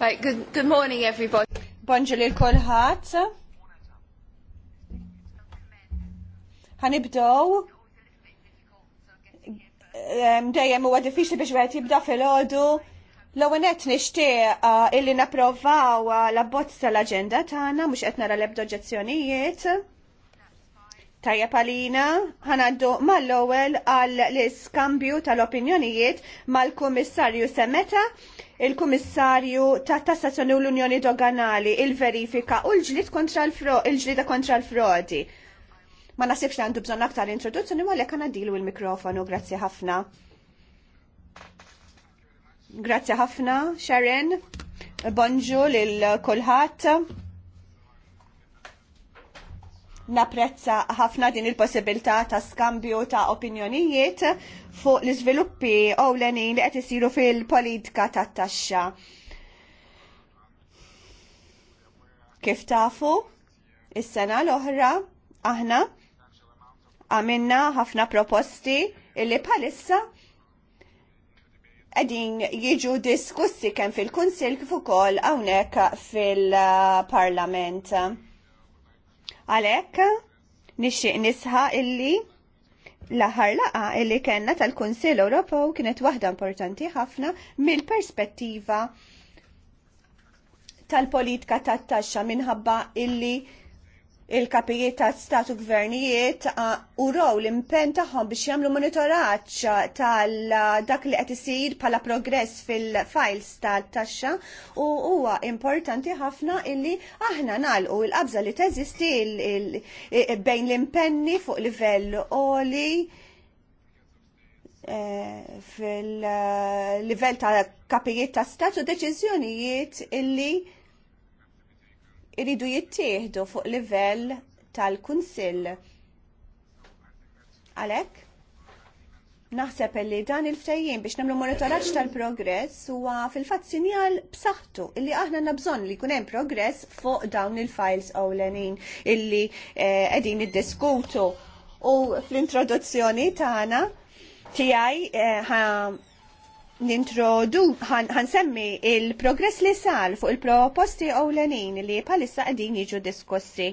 Right, good, good morning everybody. Bonġu li l-kolħat. Għanibdow. Dejjem huwa diffiċli biex wieħed jibda fil-ħodu. L-għonet nishtiq uh, illi napprovaw uh, la bozza l-agenda tagħna mhux qed nara l-ebda oġġezzjonijiet. Tajja palina, ħanaddu mal-ewwel għal l-iskambju tal-opinjonijiet mal-Kummissarju Semeta, il-Kummissarju ta' Tassazzjoni u l-Unjoni Doganali, il-verifika u l-ġlid kontra l-ġlida kontra l-frodi. Ma nasibx li għandu bżonn aktar introduzzjoni għalhekk għandilu il-mikrofonu, grazzi ħafna. Grazzi ħafna, Sharon. Bonġu lil kulħadd. Napprezza ħafna din il-possibilità ta' skambju ta' opinjonijiet fuq l-iżviluppi ewlenin li qed isiru fil-politika ta' taxxa Kif tafu? Is-sena l-oħra aħna għamilna ħafna proposti illi palissa għedin jiġu diskussi kemm fil-Kunsil kif ukoll hawnhekk fil-Parlament. Għalhekk nixtieq nisħa illi l-aħħar laqa illi kellna tal-Kunsill Ewropew kienet waħda importanti ħafna mill-perspettiva tal-politika tat-taxxa minħabba illi il-kapijiet ta' statu gvernijiet uraw l-impen tagħhom biex jagħmlu monitoraġġ tal dak li qed isir bħala progress fil-files tal-taxxa u huwa importanti ħafna illi aħna nagħlqu l-qabża li teżisti bejn l-impenni fuq livell oli eh, fil-livell ta' kapijiet ta' statu deċiżjonijiet illi iridu jittieħdu fuq livell tal-Kunsill. Għalhekk? Naħseb li dan il-ftajjien biex nagħmlu monitoraġġ tal-progress huwa fil-fatt sinjal b'saħħtu illi aħna għandna bżonn li jkun hemm progress fuq dawn il-files ewlenin illi eh, qegħdin iddiskutu u fl-introduzzjoni tagħna tiegħi eh, nintrodu semmi il-progress li sar fuq il-proposti ewlenin li palissa qegħdin jiġu diskussi.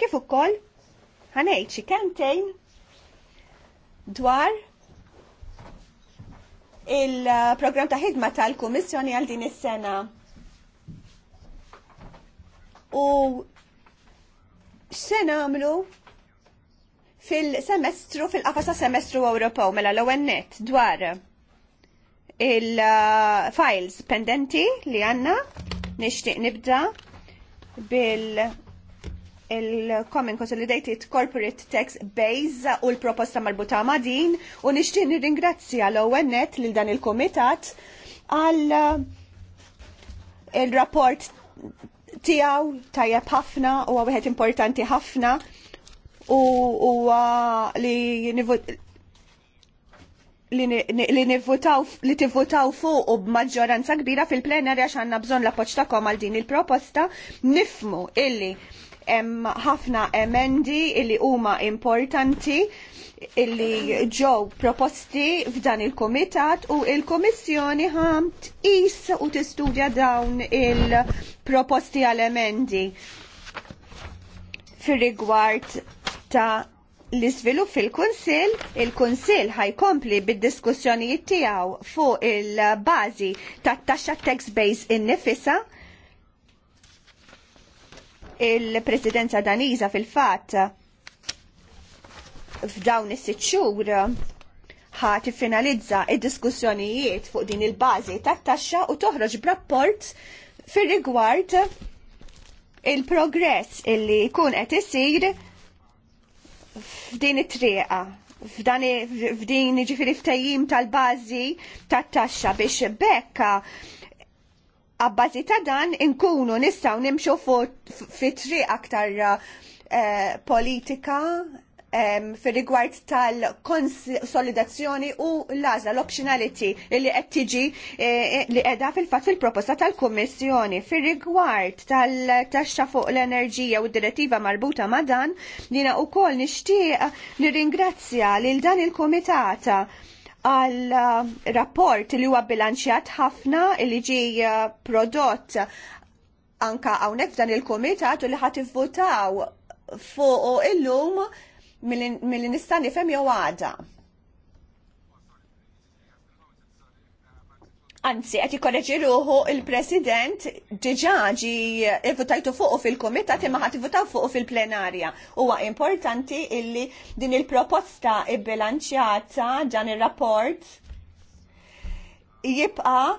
Kif ukoll ħanejt xi kemtejn dwar il-programm ta' ħidma tal-Kummissjoni għal din is-sena. U x'se namlu fil-semestru, fil-qafasa semestru Ewropew mela l-ewwel dwar. dwar il-files pendenti li għanna nishtiq nibda bil il-Common Consolidated Corporate Tax Base u l-proposta marbuta ma' din u nishtiq nirringrazzja l net lil dan il-komitat għal il-rapport tijaw tajab ħafna u għawħet importanti ħafna u, u uh, li li nivvotaw li tivvotaw fuq u b'maġġoranza kbira fil-plenarja għax għandna bżonn l-appoġġ tagħkom għal din il-proposta nifmu illi hemm ħafna emendi illi huma importanti illi ġew proposti f'dan il-komitat u il kummissjoni ħamt tqis u tistudja dawn il-proposti għal emendi fir-rigward ta' l-iżvilupp fil-Kunsill, il-Kunsill ħajkompli bid-diskussjonijiet tiegħu fuq il-bażi tat-taxxa tax base innifisa. Il-Presidenza Daniża fil-fatt f'dawn is-sitt xhur ħa tiffinalizza id-diskussjonijiet fuq din il-bażi tat-taxxa u toħroġ b'rapport fir-rigward il-progress illi jkun qed isir f'din it-triqa f'din ġifiri ftajim tal-bazi tat-taxxa biex bekka għabbażi ta' dan inkunu nistaw nimxu fit-triq aktar eh, politika fil-rigward tal-konsolidazzjoni u l-għażla l-optionality li qed tiġi eh, li qiegħda fil-fatt fil-proposta tal-Kummissjoni fil-rigward tal-taxxa fuq l-enerġija u d-direttiva marbuta ma' dan jiena wkoll nixtieq nirringrazzja lil dan il-komitata għal eh, rapport li huwa bilanċjat ħafna li ġi eh, prodott anka hawnhekk f'dan il-kumitat u li ħadd ivvutaw fuq illum mill nista' nifhem jew għada. Anzi, qed korreġi ruħu il-President diġà votajtu fuq fil-Kumitat imma għati votaw fuq fil-plenarja. Huwa importanti illi din il-proposta il-bilanċjata dan ir-rapport jibqa'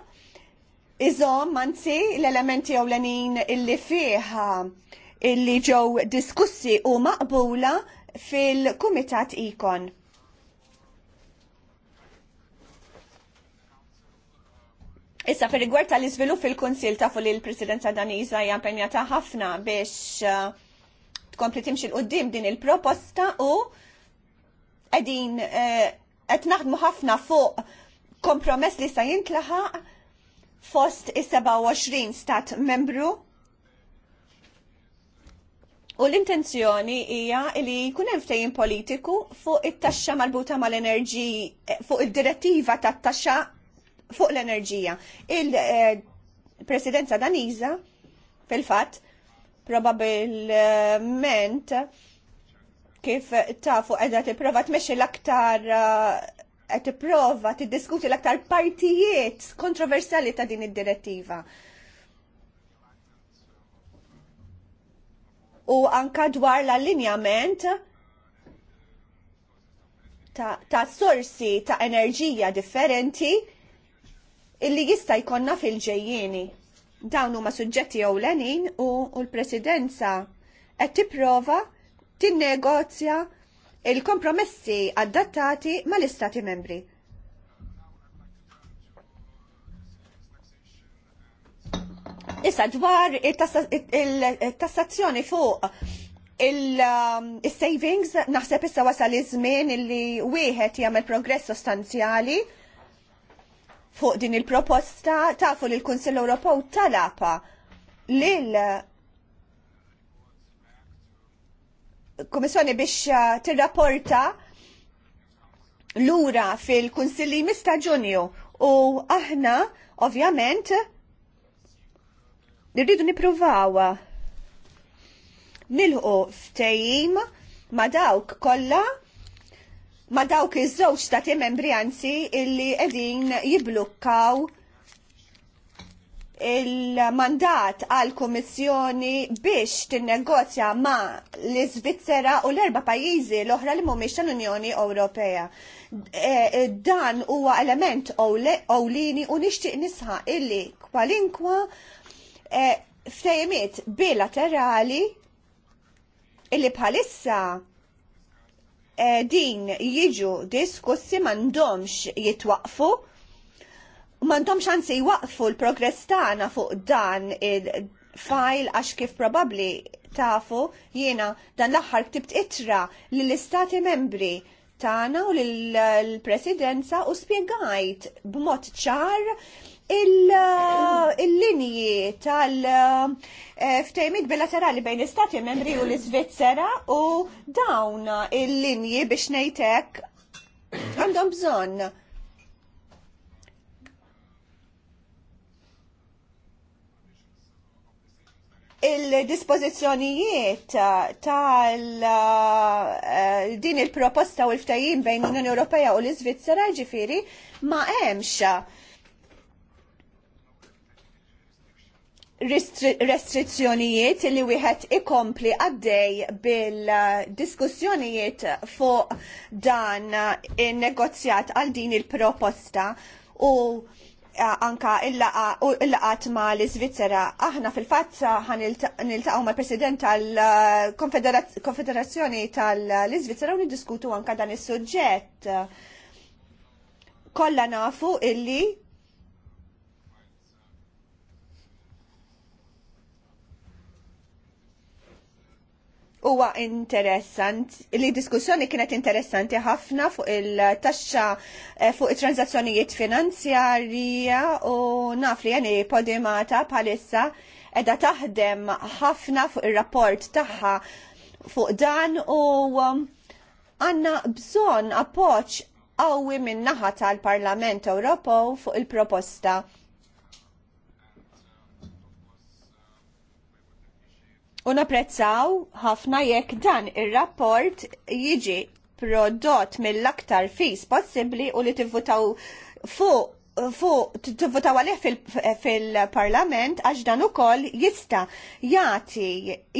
iżom anzi l-elementi ewlenin illi fih illi ġew diskussi u maqbula fil-Kumitat Ikon. Issa per rigward tal izvilu fil-Kunsil tafu li l-Presidenza Daniża hija impenjata ħafna biex uh, tkompli timxi l-qoddim din il-proposta u qegħdin uh, qed naħdmu ħafna fuq kompromess li sa jintlaħaq fost is-27 stat membru U l-intenzjoni hija li jkun hemm ftehim politiku fuq it-taxxa marbuta mal-enerġiji fuq id-direttiva tat-taxxa fuq l-enerġija. Il-Presidenza eh, Daniża fil-fatt probabbilment kif tafu qiegħda tipprova tmexxi l-aktar qed eh, tipprova tiddiskuti l-aktar partijiet kontroversjali ta' din id-direttiva. u anka dwar l-allinjament ta', ta sorsi ta' enerġija differenti illi jista' jkollna fil-ġejjieni. Dawn huma suġġetti ewlenin u, u l-Presidenza qed tipprova tinnegozja il-kompromessi adattati mal-Istati membri. Issa dwar il-tassazzjoni fuq il-savings um, naħseb issa wasal iż-żmien illi wieħed jagħmel progress sostanzjali fuq din il-proposta tafu li l-Kunsill Ewropew talapa lil Kummissjoni biex uh, tirrapporta lura fil-Kunsilli mista' Ġunju u aħna ovvjament Nirridu rridu nilħu ftejim ma dawk kollha ma dawk iż-żewġ ta' membri anzi illi qegħdin jiblukkaw il-mandat għal kummissjoni biex tinnegozja ma l-Iżvizzera u l-erba' pajjiżi l-oħra li mhumiex tal-Unjoni Ewropea. E, e, dan huwa element ewlieni u nixtieq nisħaq illi kwalinkwa E, ftejmiet bilaterali illi bħalissa e, din jiġu diskussi mandomx jitwaqfu mandomx għansi jwaqfu l-progress tagħna fuq dan il-fajl għax kif probabli tafu jiena dan l-aħħar ktibt itra lill-istati membri tagħna u lill-presidenza u spjegajt b'mod ċar Eh, il-linji tal-ftejmit eh, bilaterali bejn l-Istati membri u l-Svizzera u dawn il-linji biex nejtek għandhom bżon. il-dispozizjonijiet tal-din eh, il-proposta u l-ftajim bejn l-Unjoni Ewropea u l svizzera ġifiri ma' hemmx restrizzjonijiet li wieħed ikompli għaddej bil-diskussjonijiet fuq dan in-negozjat għal din il-proposta u anka il-laqat ma l-Svizzera. Aħna fil-fatt ħan niltaqgħu mal-President tal-Konfederazzjoni tal-Svizzera u niddiskutu anka dan is-suġġett. Kolla nafu illi huwa interessant, li diskussjoni kienet interessanti ħafna fuq il-taxxa eh, fuq it-transazzjonijiet finanzjarja u naf li jani podimata bħalissa edha taħdem ħafna fuq il-rapport taħħa fuq dan u um, għanna bżon appoċ għawi minnaħa tal-Parlament Ewropew fuq il-proposta U napprezzaw ħafna jekk dan ir-rapport jiġi prodott mill-aktar fis possibbli u li tivvutaw fuq fuq tivvutaw għalih fil-parlament għax dan ukoll jista' jagħti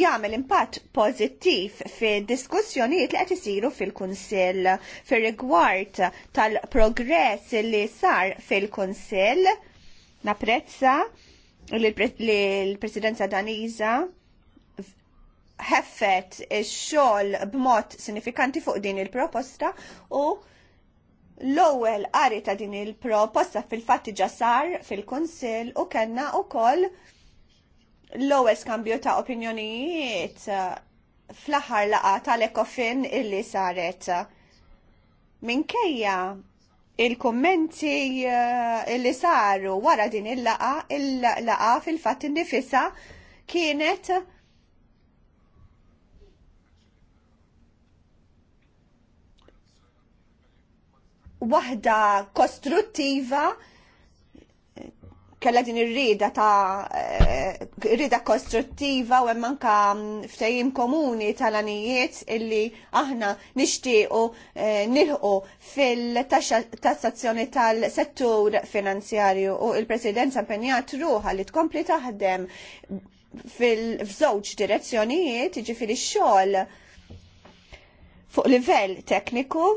jagħmel impatt pożittiv fid-diskussjonijiet li qed isiru fil-Kunsill fir-rigward tal-progress li sar fil-Kunsill. Napprezza li l-Presidenza Daniża ħeffet xogħol b'mod sinifikanti fuq din il-proposta u l-ewwel qari ta' din il-proposta fil-fatt diġà sar fil-Kunsill u kellna wkoll l-ewwel skambju ta' opinjonijiet eh, fl-aħħar laqa tal-Ekofin illi saret. Minkejja il-kommenti eh, illi saru wara din il-laqa, il-laqa fil-fatt nifisa kienet Wahda kostruttiva kella din ir ta' eh, rida kostruttiva u manka mm, ftajim komuni tal-anijiet illi aħna nixtiequ eh, nilħu fil-tassazzjoni tal-settur finanzjarju u il-Presidenza impenjat ruħa li tkompli taħdem fil-żewġ direzzjonijiet, jiġifieri x-xogħol fuq livell tekniku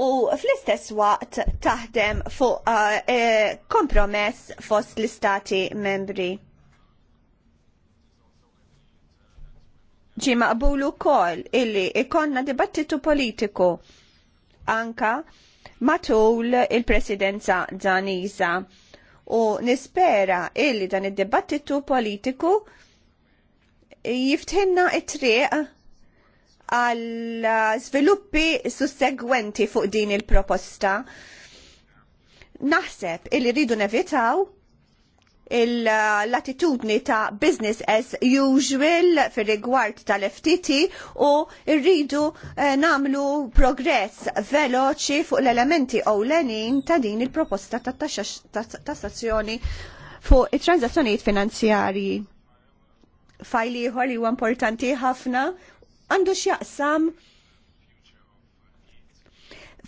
u fl-istess waqt taħdem fuq uh, kompromess fost l-istati membri. Ġi maqbulu kol illi ikonna dibattitu politiku anka matul il-presidenza daniza u nispera illi dan id-dibattitu politiku jiftħinna it-triq għal sviluppi sussegwenti fuq din il-proposta. Naħseb il rridu nevitaw l-attitudni ta' business as usual fir rigward tal-FTT u rridu eh, namlu progress veloċi fuq l-elementi ewlenin ta' din il-proposta ta' tassazzjoni fuq it-transazzjonijiet finanzjarji. Fajli ieħor li huwa importanti ħafna għandu x'jaqsam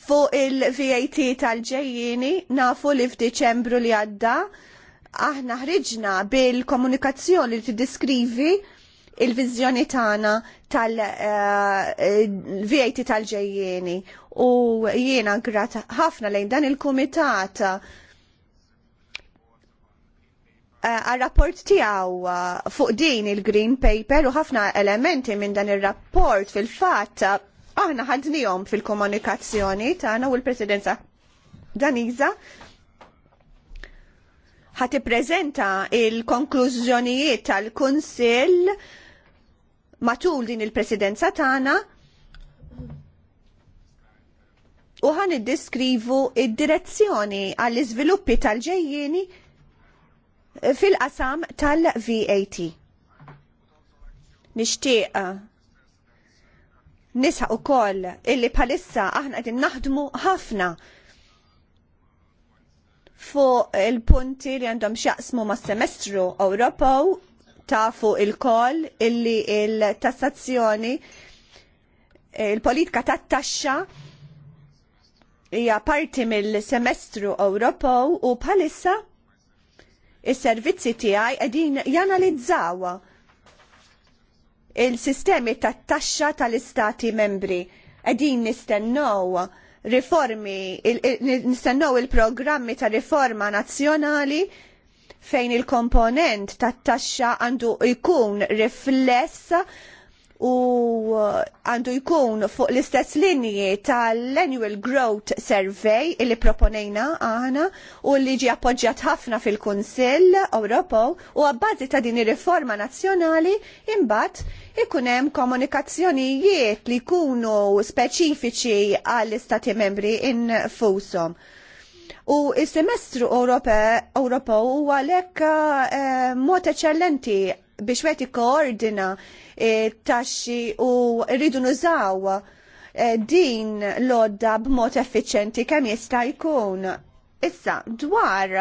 fuq il-VAT tal-ġejjini nafu li f'Diċembru li għadda aħna ħriġna bil-komunikazzjoni li tiddiskrivi il-vizjoni tagħna tal-VAT tal eh, ġejjini u jiena grat ħafna lejn dan il kumitata Eh, għal-rapport tiegħu eh, fuq din il-Green Paper u ħafna elementi minn dan ir rapport fil fatt eh, aħna ħadnijom fil-komunikazzjoni tagħna u l-Presidenza Daniza ħati prezenta il-konklużjonijiet tal-Kunsill matul din il-Presidenza tagħna u ħan id-deskrivu id-direzzjoni għall-iżviluppi tal-ġejjieni fil-qasam tal-VAT. Nishtiq uh, nisa u koll illi palissa aħna għedin naħdmu ħafna fuq il-punti li għandhom xaqsmu ma' semestru Ewropew ta' fuq il-koll illi il-tassazzjoni il-politika ta' taxxa hija parti mill-semestru Ewropew u palissa is-servizzi tiegħi qegħdin janalizzaw il-sistemi tat-taxxa tal-istati membri. Qegħdin nistennew riformi, nistennew il-programmi ta' riforma nazzjonali fejn il-komponent tat-taxxa għandu jkun rifless u uh, għandu jkun fuq l-istess linji tal-Annual Growth Survey illi proponejna aħna u li ġi appoġġjat ħafna fil-Kunsill Ewropew u għabbażi ta' din ir-riforma nazzjonali imbagħad ikun hemm komunikazzjonijiet li jkunu speċifiċi għall-istati membri infushom. U il-semestru Ewropew huwa għalhekk eh, mod eċċellenti biex wieħed koordina E, taxxi u rridu nużaw e, din l-odda b'mod effiċenti kemm jista' jkun. Issa dwar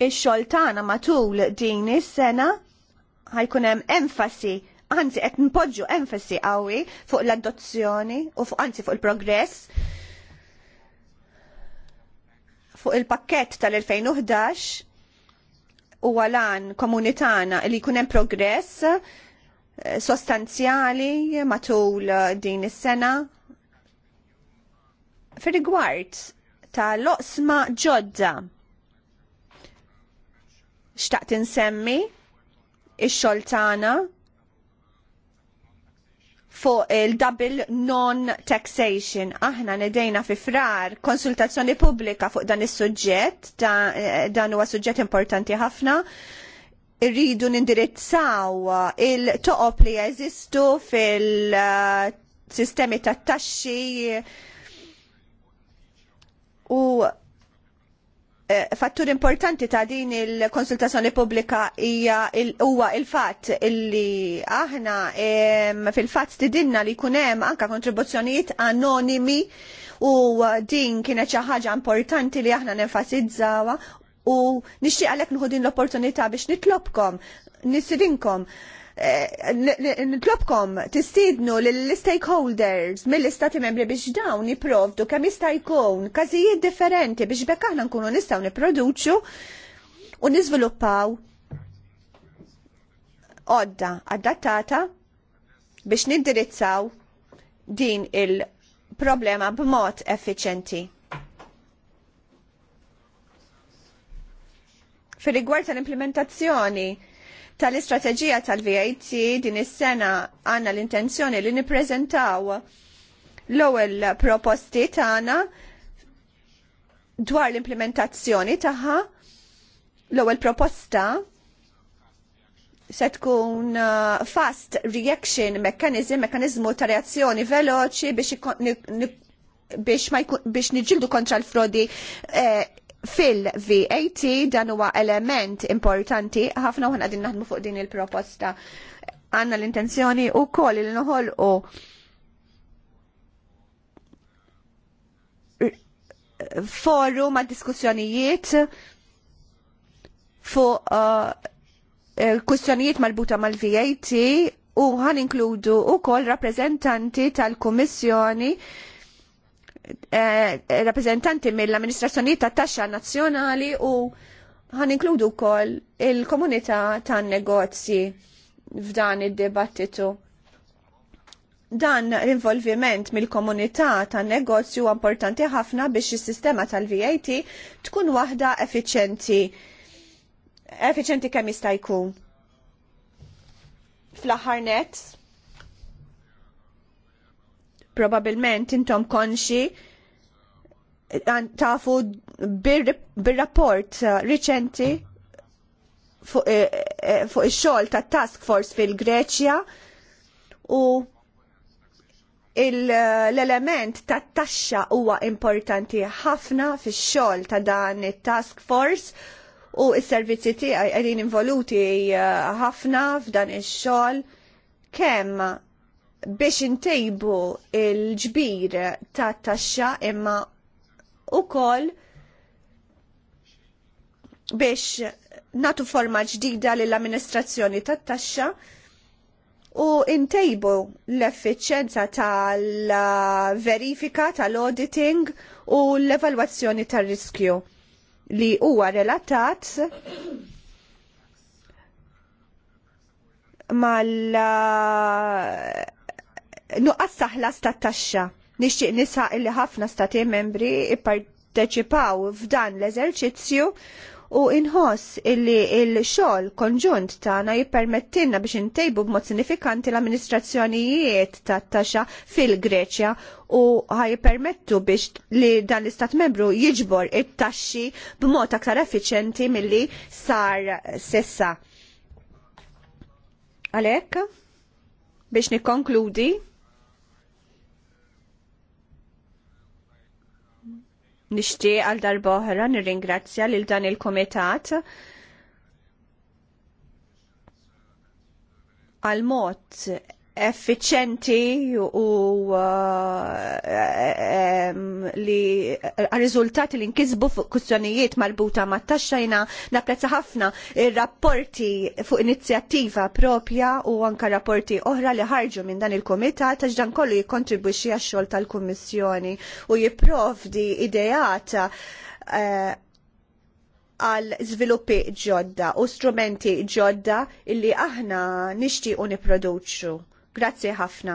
ix-xogħol tagħna matul din is-sena ħajkun hemm enfasi anzi qed npoġġu enfasi qawwi fuq l-adozzjoni u fuq anzi fuq il-progress fuq il-pakkett tal-2011 u għalan komunitana li kunem progress eh, sostanzjali matul eh, din is-sena fir rigward ta' loqsma ġodda. Xtaqt insemmi ix-xoltana fuq il-double non-taxation. Aħna nedejna fi frar konsultazzjoni pubblika fuq dan is-suġġett, eh, dan huwa suġġett importanti ħafna. Irridu nindirizzaw il-toqob li jeżistu fil-sistemi eh, tat-taxxi u Eh, fattur importanti ta' din il-konsultazzjoni pubblika hija huwa il il-fatt illi aħna fil-fatt tidinna li jkun hemm anke kontribuzzjonijiet anonimi u din kienet xi ħaġa importanti li aħna nenfasizzawha u nixtieq għalhekk nħu din l-opportunità biex nitlobkom, nisirinkom Eh, nitlobkom tistidnu l-stakeholders mill-istati membri biex dawn jiprovdu kemm jista' jkun każijiet differenti biex bekk aħna nkunu nistgħu nipproduċu u niżviluppaw għodda adattata biex nindirizzaw din il-problema b'mod effiċenti. Fil-rigward tal-implementazzjoni, tal-istrateġija tal-VAT din is-sena għandna l-intenzjoni li nippreżentaw l-ewwel proposti tagħna dwar l-implementazzjoni tagħha l-ewwel proposta se tkun uh, fast reaction mechanism, mekanizmu ta' reazzjoni veloċi biex biex ma biex niġildu kontra l-frodi eh, fil-VAT dan huwa element importanti ħafna u din naħdmu fuq din il-proposta għanna l-intenzjoni u koll li noħol u forum ma' diskussjonijiet fuq uh, marbuta mal-VAT u ħan inkludu u koll rappresentanti tal-Komissjoni Eh, rappresentanti mill-amministrazzjoni ta' taxxa nazzjonali u ħan inkludu wkoll il-komunità tan negozji f'dan id-dibattitu dan l-involviment mill-komunità tan negozju importanti ħafna biex is-sistema tal-VAT tkun waħda effiċenti. Effiċenti kemm jista' jkun. Fl-aħħar net, probabilment intom konxi tafu bir-rapport uh, riċenti eh, eh, fuq il ix-xogħol task force fil-Greċja u eh, l-element tat taxxa huwa importanti ħafna fix-xogħol ta' dan it-task force u s-servizzi tiegħi qegħdin involuti ħafna f'dan ix-xogħol kemm biex intejbu il-ġbir ta' taxxa imma wkoll biex natu forma ġdida lill-amministrazzjoni tat taxxa u intejbu l-effiċenza tal-verifika tal-auditing u l-evalwazzjoni tar-riskju li huwa relatat mal nuqqas saħlas sta' taxxa. Nixtieq nisaq li ħafna stati membri ipparteċipaw f'dan l-eżerċizzju u inħoss illi il-xogħol konġunt tagħna jippermettilna biex intejbu b'mod sinifikanti l-amministrazzjonijiet tat-taxxa fil-Greċja u ħajpermettu biex li dan l-istat membru jiġbor it-taxxi b'mod aktar effiċenti milli sar s'issa. Għalhekk? biex nikkonkludi Nixtieq għal darboħra oħra nirringrazzja lil dan il-kumitat għal mod effiċenti u uh, eh, li eh, rizultati li nkisbu fuq kustjonijiet marbuta ma' taxxajna napprezza ħafna rapporti fuq inizjattiva propja u anka rapporti oħra li ħarġu minn dan il komita għax dan kollu jikontribwixxi għax-xogħol tal-Kummissjoni u jipprovdi ideat eh, għal żviluppi ġodda u strumenti ġodda illi aħna nixtiequ niproduċu. Grazzi ħafna.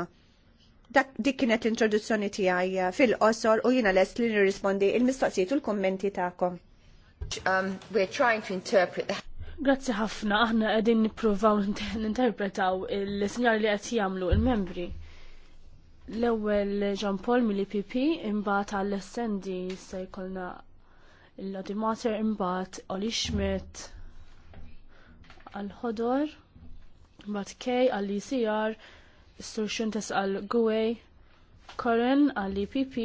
Dik kienet l-introduzzjoni tiegħi eh, fil-qosor u jiena lest li nirrispondi il-mistoqsijiet u l-kummenti tagħkom. Um, we're trying to interpret Grazzi ħafna, aħna qegħdin nippruvaw ninterpretaw il-sinjal li qed jagħmlu il-membri. L-ewwel Jean Paul mill-IPP imbagħad għall-essendi se jkollna l-Odimater imbagħad Oli Schmidt għal-ħodor, imbagħad Kej għall-ICR, Sur tasqal għal Guwej, Koren għal IPP,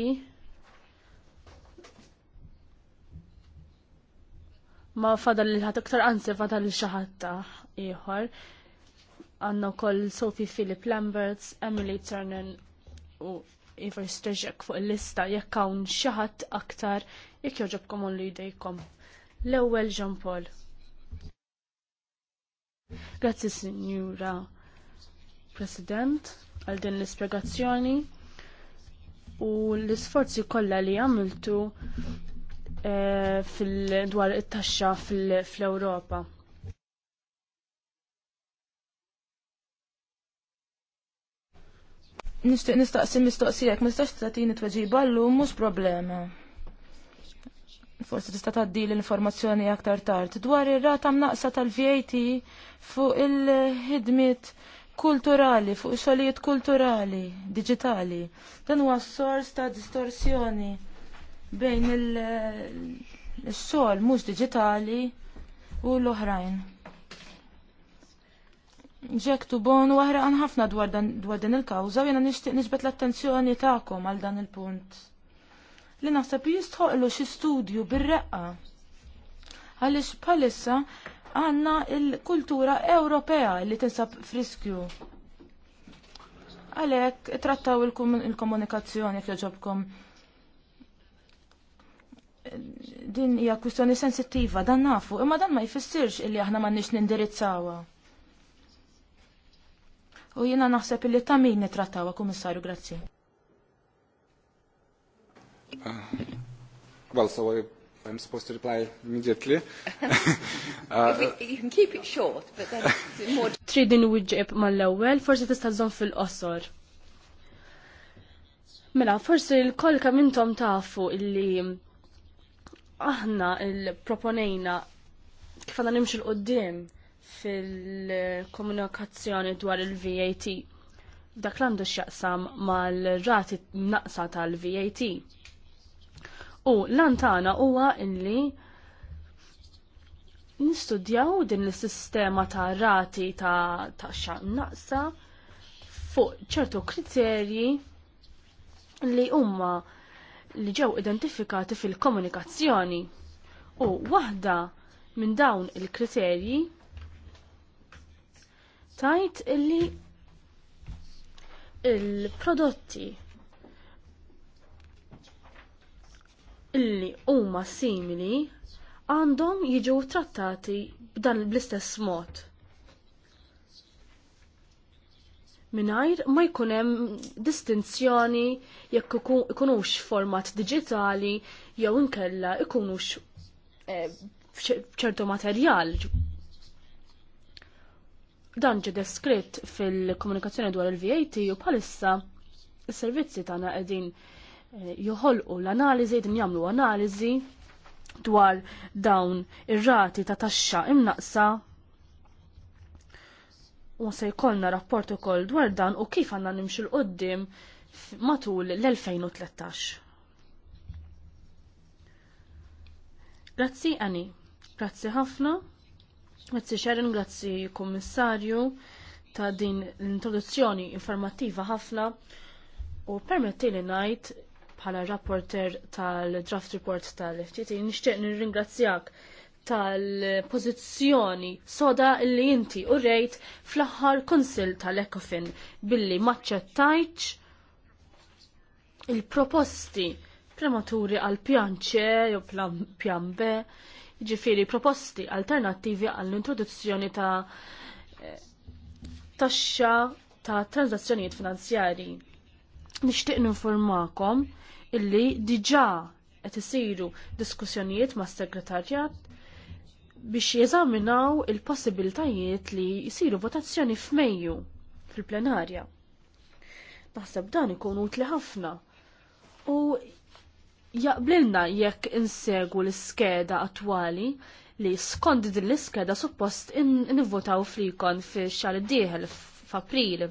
ma fadal li ħat iktar għansi fadal li xaħatta iħor. Għanna kol Sophie Philip Lamberts, Emily Turnen u Ivor Streġek fuq il-lista jekk hawn xi ħadd aktar jekk joġobkom li jdejkom. L-ewwel Jean Paul. Grazzi Sinjura President, għal din l-ispiegazzjoni u l-isforzi kollha li għamiltu eh, fil-dwar it-taxxa fl-Ewropa. Nishtiq nistaqsi mistoqsijek, mistax tatini tweġiba l mhux problema. Forsi tista' tgħaddi l-informazzjoni aktar tard dwar ir-rata mnaqsa tal-VAT fuq il-ħidmiet kulturali, fuq xogħlijiet kulturali, digitali. Dan huwa sors ta' distorsjoni bejn il-xogħol mhux digitali u l-oħrajn. Jack Tubon waħra ħafna dwar din il-kawża u jena nixtieq niġbet l-attenzjoni tagħkom għal dan il-punt. Li naħseb jistħoqlu xi studju bir-reqqa. Għaliex bħalissa għanna il-kultura Ewropea li tinsab friskju. Għalek, trattaw il-komunikazzjoni fl-ġobkom. Din hija kwistjoni sensittiva, dan nafu, imma dan ma jfissirx illi aħna m'għandniex nindirizzawa. U jiena naħseb illi ta' min nitrattawa, Kummissarju, grazzi. Uh, well, so I I'm supposed to reply immediately. uh, you can keep it short, but then it's more... Tridin mal-ewel, forsi tista' żon fil-qosor. Mela, forsi l-koll kam intom tafu illi aħna il-proponejna kif għanna nimxu l-qoddim fil-komunikazzjoni dwar il-VAT. Dak l-għandu x'jaqsam mal-rati naqsa tal-VAT U lantana huwa illi nistudjaw din l-sistema ta' rati ta', ta naqsa fuq ċertu kriterji li huma li ġew identifikati fil-komunikazzjoni. U waħda minn dawn il-kriterji tajt illi il-prodotti illi huma simili għandhom jiġu trattati b'dan bl-istess mod. Minajr ma jkun hemm distinzjoni jekk ikunux format digitali jew inkella ikunux eh, ċertu materjal. Dan ġi deskritt fil-komunikazzjoni dwar il-VAT u bħalissa is servizzi tagħna qegħdin Eh, joħolqu l-analiżi, din jagħmlu analiżi dwar dawn ir-rati ta' taxxa imnaqsa u se jkollna rapport ukoll dwar dan u kif għandna nimxu l-qoddim matul l-2013. Grazzi għani, grazzi ħafna, grazzi Sharon, grazzi Kommissarju ta' din l-introduzzjoni informattiva ħafna u permetti li najt bħala rapporter tal-draft report tal-FTT, nixtieq nirringrazzjak tal-pożizzjoni soda li inti u rejt fl-aħħar konsil tal-Ekofin billi maċċettajċ il-proposti prematuri għal pjan C jew pjan B, ġifiri proposti alternattivi għall-introduzzjoni ta' eh, taxxa ta' transazzjonijiet finanzjarji nishtiq informakom illi diġà qed isiru diskussjonijiet mas segretarjat biex jeżaminaw il-possibiltajiet li jsiru votazzjoni f'Mejju fil-plenarja. Naħseb dan ikun utli ħafna u jaqblilna jekk insegu l-iskeda attwali li skont din l-iskeda suppost nivvotaw flikon fi xar id-dieħel f'April.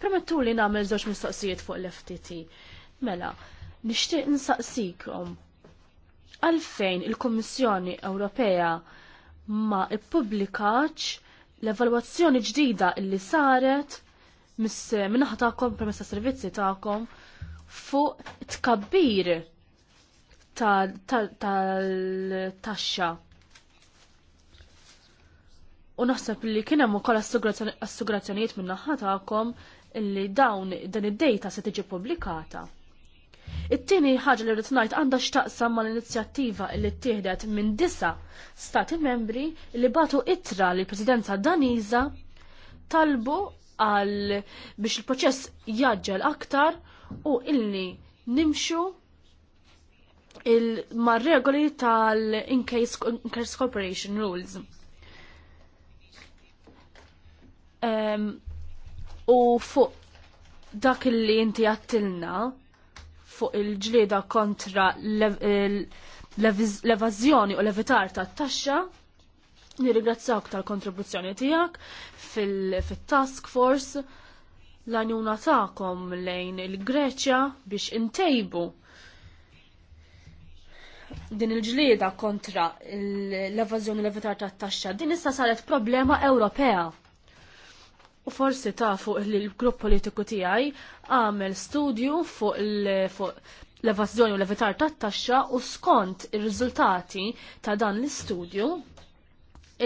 Premettu li nagħmel żewġ mistoqsijiet fuq l-FTT. Mela, nixtieq nsaqsikom għalfejn il-Kommissjoni Ewropea ma ippubblikax l-evalwazzjoni ġdida illi saret minnaħa tagħkom permessa servizzi tagħkom fuq tkabbir tal-taxxa. U naħseb li kien hemm ukoll assigurazzjonijiet min-naħa tagħkom illi dawn dan id-dejta se tiġi pubblikata. It-tieni ħaġa li rrid ngħid għandha x'taqsam mal-inizjattiva li ttieħdet minn disa stati membri li batu ittra li presidenza Daniża talbu għal biex il-proċess jaġġel aktar u illi nimxu il mar-regoli tal-Incase Corporation Rules. Um, u fuq dak li inti għattilna, fuq il-ġlieda kontra l-evażjoni u l-evitar tat-taxxa. Nirringrazzjak tal-kontribuzzjoni tiegħek fit-task force l anjuna tagħkom lejn il-Greċja biex intejbu din il-ġlieda kontra l-evażjoni l-evitar tat-taxxa. Din issa saret problema Ewropea U forsi ta' fuq li l-grupp politiku tiegħi għamel studju fuq l-evazzjoni u l-evitar tat-taxxa u skont ir-riżultati ta' dan l-istudju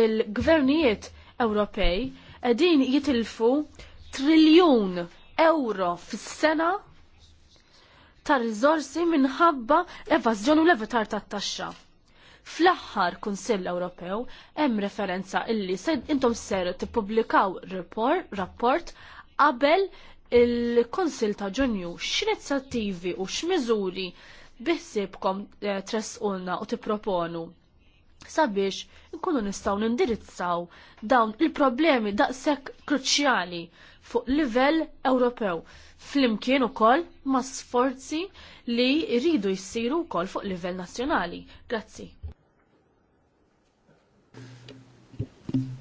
il-gvernijiet Ewropej qegħdin jitilfu triljun euro fis-sena ta' rizorsi minħabba evazzjoni u l-evitar tat-taxxa. Fl-aħħar Kunsill Ewropew hemm referenza illi se intom ser tippubblikaw rapport qabel il-Kunsill ta' Ġunju x'inizjattivi u x'miżuri biħsibkom eh, tresqulna u tipproponu sabiex nkunu nistgħu nindirizzaw dawn il-problemi daqshekk kruċjali fuq livell Ewropew flimkien ukoll ma' sforzi li jridu jsiru wkoll fuq livell nazzjonali. Grazzi.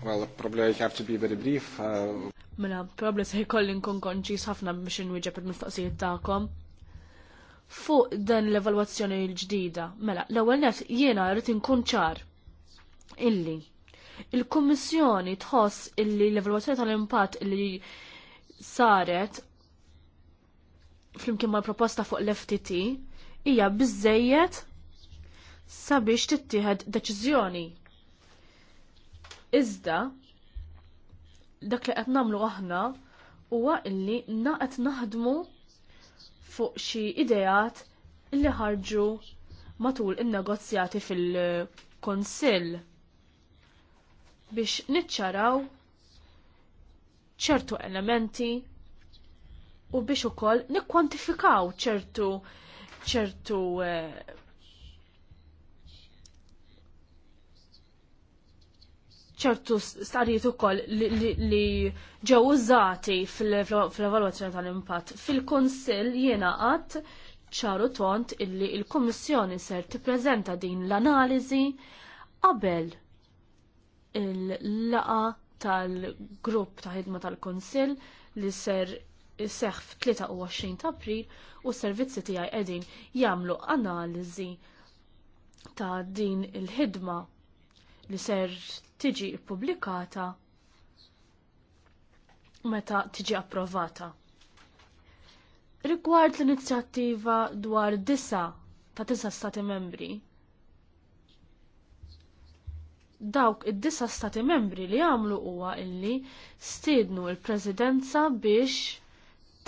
Well, probably I have to be very brief. Uh... Mela, probably se jkolli nkun konċis ħafna biex inwieġeb il-mistoqsijiet tagħkom. Fuq dan l-evalwazzjoni l-ġdida, mela, l-ewwel nett jiena rrid inkun ċar illi il-Kummissjoni tħoss illi l-evalwazzjoni tal-impatt illi saret flimkien mal proposta fuq l-FTT hija biżejjed sabiex tittieħed deċiżjoni Iżda dak li qed nagħmlu aħna huwa illi qed naħdmu fuq xi ideat li ħarġu matul in-negozjati fil-Konsill biex niċċaraw ċertu elementi u biex ukoll nikkwantifikaw ċertu ċertu eh, ċertu starijiet ukoll li ġew użati fl-evalwazzjoni tal-impatt. Fil-Kunsill jiena qatt ċaru tont illi il-Kummissjoni ser tippreżenta din l-analiżi qabel il-laqa tal-grupp ta' ħidma tal-Kunsill li ser seħf 23 ta' April u s-servizzi tiegħi qegħdin jagħmlu analiżi ta' din il-ħidma li ser tiġi publikata meta tiġi approvata. Rigward l-inizjattiva dwar disa ta' disa stati membri, dawk id-disa stati membri li għamlu huwa illi stiednu il-presidenza biex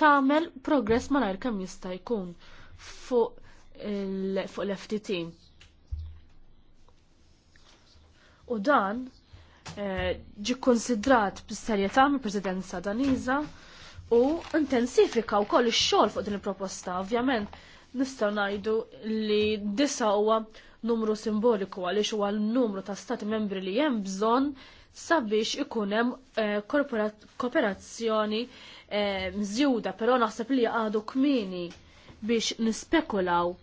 tagħmel progress malajr kemm jista' jkun fuq l ftt U dan eh, ġi konsidrat b'serjetà mill-Presidenza Daniża u intensifika wkoll ix-xogħol fuq din il-proposta. Ovvjament nistgħu ngħidu li disa huwa numru simboliku għaliex huwa l-numru ta' stati membri li hemm bżonn sabiex ikun hemm eh, kooperazzjoni eh, mżjuda, però naħseb li għadu kmini biex nispekulaw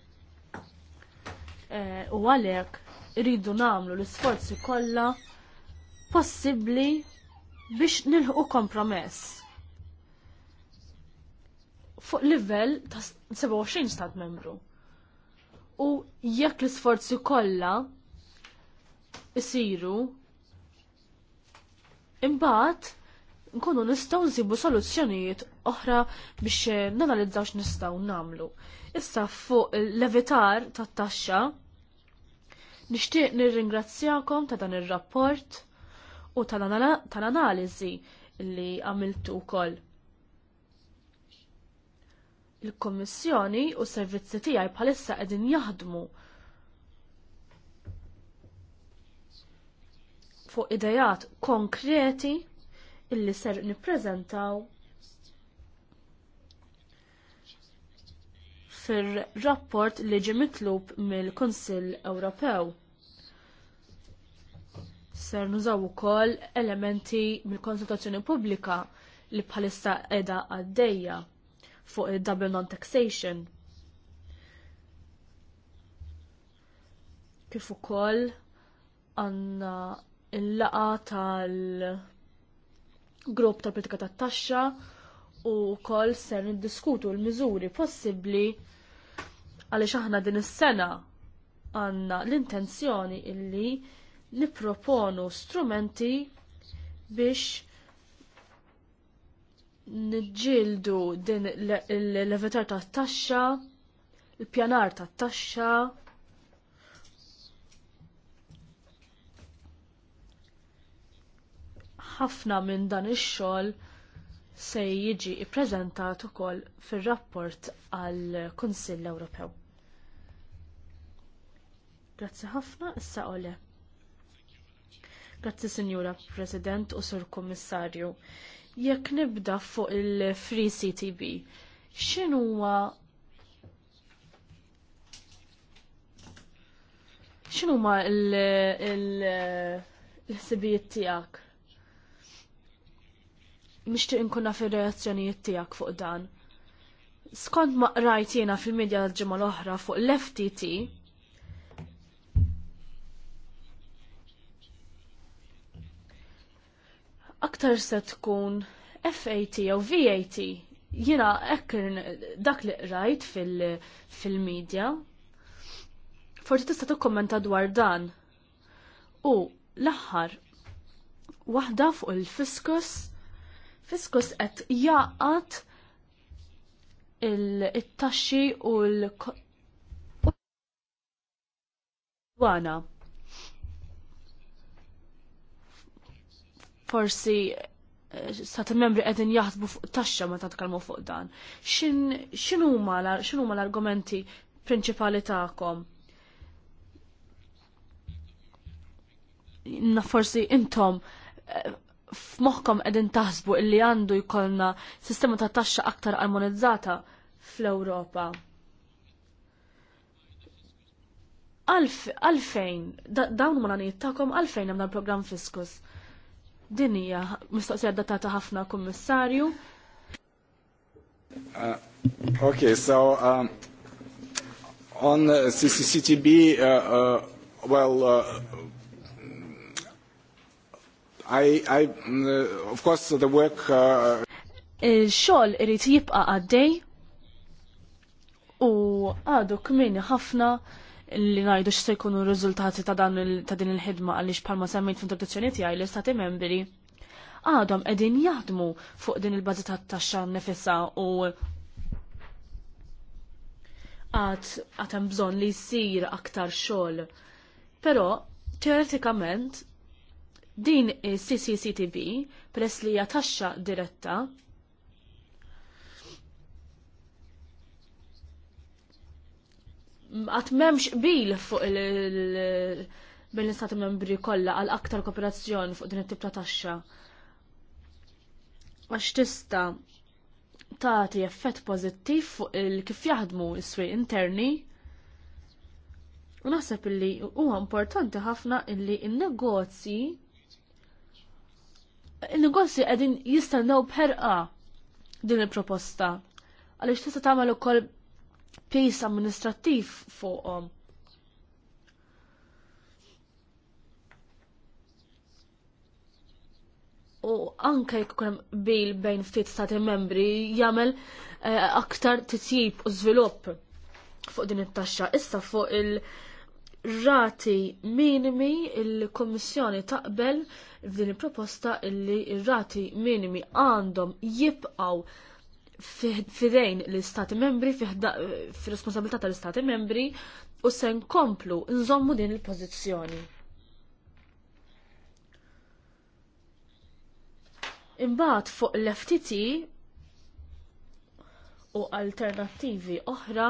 u għalhekk rridu namlu l-isforzi kollha possibbli biex nilħu kompromess fuq livell ta' 27 stat membru. U jekk l-isforzi kollha isiru imbagħad nkunu nistgħu nsibu soluzzjonijiet oħra biex nanalizzaw x'nistgħu nagħmlu. Issa fuq l-levitar tat-taxxa Nixtieq nirringrazzjakom ta' dan ir-rapport u tal-analiżi li għamiltu wkoll. Il-Kommissjoni u s-servizzi tiegħi bħalissa qegħdin jaħdmu fuq idejat konkreti illi ser nippreżentaw fir-rapport li ġie mitlub mill-Kunsill Ewropew. Ser nużaw ukoll elementi mill-konsultazzjoni pubblika li bħalissa qiegħda għaddejja fuq il-double non-taxation. Kif ukoll għandna il-laqa tal-grupp tal-politika tat-taxxa u wkoll ser niddiskutu l-miżuri possibbli għaliex aħna din is-sena għandna l-intenzjoni illi nipproponu strumenti biex nġildu din l levetar ta' taxxa, l pjanar ta' taxxa. ħafna minn dan ix-xogħol se jiġi ppreżentat ukoll fir-rapport għall kunsill Ewropew. Grazzi ħafna, issa Ole. Grazzi Sinjura President u Sur Kommissarju. Jekk nibda fuq il-Free CTB, x'inhuwa xinu ma l sibijiet tijak? Nishtiq inkunna fi reazzjonijiet tijak fuq dan. Skont ma rajt jena fil-medja l ġemal oħra fuq l-FTT, aktar se tkun FAT jew VAT. Jina hekk dak li rajt fil-medja. Fil Forsi tista' tikkommenta dwar dan. U l-aħħar waħda fuq il-fiskus. Fiskus qed jaqat il-taxxi u l-dwana. forsi eh, t membri qegħdin jaħsbu fuq taxxa meta tkellmu fuq dan. X'inhuma l-argumenti prinċipali tagħkom? Na forsi intom eh, f'moħħkom qegħdin taħsbu illi għandu jkollna sistema ta' taxxa aktar armonizzata fl-Ewropa. Għalfejn, dawn ma nagħnijiet tagħkom għalfejn hemm l program Fiskus Din hija mistoqsija datata ħafna kummissarju. Uh, okay, so um, on uh, CCCTB, uh, uh, well, uh, I, I, uh, of course, the work. Uh, Il-xol irrit jibqa għaddej u għadu kmini ħafna li ngħidu x'se jkunu r-riżultati ta' dan ta' din il-ħidma għaliex bħalma semmejt f'introduzzjoni introduzzjoni tiegħi li stati membri għadhom qegħdin jaħdmu fuq din il-bażi tat-taxxa nefissa u għad għatem bżon bżonn li jsir aktar xogħol. Però teoretikament din ccctb press li hija taxxa diretta għat memx bil fuq il- bil istati membri kollha għal aktar kooperazzjoni fuq din it-tip ta' taxxa. Għax tista' tagħti effett pożittiv fuq il kif jaħdmu s-swieq interni. U naħseb illi huwa importanti ħafna illi n-negozji il-negozji qegħdin jistennew bħerqa din il-proposta. Għaliex tista' tagħmel ukoll pis amministrattiv fuqhom. U anke jekk hemm bil bejn ftit stati membri jagħmel eh, aktar titjib u żvilupp fuq din it-taxxa. Issa fuq il-rati minimi il-Kommissjoni taqbel f'din il-proposta illi il rati minimi għandhom jibqgħu fidejn l-istati membri, fil-responsabilità tal-istati membri, u se nkomplu nżommu din il-pozizjoni. Imbagħad fuq l-FTT u alternattivi oħra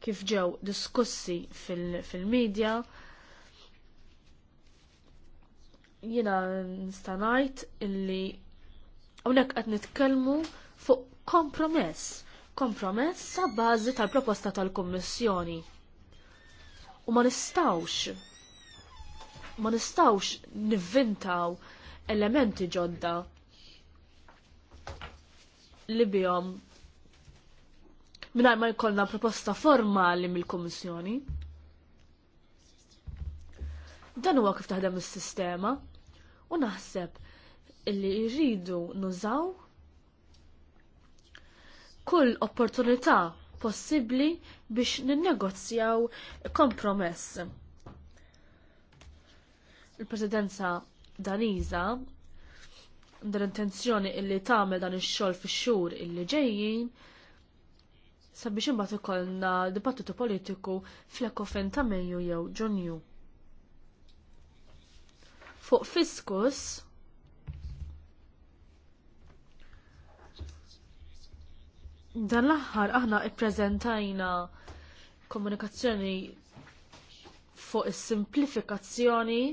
kif ġew diskussi fil-medja fil jiena nista' ngħid illi hawnhekk qed nitkellmu fuq kompromess, kompromess sa' bażi tal-proposta tal-Kommissjoni. U ma nistawx, ma nistawx nivvintaw elementi ġodda li bihom minar ma jkollna proposta formali mill-Kommissjoni. Dan huwa kif taħdem is-sistema u naħseb illi jridu nużaw kull opportunità possibbli biex ninnegozjaw kompromess. Il-Presidenza Daniża l intenzjoni illi tagħmel dan ix-xogħol fix-xhur illi ġejjin sabiex imbagħad ikollna dibattitu politiku fl-ekofen ta' Mejju jew Ġunju. Fuq fiskus Dan l-aħħar aħna ippreżentajna komunikazzjoni fuq is-simplifikazzjoni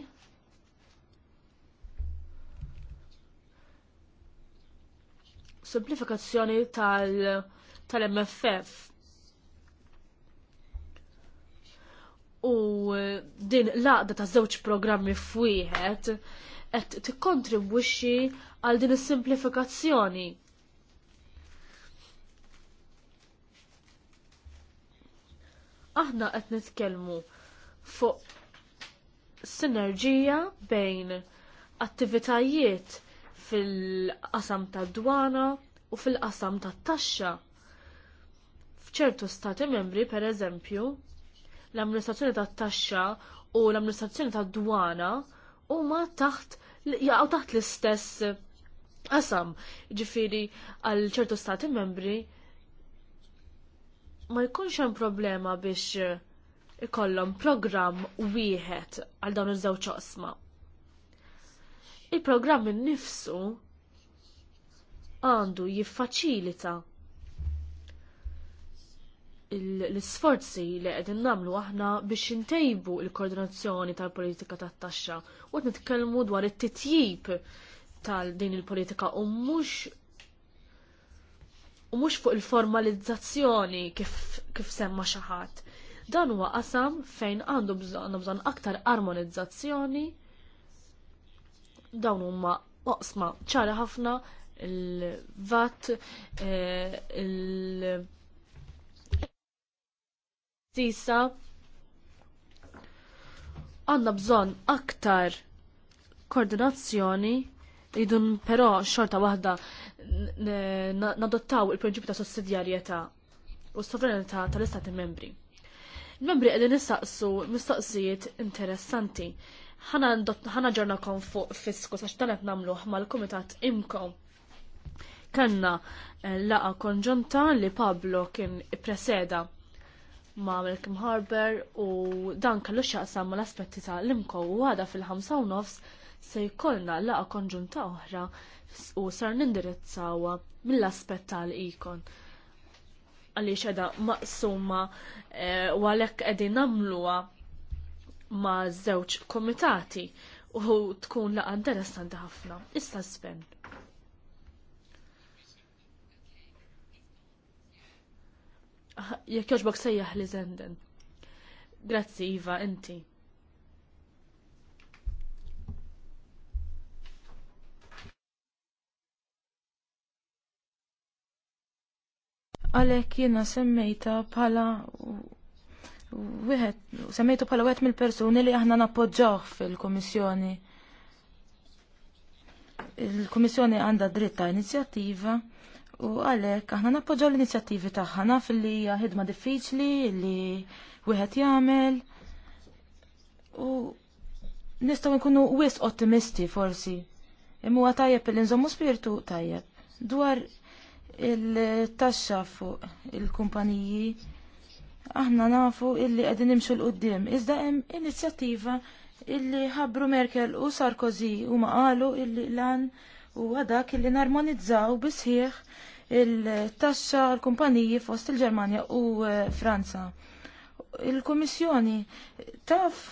simplifikazzjoni tal tal-MFF. U eh, din laqda ta' żewġ programmi f'wieħed qed tikkontribwixxi għal din is-simplifikazzjoni. aħna qed nitkellmu fuq sinerġija bejn attivitajiet fil-qasam tad dwana u fil-qasam tat taxxa. F'ċertu stati membri, pereżempju, l-amministrazzjoni tat taxxa u l-amministrazzjoni tad dwana huma taħt jaqgħu taħt l-istess qasam. Ġifieri għal ċertu stati membri ma jkunx hemm problema biex eh, ikollhom programm wieħed għal dawn iż-żewġ oqsma. Il-programm innifsu għandu jiffaċilita l-sforzi li qegħdin nagħmlu aħna biex intejbu l-koordinazzjoni tal-politika tat-taxxa u qed nitkellmu dwar it-titjib tal-din il-politika u mhux u mhux fuq il-formalizzazzjoni kif, kif semma xi ħadd. Dan huwa qasam fejn għandu bżonn aktar armonizzazzjoni. Dawn huma oqsma ċara ħafna il-vat, eh, il- sisa għanna bżon aktar koordinazzjoni Idun però xorta waħda nadottaw il-prinċipju ta' sussidjarjetà u s-sovranità tal-Istati membri. Il-membri qegħdin nistaqsu mistoqsijiet interessanti. Ħana ġorna kon fuq fisku sa dan qed nagħmluh mal-Kumitat imko. Kanna eh, laqa konġunta li Pablo kien preseda ma' Malcolm Harbour u dan kellu xaqsam mal-aspetti ta' l imko u għada fil u nofs se jkollna laqa konġunta oħra u sar nindirizzawha mill-aspett tal-ikon għaliex edha maqsuma e, u għalhekk qegħdin nagħmluha ma' żewġ komitati u tkun laqa' interessanti ħafna. Issa Sven. Ah, jekk joġbok sejjaħ li zenden. Grazzi, Iva, inti. Għalhekk jiena semmejta bħala wieħed semmejtu bħala wieħed mill-persuni li aħna nappoġġawh fil-Kummissjoni. Il-Kummissjoni għandha dritt ta' inizjattiva u għalhekk aħna nappoġġaw l-inizjattivi tagħha naf li hija ħidma diffiċli li wieħed jagħmel u nistgħu nkunu wisq ottimisti forsi. Imma huwa tajjeb li nżommu spiritu tajjeb dwar il-taxxa fuq il-kumpaniji aħna nafu illi qegħdin nimxu l qudiem iżda hemm inizjattiva illi ħabru Merkel u Sarkozy huma qalu illi lan huwa dak illi narmonizzaw bisħieħ il-taxxa l kumpaniji fost il-Ġermanja u eh, Franza. Il-Kummissjoni taf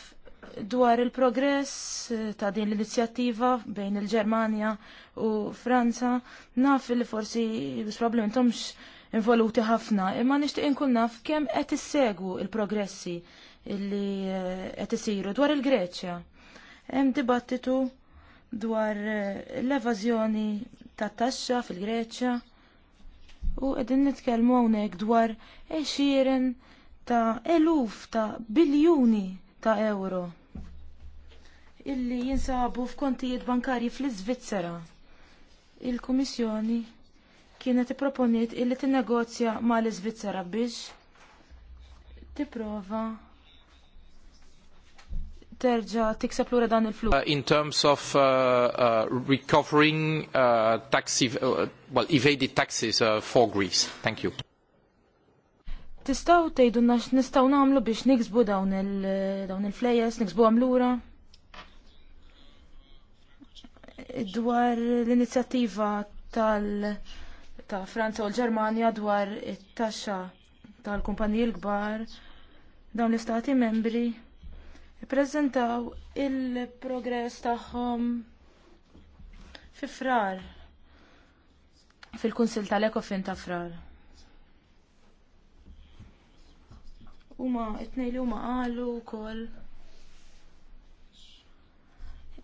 dwar il-progress eh, ta' din l-inizjattiva bejn il-Ġermanja u Franza, naf li forsi probablement tomx involuti ħafna, imma nixtieq inkun naf kemm qed issegwu il-progressi li eh, qed isiru dwar il-Greċja. Hemm dibattitu dwar eh, l-evażjoni ta' taxxa fil-Greċja u qegħdin nitkellmu hawnhekk dwar għexieren ta' eluf ta' biljuni ta' euro illi jinsabu f'kontijiet bankarji fl-Iżvizzera. Il-Kummissjoni kienet ipproponiet illi tinnegozja mal-Iżvizzera biex tipprova terġa tikseb lura dan il-flus? Uh, in terms of uh, uh, recovering uh, tax ev uh, well, evaded taxes uh, for Greece. Thank you. Tistaw nax x'nistgħu nagħmlu biex niksbu dawn il-flejes, niksbu għam lura? dwar l-inizjattiva tal- ta' Franza u l-Ġermanja dwar it-taxxa tal-kumpaniji l-kbar dawn l-istati membri ippreżentaw il-progress tagħhom fi frar fil-Kunsil tal-Ekofin ta' frar. Huma it-tnejn li huma qalu wkoll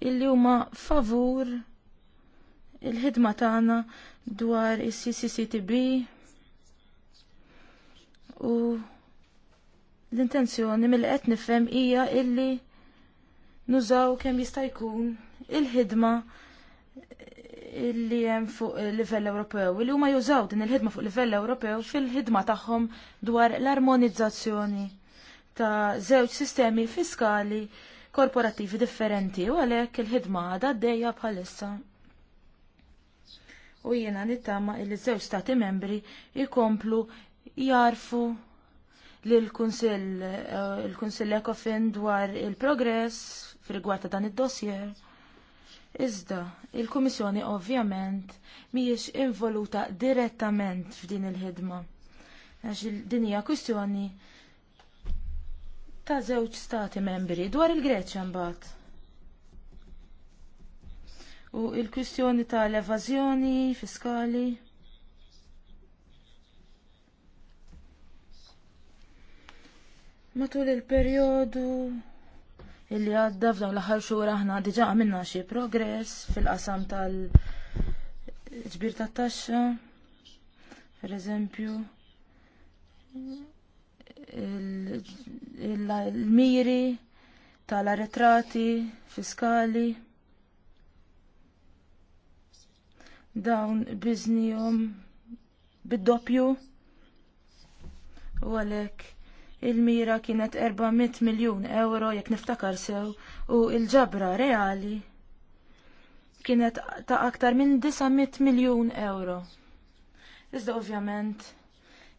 illi huma favur il-ħidma tagħna dwar is-CCCTB u l-intenzjoni mill qed nifhem hija illi nużaw kemm jista' jkun il-ħidma illi hemm fuq livell Ewropew, illi huma jużaw din il-ħidma fuq livell Ewropew fil-ħidma tagħhom dwar l-armonizzazzjoni ta' żewġ sistemi fiskali korporattivi differenti u għalhekk il-ħidma d għaddejja bħalissa. U jiena nittama il żewġ stati membri jkomplu jarfu li l-Kunsill eh, il-Kunsill Ekofin dwar il-progress f'rigward ta' dan id-dossier. Iżda, il-Kummissjoni ovvjament mhijiex involuta direttament f'din il-ħidma għax din hija kwistjoni ta' żewġ stati membri dwar il-Greċja mbagħad. U il-kwistjoni tal evażjoni fiskali. Matul il-perjodu illi għadda f'dawn l-aħħar xhur aħna diġà għamilna xi progress fil-qasam tal-ġbir tat-taxxa, per eżempju il-miri tal-arretrati fiskali dawn biznijom bid-doppju u għalek il-mira kienet 400 miljon euro jekk niftakar sew u il-ġabra reali kienet ta' aktar minn 900 miljon euro. Iżda ovvjament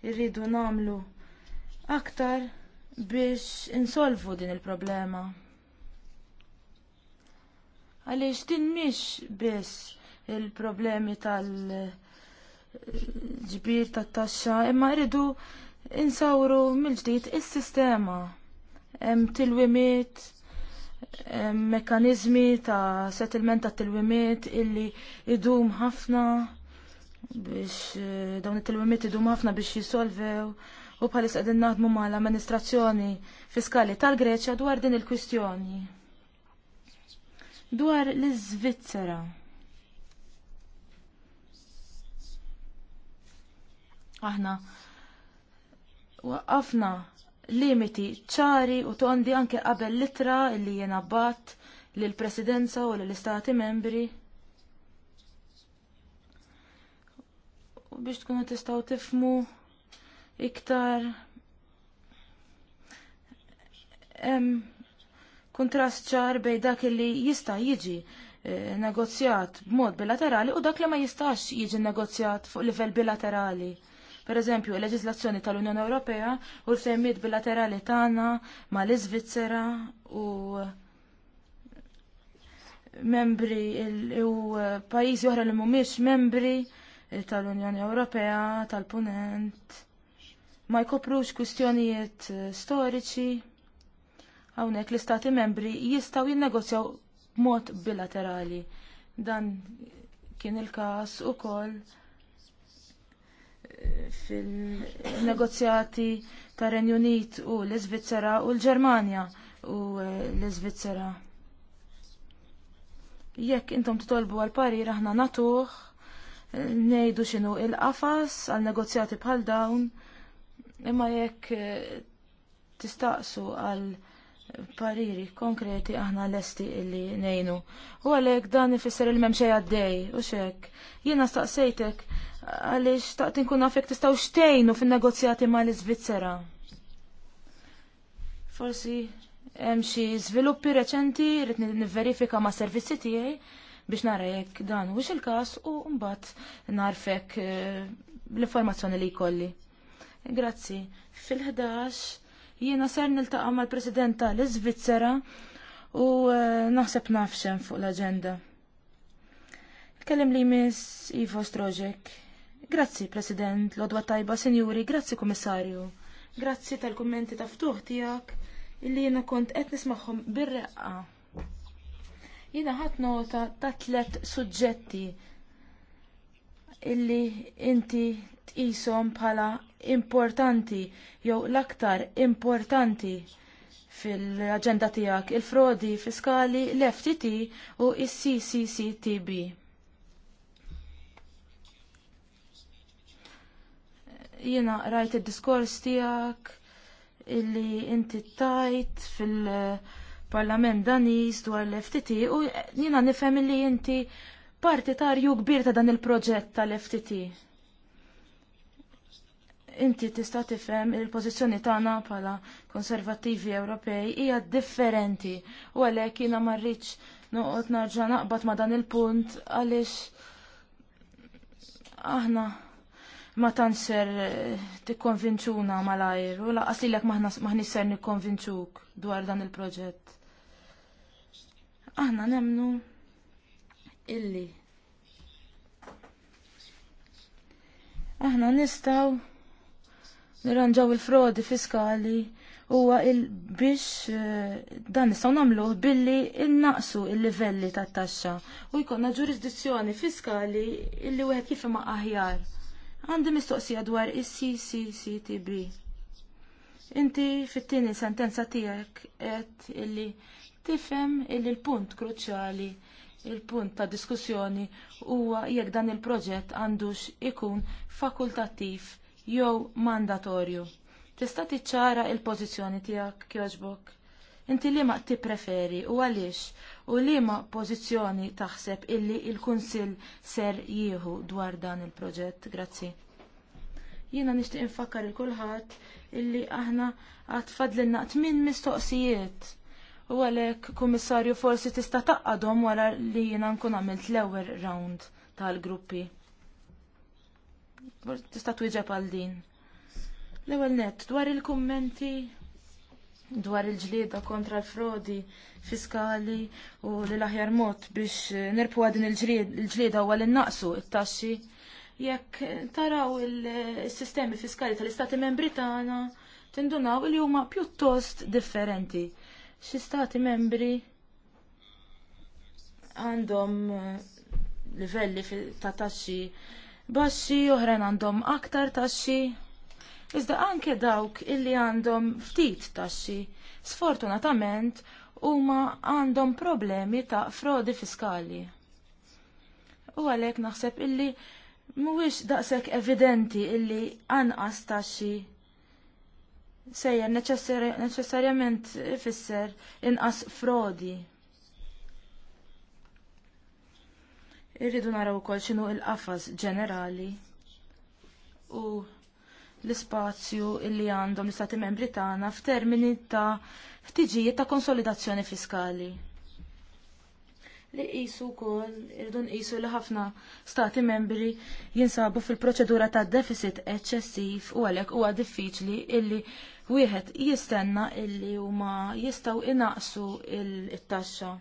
irridu namlu aktar biex insolvu din il-problema. Għaliex din mhix biss il-problemi tal-ġbir tat-taxxa, imma rridu insawru mill-ġdid is-sistema. Hemm tilwimiet, hemm mekkaniżmi ta' settlement ta' tilwimiet illi idum ħafna biex eh, dawn it-tilwimiet idum ħafna biex jisolvew u bħalis għedin naħdmu mal-amministrazzjoni fiskali tal-Greċja dwar din il-kwistjoni. Dwar l-Iżvizzera. Aħna waqqafna limiti ċari u tondi anke qabel litra li jena bat lill presidenza u lill istati membri. U biex tkunu tistaw tifmu iktar em, kontrast ċar bej dak li jista' jiġi eh, negozjat b'mod bilaterali u dak li ma jistax jiġi negozjat fuq livell bilaterali. Per eżempju, il-leġislazzjoni tal-Unjoni Ewropea u l semmit bilaterali tagħna mal iżvizzera u membri u eh, pajjiżi oħra li mhumiex membri eh, tal-Unjoni Ewropea, tal-Punent ma jkoprux kwistjonijiet eh, storiċi. Hawnhekk l-istati membri jistgħu jinnegozjaw b'mod bilaterali. Dan kien il-każ ukoll eh, fil-negozjati ta' Renju Unit u l-Iżvizzera u l-Ġermanja u eh, l-Iżvizzera. Jekk intom titolbu għal parir aħna natuħ, ngħidu x'inhu il-qafas għal negozjati bħal dawn Imma jekk eh, tistaqsu għal pariri konkreti aħna lesti illi nejnu. U għalek dan ifisser il memxej għaddej, u xek. Jiena staqsejtek għalix taqt nkun għafek tistaw xtejnu fin negozjati ma l-Svizzera. Forsi hemm xi żviluppi reċenti rrid nivverifika ma' servizzi tiegħi biex nara jekk dan u il-każ u mbagħad narfek eh, l-informazzjoni li jkolli. Grazzi. Fil-11 jiena ser niltaqa' mal-President tal-Iżvizzera u eh, naħseb nafxem fuq l-aġenda. Kellim li miss Ivo Stroġek. Grazzi, President, l-odwa tajba, Sinjuri, grazzi, Komissarju. Grazzi tal-kommenti ta' ftuħ tijak illi jena kont qed nismagħhom bir-reqqa. Jiena ħadd nota ta' tlet suġġetti illi inti tqishom bħala importanti jew l-aktar importanti fil-aġenda tiegħek il-frodi fiskali, l-FTT u s-CCCTB. Jiena rajt id diskors tiegħek illi inti tajt fil-parlament Daniż dwar l-FTT u jiena nifhem illi inti partitarju kbir ta' dan il-proġett tal-FTT inti tista' tifhem il-pożizzjoni tagħna bħala konservattivi Ewropej hija differenti u għalhekk jiena ma rridx noqgħod narġa' naqbad ma dan il-punt għaliex aħna ma ser eh, tikkonvinċuna malajr u laqas lilek maħni ser nikkonvinċuk dwar dan il-proġett. Aħna nemnu illi. Aħna nistaw nirranġaw il-frodi fiskali huwa il biex eh, dan nistgħu nagħmluh billi innaqsu il-livelli tat-taxxa u jkollna ġurisdizzjoni fiskali illi wieħed kif ma' aħjar. Għandi mistoqsija dwar is-CCCTB. Inti fit-tieni sentenza tiegħek qed illi tifhem illi l-punt kruċjali il-punt ta' diskussjoni huwa jekk dan il-proġett għandux ikun fakultattiv jew mandatorju. Tista' tiċċara il-pożizzjoni tiegħek kjoġbok. Inti liema tippreferi u għaliex u liema pożizzjoni taħseb illi il-Kunsill ser jieħu dwar dan il-proġett. Grazzi. Jiena nixtieq infakkar il kulħadd illi aħna għad fadlinna tmien mistoqsijiet. U għalhekk, kummissarju, forsi tista' taqadhom wara li jiena nkun għamilt l-ewwel round tal-gruppi tista' twieġeb għal din. L-ewwel nett dwar il-kummenti dwar il-ġlieda kontra l-frodi fiskali u l-aħjar mod biex nerpu din il-ġlieda u li naqsu it-taxxi jekk taraw il-sistemi fiskali tal-Istati Membri tagħna tindunaw li huma pjuttost differenti. Xi Stati Membri għandhom livelli ta' taxxi baxxi, oħrajn għandhom aktar taxxi. Iżda anke dawk illi għandhom ftit taxxi, sfortunatament huma għandhom problemi ta' frodi fiskali. U għalhekk naħseb illi mhuwiex daqshekk evidenti illi anqas taxxi sejjer neċessarjament ifisser inqas frodi. Irridu naraw ukoll x'inhu il-qafas ġenerali u l-ispazju illi għandhom l-Istati Membri tagħna f'termini ta' ftiġijiet ta' konsolidazzjoni fiskali. Li qisu wkoll irridu nqisu li ħafna Stati Membri jinsabu fil-proċedura ta' deficit eċċessiv u għalhekk huwa diffiċli illi wieħed jistenna illi huma jistgħu inaqsu il-taxxa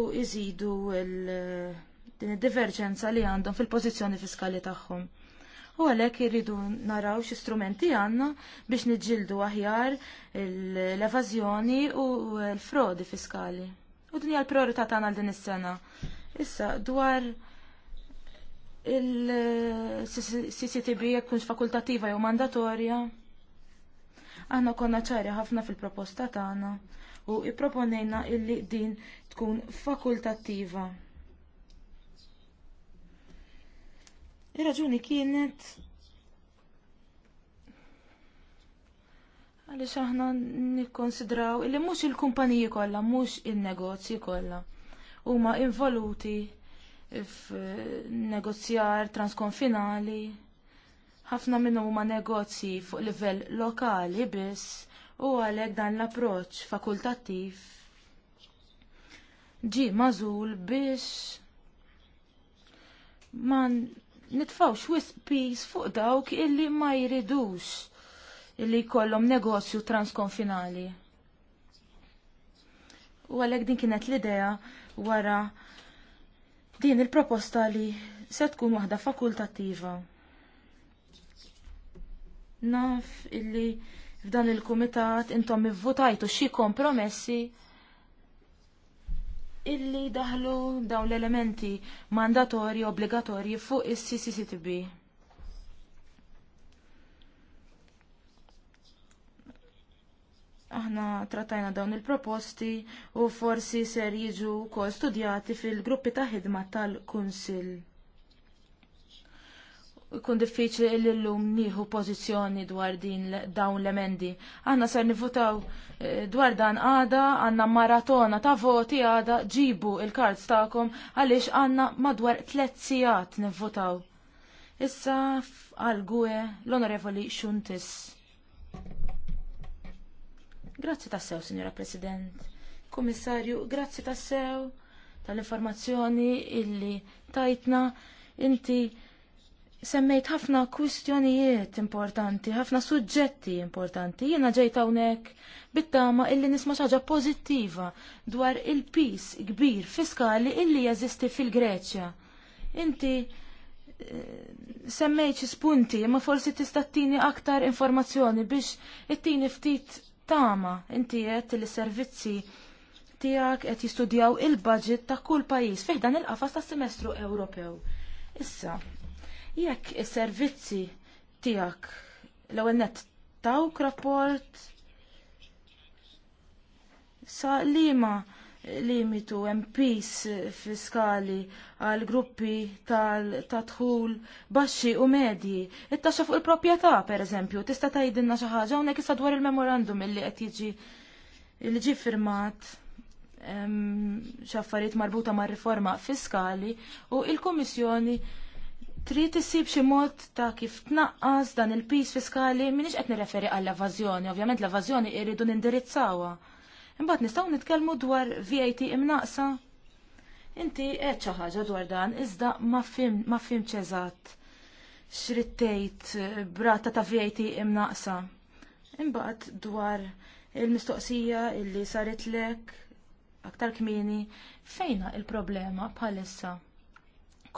u jżidu il-, il din id-diverġenza li għandhom fil-pożizzjoni fiskali tagħhom. U għalhekk irridu naraw xi strumenti għandna biex niġġieldu aħjar l-evażjoni u l-frodi fiskali. U din hija l-priorità tagħna din is-sena. Issa dwar il-CCTB jekk kunx fakultattiva jew mandatorja. Aħna konna ċari ħafna fil-proposta tagħna u ipproponejna illi din tkun fakultattiva. Ir-raġuni kienet għaliex aħna nikkonsidraw illi mhux il-kumpaniji kollha, mhux in-negozji kollha huma involuti f'negozjar transkonfinali. Ħafna minnu huma negozji fuq livell lokali biss u għalhekk dan l-approċċ fakultattiv ġie magħżul biex man nitfaw xwis pis fuq dawk illi ma jridux illi kollom negozju transkonfinali. U għalek din kienet l-idea wara din il-proposta li se tkun waħda fakultattiva. Naf illi f'dan il-kumitat intom ivvutajtu xi kompromessi illi daħlu dawn l-elementi mandatorji obbligatorji fuq is-CCCTB. aħna trattajna dawn il-proposti u forsi ser jiġu kol studjati fil-gruppi ta' ħidma tal-Kunsill kun diffiċli l llum nieħu pożizzjoni dwar din dawn l-emendi. Aħna ser nifutaw eh, dwar dan għada, għandna maratona ta' voti għada, ġibu il-kards tagħkom għaliex għandna madwar tliet sigħat nifutaw. Issa għal gwe l-onorevoli Xuntis. Grazzi tassew, Signora President. Kummissarju, grazzi tassew tal-informazzjoni illi tajtna inti semmejt ħafna kwistjonijiet importanti, ħafna suġġetti importanti. Jiena ġejt hawnhekk bit-tama illi nisma' ħaġa pożittiva dwar il peace kbir fiskali illi jeżisti fil-Greċja. Inti eh, semmejt xi spunti, imma forsi tista' tini aktar informazzjoni biex ittini ftit tama. Inti qed il servizzi tiegħek qed jistudjaw il-budget ta' kull pajjiż fih dan il-qafas tas-semestru Ewropew. Issa, jekk is-servizzi tiegħek l-ewwel nett tawk rapport sa liema limitu MPs fiskali għal gruppi tal-tadħul baxxi u medji. It-taxxa fuq il-proprjetà, pereżempju, tista' tgħidilna xi ħaġa hawnhekk issa dwar il-memorandum illi qed jiġi li ġi firmat xaffariet marbuta mar riforma fiskali u il kummissjoni trid isib xi mod ta' kif tnaqqas dan il-pis fiskali minix qed nirreferi għall evażjoni ovvjament l-evażjoni iridu nindirizzawha. Imbagħad nistgħu nitkellmu dwar VAT imnaqsa. Inti qed xi ħaġa dwar dan iżda ma fim ma fim ċeżat xrid tgħid eh, brata ta' VAT imnaqsa. Imbagħad dwar il-mistoqsija illi saret lek aktar kmieni fejna il-problema bħalissa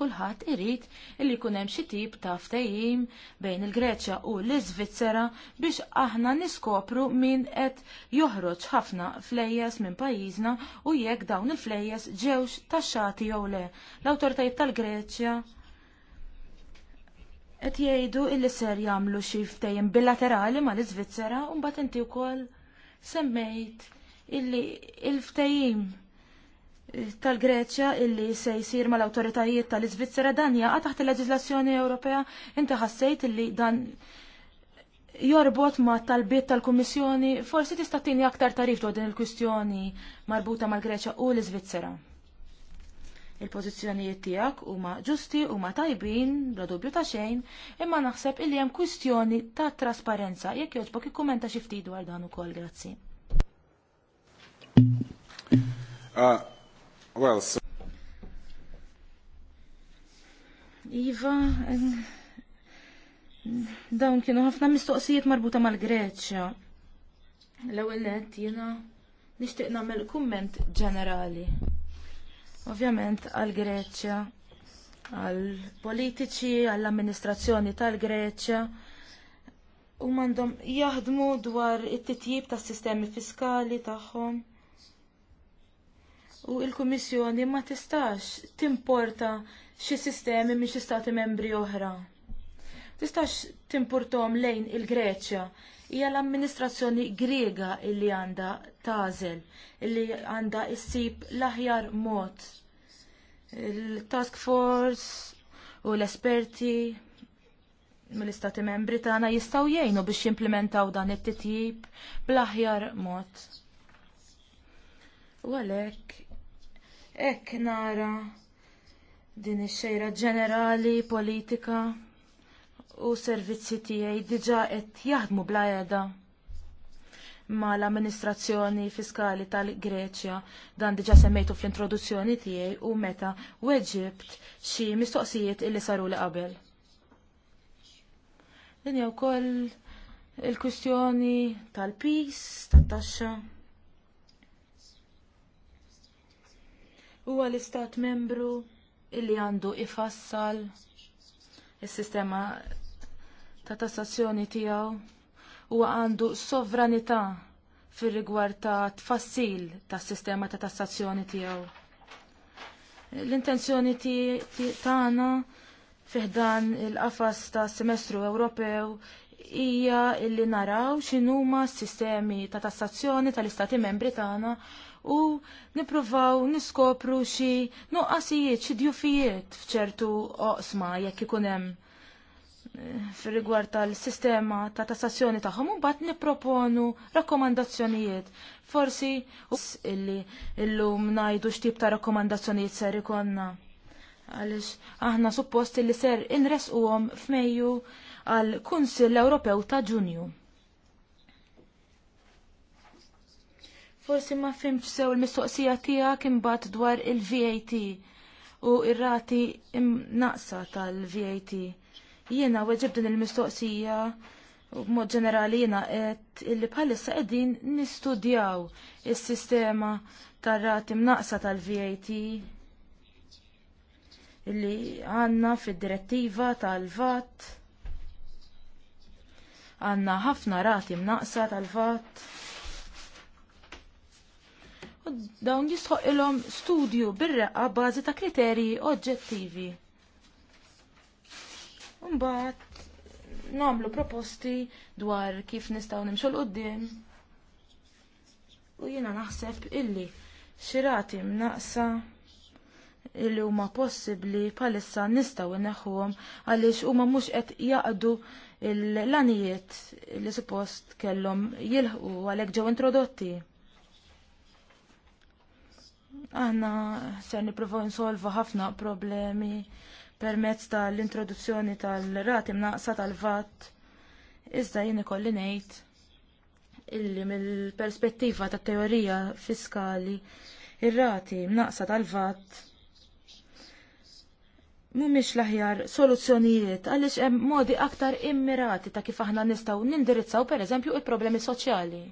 kulħadd irid illi jkun hemm xi tip ta' ftehim bejn il-Greċja u l-Iżvizzera biex aħna niskopru min qed joħroġ ħafna flejjes minn pajjiżna u jekk dawn il-flejjes ġewx taxxati jew le. L-awtoritajiet tal-Greċja qed jgħidu li ser jagħmlu xi ftehim bilaterali mal-Iżvizzera u mbagħad inti wkoll semmejt illi il-ftehim tal-Greċja illi se jsir mal awtoritajiet tal izvizzera dan jaqa' taħt il leġislazzjoni Ewropea inti ħassejt illi dan jorbot ma talbiet tal-Kummissjoni forsi tista' tini aktar tarif dwar din il-kwistjoni marbuta mal-Greċja u l-Iżvizzera. Il-pożizzjonijiet tiegħek huma ġusti huma tajbin bla dubju ta' xejn, imma naħseb illi hemm kwistjoni ta' trasparenza jekk jogħġbok ikkumenta xi ftit dwar dan ukoll, grazzi. Uh, Well, so... Iva, dawn kienu ħafna mistoqsijiet marbuta mal-Greċja. L-ewwel nett jiena nixtieq nagħmel kumment ġenerali. Ovvjament għall-Greċja, għall-politiċi, għall-amministrazzjoni tal-Greċja, u mandom jaħdmu dwar it-titjib tas sistemi fiskali tagħhom u l-Kummissjoni ma tistax timporta xi sistemi minn xi stati membri oħra. Tistax timpurtom lejn il-Greċja hija l-amministrazzjoni Griega illi għandha tażel, illi għandha ssib l-aħjar mod. Il-task force u l-esperti mill-istati membri tagħna jistgħu jgħinu biex jimplementaw dan it-titjib bl-aħjar mod. U għalhekk Ek nara din ix-xejra ġenerali politika u servizzi tiegħi diġà qed jaħdmu bla qiegħda ma l-amministrazzjoni fiskali tal-Greċja dan diġa semmejtu fl-introduzzjoni tiegħi u meta Eġipt xi mistoqsijiet illi saru li qabel. Din hija wkoll il-kwistjoni tal-pis, tat-taxxa. huwa l-istat membru illi għandu ifassal is-sistema ta' tassazzjoni tiegħu huwa għandu sovranità fir-rigward ta' tfassil tas-sistema ta' tassazzjoni tiegħu. L-intenzjoni tagħna fiħdan il-qafas ta' semestru Ewropew hija illi naraw x'inhuma s-sistemi ta' tassazzjoni tal-Istati Membri tagħna u nipruvaw niskopru xi nuqqasijiet xi djufijiet f'ċertu oqsma jekk ikun hemm eh, fir rigward tal-sistema ta' tassazzjoni tagħhom u mbagħad nipproponu rakkomandazzjonijiet. Forsi illi illum ngħidu x'tip ta' rakkomandazzjonijiet ser ikonna. Għaliex aħna suppost li ser inresquhom f'Mejju għall Kunsill Ewropew ta' Ġunju. Forsi ma fimx sew il-mistoqsija tiegħek imbagħad dwar il-VAT u irrati rati naqsa tal-VAT. Jiena weġib din il-mistoqsija u mod ġenerali jiena qed illi bħalissa qegħdin nistudjaw is-sistema tar-rati mnaqsa tal-VAT illi għanna fid-direttiva tal-VAT għanna ħafna rati mnaqsa tal-VAT u dawn jistħoq ilhom studju bir-reqqa bażi ta' kriterji oġġettivi. Mbagħad nagħmlu proposti dwar kif nistgħu nimxu l qudiem u jiena naħseb illi xi rati mnaqsa illi huma possibbli bħalissa nistgħu inneħħuhom għaliex huma mhux qed jaqdu l-lanijiet li suppost kellhom jilħqu għalhekk ġew introdotti. Aħna ser niprofaw nsolvu ħafna problemi permezz tal-introduzzjoni tal-rati mnaqsa tal-vat. Iżda jien ikolli ngħid illi mill-perspettiva tat teorija fiskali ir-rati mnaqsa tal-vat mhumiex l-aħjar soluzzjonijiet għaliex hemm modi aktar immirati ta' kif aħna nistgħu nindirizzaw pereżempju il-problemi soċjali.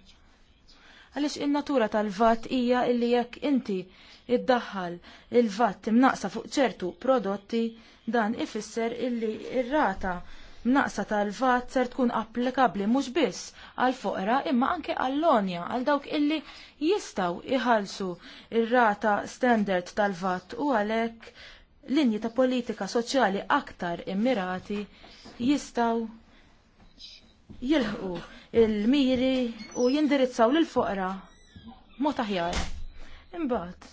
Għaliex in-natura tal-vat hija illi jekk inti iddaħħal il-vat imnaqsa fuq ċertu prodotti dan ifisser illi ir-rata mnaqsa tal-vat ser tkun applikabli mhux biss għal foqra imma anke għall onja għal dawk illi jistaw iħalsu ir-rata standard tal-vat u għalhekk linji ta' politika soċjali aktar immirati jistaw jilħqu il-miri u jindirizzaw lil foqra mod aħjar. Imbagħad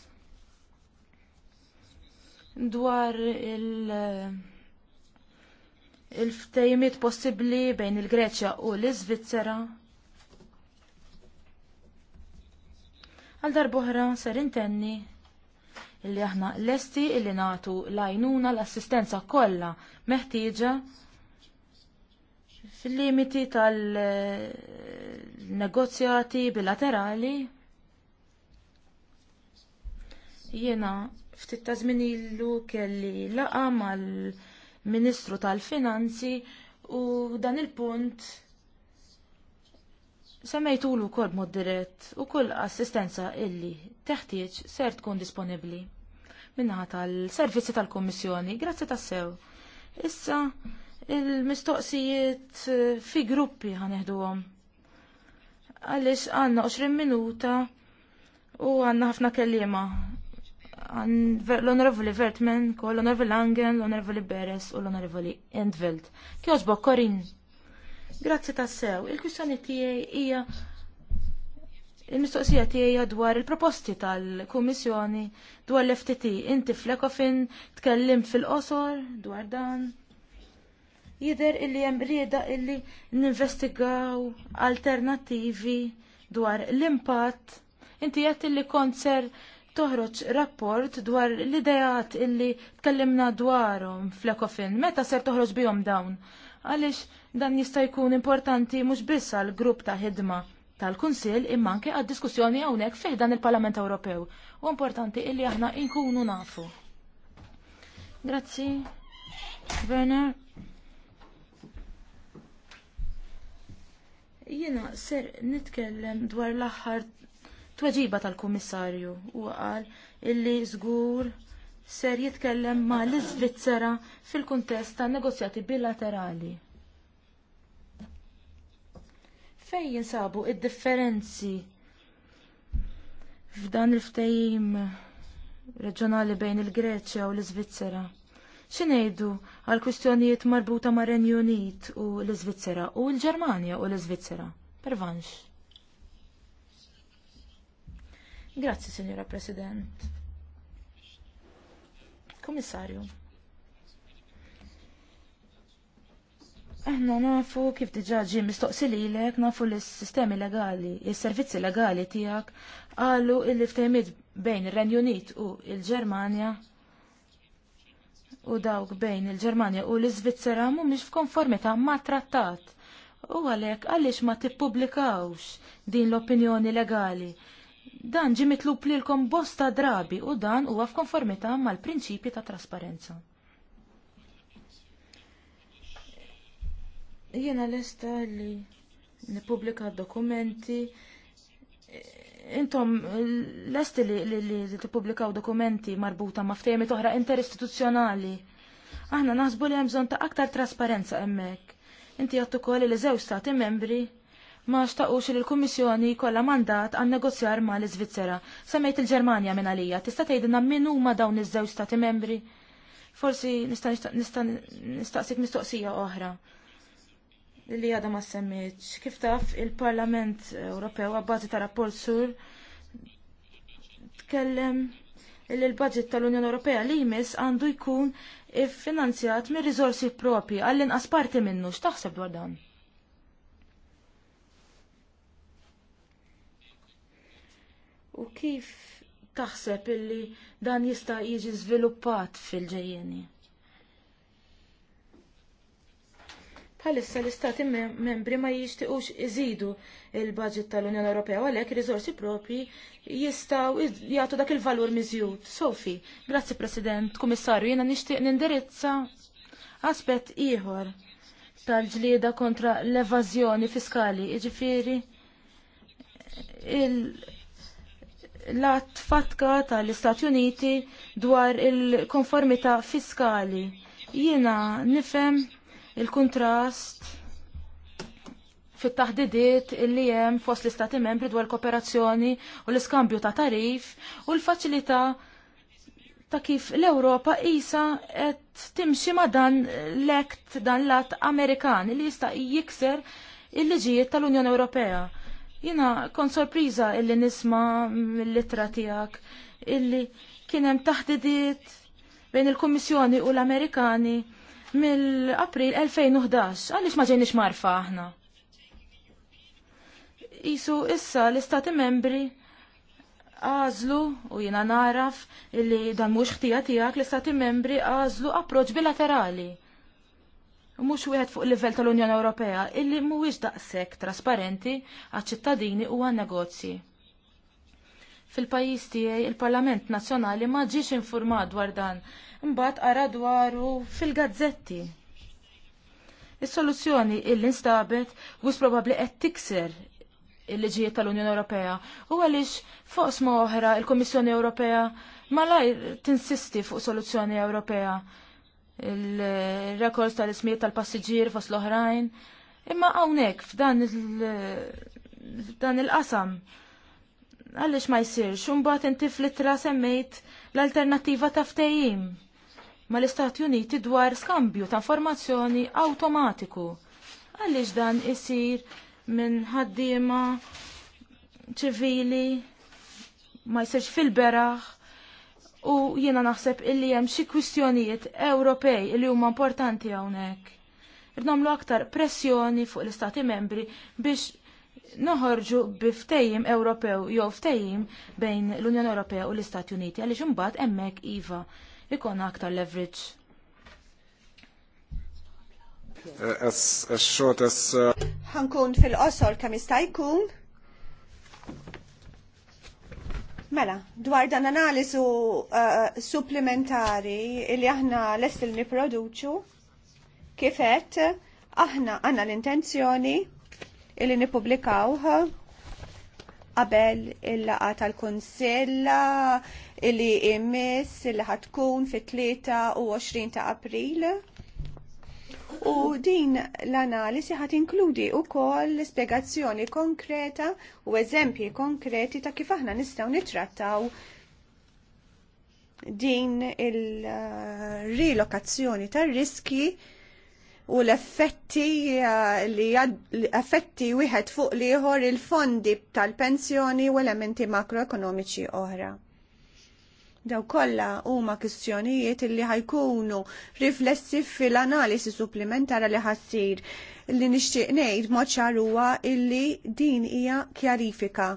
dwar il- il-ftejmiet possibbli bejn il-Greċja u l-Iżvizzera. Għal darbohra ser intenni illi aħna lesti illi natu lajnuna l-assistenza kollha meħtieġa fil-limiti tal-negozjati bilaterali jiena ftit ta' żmien ilu kelli laqa mal-Ministru tal-Finanzi u dan il-punt semmejtulu kol mod dirett u kull assistenza illi teħtieġ ser tkun disponibbli minnaħa tal-servizzi tal-Kommissjoni. Grazzi tassew. Issa il-mistoqsijiet eh, fi gruppi ħaneħduhom. Għaliex għandna 20 minuta u għandna ħafna kelliema. l onorvoli Vertman, l onorvoli Langen, l onorvoli Beres u l-Onorevoli Endveld. Kjoġbok, Korin. Grazzi tas-sew. Il-kwistjoni tiegħi hija il-mistoqsija tiegħi dwar il-proposti tal-Kummissjoni dwar l-FTT. Inti fl-Ekofin tkellim fil-qosor dwar dan Jidher illi hemm rieda illi ninvestigaw alternattivi dwar l-impatt. Inti qed illi konser toħroġ rapport dwar l-idejat illi tkellimna dwarhom fl-Ekofin. Meta ser toħroġ bijom dawn? Għaliex dan jista' jkun importanti mhux biss għall grupp ta' ħidma tal-Kunsill imma anke għad-diskussjoni hawnhekk fih dan il-Parlament Ewropew. U importanti illi aħna nkunu nafu. Grazzi, Werner. Jiena ser nitkellem dwar l-aħħar tweġiba tal-Kummissarju u qal illi żgur ser jitkellem ma l-Iżvizzera fil-kuntest ta' negozjati bilaterali. Fejn jinsabu id-differenzi f'dan il-ftehim reġjonali bejn il-Greċja u l-Iżvizzera? Xinejdu għal kwistjonijiet marbuta ma' Renju Unit u l-Iżvizzera u l-Ġermanja u l-Iżvizzera. Pervanx. Grazzi, Signora President. Komissarju. Aħna nafu kif diġa ġi mistoqsi lilek, nafu li s-sistemi legali, il-servizzi legali tijak, għallu il-ftehmiet bejn il-Renju Unit u il-Ġermanja u dawk bejn il-Ġermanja u l-Iżvizzera mhumiex f'konformità ma' trattat. U għalhekk għaliex ma tippubblikawx din l-opinjoni legali. Dan ġi mitlub lilkom bosta drabi u dan huwa f'konformità mal-prinċipji ta' trasparenza. Jiena lesta li nippubblika dokumenti intom lesti li, li, li, li tippubblikaw dokumenti marbuta ma' ftejmi oħra interistituzzjonali. Aħna naħsbu li hemm bżonn ta' aktar trasparenza hemmhekk. Inti jattu ukoll li żewġ stati membri ma xtaqux li l-Kummissjoni kollha mandat għan negozjar ma l-Iżvizzera. Semmejt il-Ġermanja minn għalija, tista' tgħidilna min huma dawn iż-żewġ stati membri? Forsi nista' nistaqsik mistoqsija oħra li għada ma semmiċ. Kif taf il-Parlament Ewropew għabbazi ta' rapport sur tkellem li l-budget tal-Unjoni Ewropea li jmiss għandu jkun finanzjat mir rizorsi propi għall-inqas parti minnu x'taħseb dwar dan? U kif taħseb illi dan jista' jiġi żviluppat fil-ġejjeni? bħalissa l-istati membri ma jixtiequx iżidu il-budget tal-Unjoni Ewropea għalhekk riżorsi propri jistgħu jagħtu dak il-valur miżjud. Sofi, grazzi President, Kummissarju, jiena nixtieq nindirizza aspett ieħor tal-ġlieda kontra l-evażjoni fiskali, jiġifieri il- l-att fatka tal-Istati Uniti dwar il-konformità fiskali. Jiena nifem il-kontrast fit-taħdidiet illi hemm fost l-istati membri dwar kooperazzjoni u l-iskambju ta' tarif u l-faċilità ta' kif l-Ewropa isa qed timxi ma' dan l-ekt dan lat Amerikan li jista' jikser il-liġijiet tal-Unjoni Ewropea. Jina kon sorpriża illi nisma' mill-litra tiegħek illi kien hemm taħdidiet bejn il-Kummissjoni u l-Amerikani mill-April 2011. Għaliex ma ġejniex marfa aħna? Isu issa l-istati membri għazlu u jina naraf li dan mux ħtija tijak l-istati membri għazlu approċ bilaterali. Mux wieħed fuq livell tal-Unjoni Ewropea illi mhuwiex daqshekk trasparenti għaċ-ċittadini u għan-negozji. Fil-pajjiż tiegħi il-Parlament Nazzjonali ma ġiex infurmat dwar dan. Imbagħad ara dwaru fil-gazzetti. Is-soluzzjoni illi instabet wis probabbli qed tikser il-liġijiet tal-Unjoni Ewropea u għaliex fuq sma oħra il-Kummissjoni Ewropea ma' lajr tinsisti fuq soluzzjoni Ewropea il-rekords tal-ismijiet tal-passiġġier fost l-oħrajn. Imma hawnhekk f'dan il-qasam il qasam għalix ma jisirx, unbat inti fl semmejt l-alternativa ta' ftejim ma l-Istati Uniti dwar skambju ta' informazzjoni automatiku. Għalix dan isir minn ħaddiema ċivili ma jsirx fil-beraħ u jiena naħseb illi hemm xi kwistjonijiet Ewropej li huma importanti hawnhekk. Irnomlu aktar pressjoni fuq l-Istati membri biex noħorġu bi ftejim Ewropew jew ftejim bejn l-Unjoni Ewropea u l-Istati Uniti għaliex imbagħad hemmhekk iva ikun aktar leverage. Eh, uh, ħankun fil-qosor kemm jista' jkun. Mela, dwar dan analiżu eh, supplementari li aħna lestil il niproduċu kifet aħna għandna l-intenzjoni illi nipublikawha qabel il-laqa tal kunsella illi imis illi ħatkun fit-23 ta' April. U din l-analisi ħat inkludi u kol spiegazzjoni konkreta u eżempji konkreti ta' kif aħna nistaw nitrattaw din il-relokazzjoni tar riski u l-effetti eh, li effetti wieħed fuq liħor il-fondi tal-pensjoni u elementi makroekonomiċi oħra. Daw kollha huma kwistjonijiet li ħajkunu riflessi fil-analisi supplementara li ħassir li nixtieq ngħid mod ċarruha illi din hija kjarifika.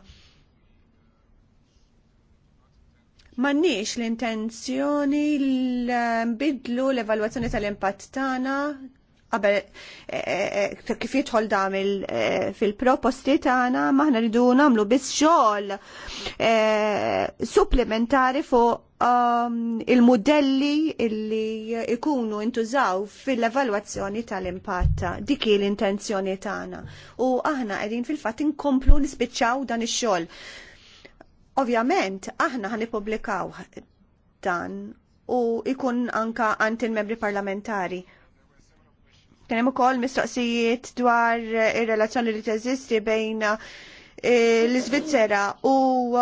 Mannix l-intenzjoni l-bidlu l-evalwazzjoni tal-impatt tagħna qabel eh, eh, kif jidħol dam eh, fil-proposti tagħna maħna rridu nagħmlu biss xogħol supplementari fuq um, il-modelli illi ikunu intużaw fil-evalwazzjoni tal impatta dik l-intenzjoni tagħna. U aħna qegħdin fil-fatt inkomplu nispiċċaw dan ix-xogħol. Ovvjament, aħna ħan dan u ikun anka għand il-membri parlamentari Kien hemm ukoll mistoqsijiet dwar eh, ir-relazzjoni li teżisti bejn eh, l-Iżvizzera u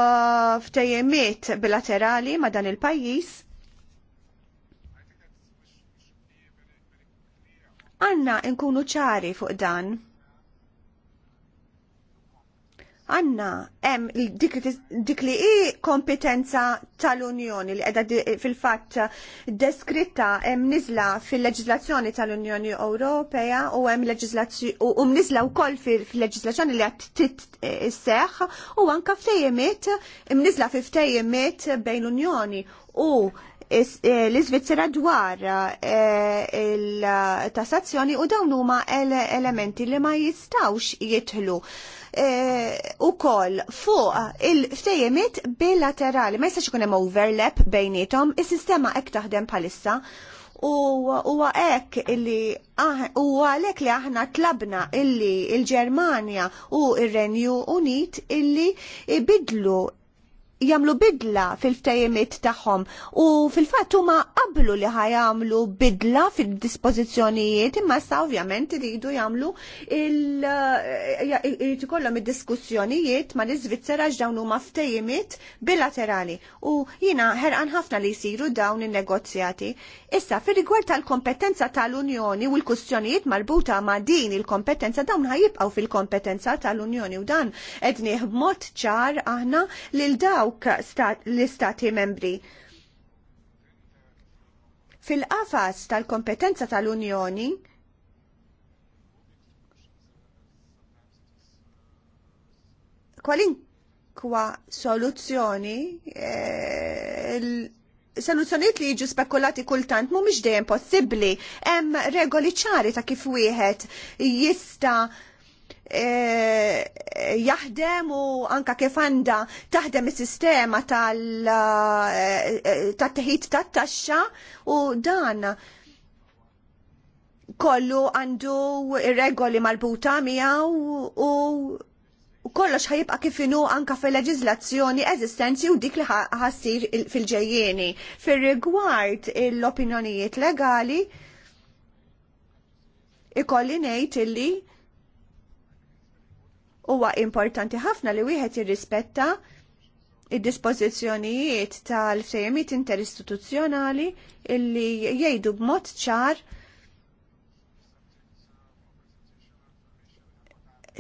eh, ftejjemiet bilaterali ma' dan il-pajjiż. Għanna nkunu ċari fuq dan għanna hemm dik li hi kompetenza tal-Unjoni li qiegħda fil-fatt deskritta hemm nizla fil leġizlazzjoni tal-Unjoni Ewropea u hemm u u wkoll fil leġizlazzjoni li qed seħ u anke ftejjemiet mnizla fi ftejjemiet bejn l-Unjoni u e, l svizzera dwar e, il-tassazzjoni u dawn huma elementi li ma jistawx jitħlu Eh, u koll fuq il ftejemit bilaterali. Ma jistax ikun hemm overlap bejnietom, is-sistema hekk taħdem bħalissa. U huwa hekk illi u għalhekk li aħna tlabna illi il-Ġermanja u ir-Renju Unit illi ibidlu jamlu bidla fil-ftejimiet tagħhom u fil-fatt huma qablu li ħajamlu bidla fil-dispożizzjonijiet imma sa ovvjament iridu jagħmlu il ikollhom id-diskussjonijiet ma' l-Iżvizzera x'dawn huma ftejimiet bilaterali u jiena ħerqan ħafna li jsiru dawn in-negozjati. Issa fir-rigward tal-kompetenza tal-Unjoni u l-kustjonijiet marbuta ma' din il-kompetenza dawn ħajibqgħu fil-kompetenza tal-Unjoni u dan qed b'mod ċar aħna lil dawn dawk l-istati membri. Fil-qafas tal-kompetenza tal-Unjoni, kwalinkwa soluzzjoni e, eh, soluzzjoniet li jiġu spekulati kultant mhumiex dejjem possibbli. Hemm regoli ċari ta' kif wieħed jista' Eh, jaħdem u anka kif għanda taħdem is-sistema tal-teħid eh, eh, tat-taxxa u dan kollu għandu regoli marbuta miegħu u kollox ħajibqa' kif anka fil-leġiżlazzjoni eżistenzi u dik li ħassir fil-ġejjieni. Fir-rigward l-opinjonijiet legali, ikolli ngħid illi Huwa importanti ħafna li wieħed jirrispetta id-dispożizzjonijiet tal-ftejjemiet interistituzzjonali illi jgħidu b'mod ċar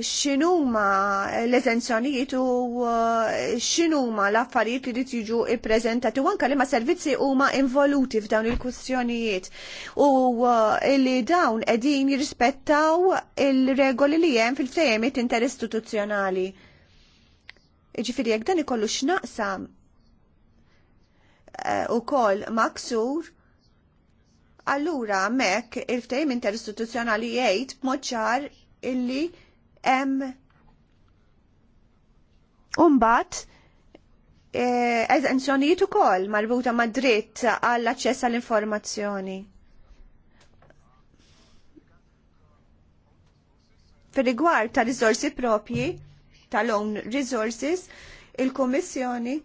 x'inhuma l ezenzjonijiet u uh, x'inhuma l-affarijiet li jrid jiġu ippreżentati u anke li ma servizzi huma involuti f'dawn il-kwistjonijiet u uh, li dawn qegħdin jirrispettaw il-regoli li hemm fil-ftehimiet interistituzzjonali. Ġifieri jekk dan ikollu x'naqsam eh, u kol maksur, allura mek il-ftejm interistituzjonali jgħid b'mod ċar illi hemm Umbat, e, eżenzjonijiet ukoll marbuta ma' dritt għall-aċċess għall-informazzjoni. Fir-rigward ta' risorsi propji, tal-own resources, il-Kommissjoni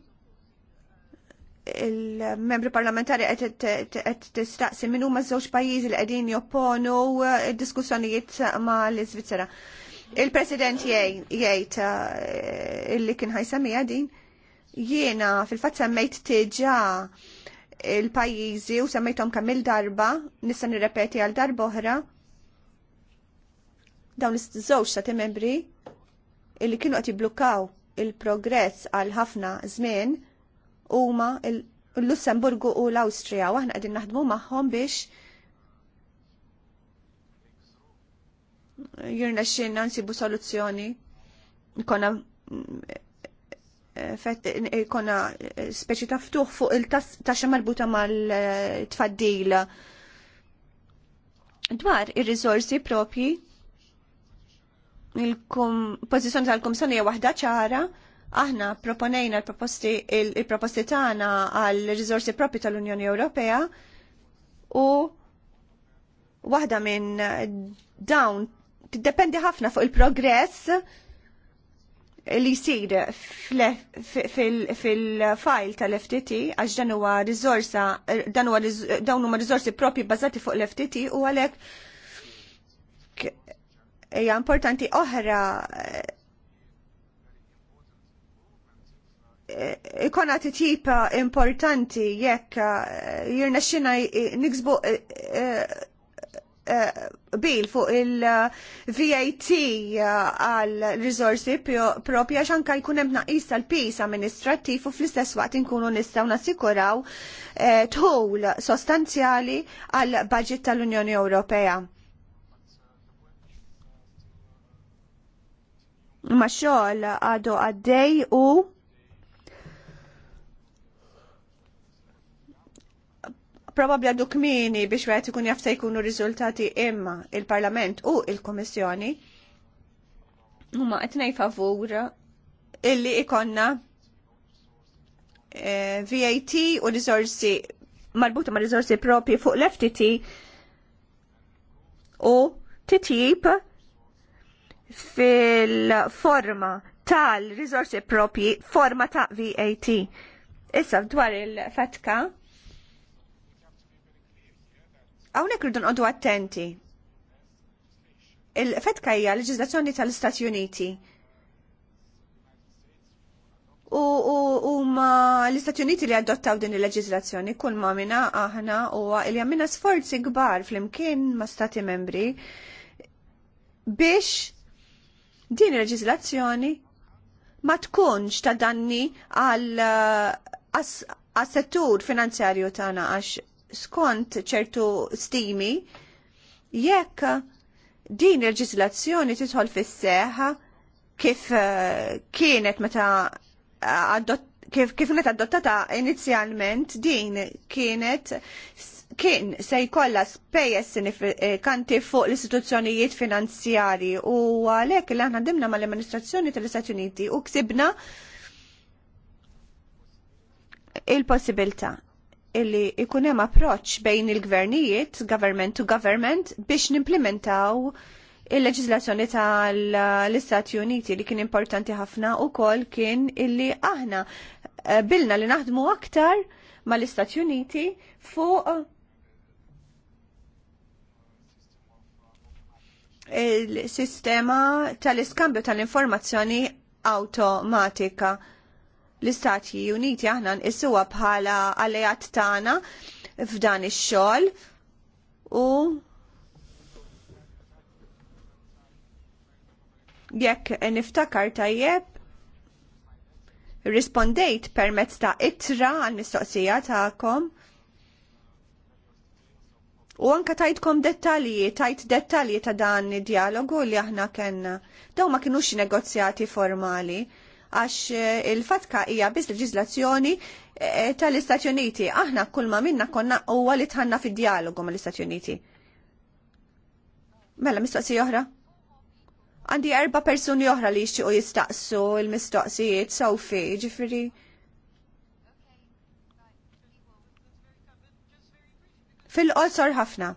il-membri parlamentari qed tistaqsi minn huma żewġ pajjiżi li qegħdin jopponu e, diskussjonijiet ma' l-Iżvizzera. Il-President jgħid uh, illi kien ħajsamija din, jiena fil-fatt semmejt tiġa il-pajjiżi u semmejthom kemm il-darba, nista' nirrepeti għal darba oħra, dawn iż-żewġ stati membri illi kienu qed jibblukkaw il-progress għal ħafna żmien huma l-Lussemburgu u l-Awstrija u aħna qegħdin naħdmu magħhom biex jirna xinna nsibu soluzzjoni konna eh, fett eh, konna eh, speċi ta' ftuħ fuq il-taxxa marbuta mal tfaddila dwar ir rizorsi propi il-pozizjoni tal-Komissjoni hija waħda ċara, aħna proponejna l-proposti il-proposti tagħna għal riżorsi propri tal-Unjoni Ewropea u waħda minn dawn tiddependi ħafna fuq il-progress li jsir fil-file tal-FTT għax dan huwa rizorsa, dan huwa dawn huma rizorsi propri bbażati fuq l-FTT u għalhekk hija importanti oħra eh, ikona tipa importanti jekk eh, jirna xina niksbu eh, Eh, bil fuq il-VAT eh, għal risorsi propja xanka jkun hemm naqis tal-pis amministrattiv u fl-istess waqt inkunu nistgħu nassikuraw eh, tħul sostanzjali għal budget tal-Unjoni Ewropea. Ma xogħol għadu għaddej u Probabli għaddu kmini biex għet ikun jafta jkunu riżultati imma il-Parlament u il-Komissjoni huma qed favur illi ikonna eh, VAT u risorsi marbuta ma' risorsi propi fuq l-FTT u titjib fil-forma tal-risorsi propi forma ta' VAT. Issa dwar il-fatka Hawnhekk rridu nqoddu attenti. Il-fetka hija leġislazzjoni tal-Istati Uniti. U huma l-Istati Uniti li adottaw din il-leġiżlazzjoni kull ma minna aħna huwa li għamilna sforzi kbar flimkien ma' Stati membri biex din il-leġiżlazzjoni ma tkunx ta' danni għal għas-settur finanzjarju tagħna għax skont ċertu stimi jekk din il-ġislazzjoni titħol fis seħħ kif eh, kienet meta eh, adott kif kienet adottata inizjalment din kienet kien se jkollha spejjeż sinifikanti eh, fuq l-istituzzjonijiet finanzjarji u għalhekk li aħna dimna mal-amministrazzjoni tal-Istati Uniti u ksibna il-possibilità illi ikun hemm approċċ bejn il-gvernijiet, government to government, biex nimplementaw il leġizlazzjoni tal-Istati Uniti li kien importanti ħafna u kol kien illi aħna eh, bilna li naħdmu aktar mal-Istati Uniti fuq il-sistema tal-iskambju tal-informazzjoni automatika l-Istati Uniti aħna nqisuha bħala alleat tagħna f'dan ix-xogħol u jekk niftakar tajjeb rispondejt permezz ta' ittra għal mistoqsija tagħkom. U anka tajtkom dettalji, tajt dettalji ta' dan id-dialogu li aħna kenna. Daw ma kienux negozjati formali għax eh, il-fatka hija biss leġiżlazzjoni eh, tal-Istati Uniti. Aħna kull ma minna konna huwa li tħanna fid-dialogu mal-Istati Uniti. Mela mistoqsija oħra? Għandi erba persuni oħra li jixtiequ jistaqsu il-mistoqsijiet sawfi, ġifieri. Fil-qosor ħafna.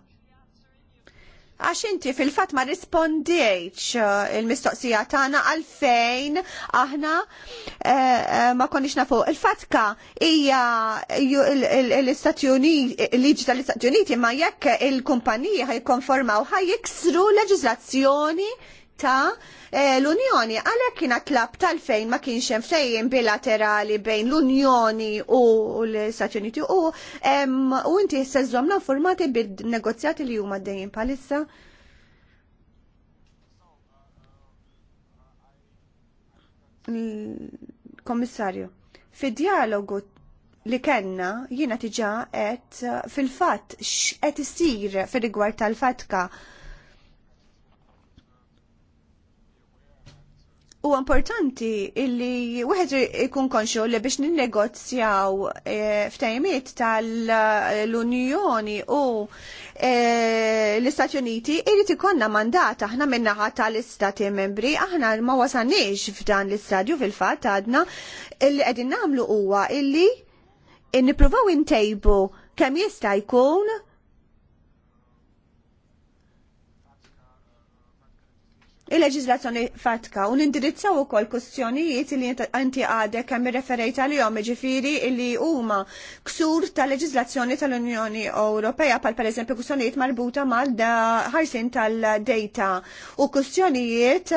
Għax inti fil-fat ma rispondieċ uh, il-mistoqsija tagħna għalfejn aħna eh, eh, ma konniex nafu. Il-fatka hija l-Istati Uniti, liġi tal-Istati Uniti, ma jekk il-kumpaniji ħajkonformaw jiksru leġiżlazzjoni ta' eh, l-Unjoni. Għalhekk kien tlab tal-fejn ma kienx hemm fejn bilaterali bejn l-Unjoni u l-Istati Uniti u u inti sezzomna formati bil-negozjati li huma dejjem palissa. Kommissarju, fid-dialogu li kenna jiena tiġa qed fil-fatt x'qed isir fir-rigward tal-fatka. U importanti illi wieħed ikun konxu li biex ninnegozjaw e, eh, ftajmiet tal-Unjoni u e, l-Istati Uniti irrid ikonna mandat aħna minnaħa tal-Istati membri aħna ma wasanniex f'dan l-istadju fil-fatt għadna illi qegħdin nagħmlu huwa illi nippruvaw intejbu kemm jista' jkun il-leġizlazzjoni fatka u nindirizzaw ukoll kustjonijiet li inti għadek kemm irreferejt għalihom ġifieri li huma ksur tal-leġizlazzjoni tal-Unjoni Ewropea pal pereżempju kustjonijiet marbuta mal ħarsin tal-data u kustjonijiet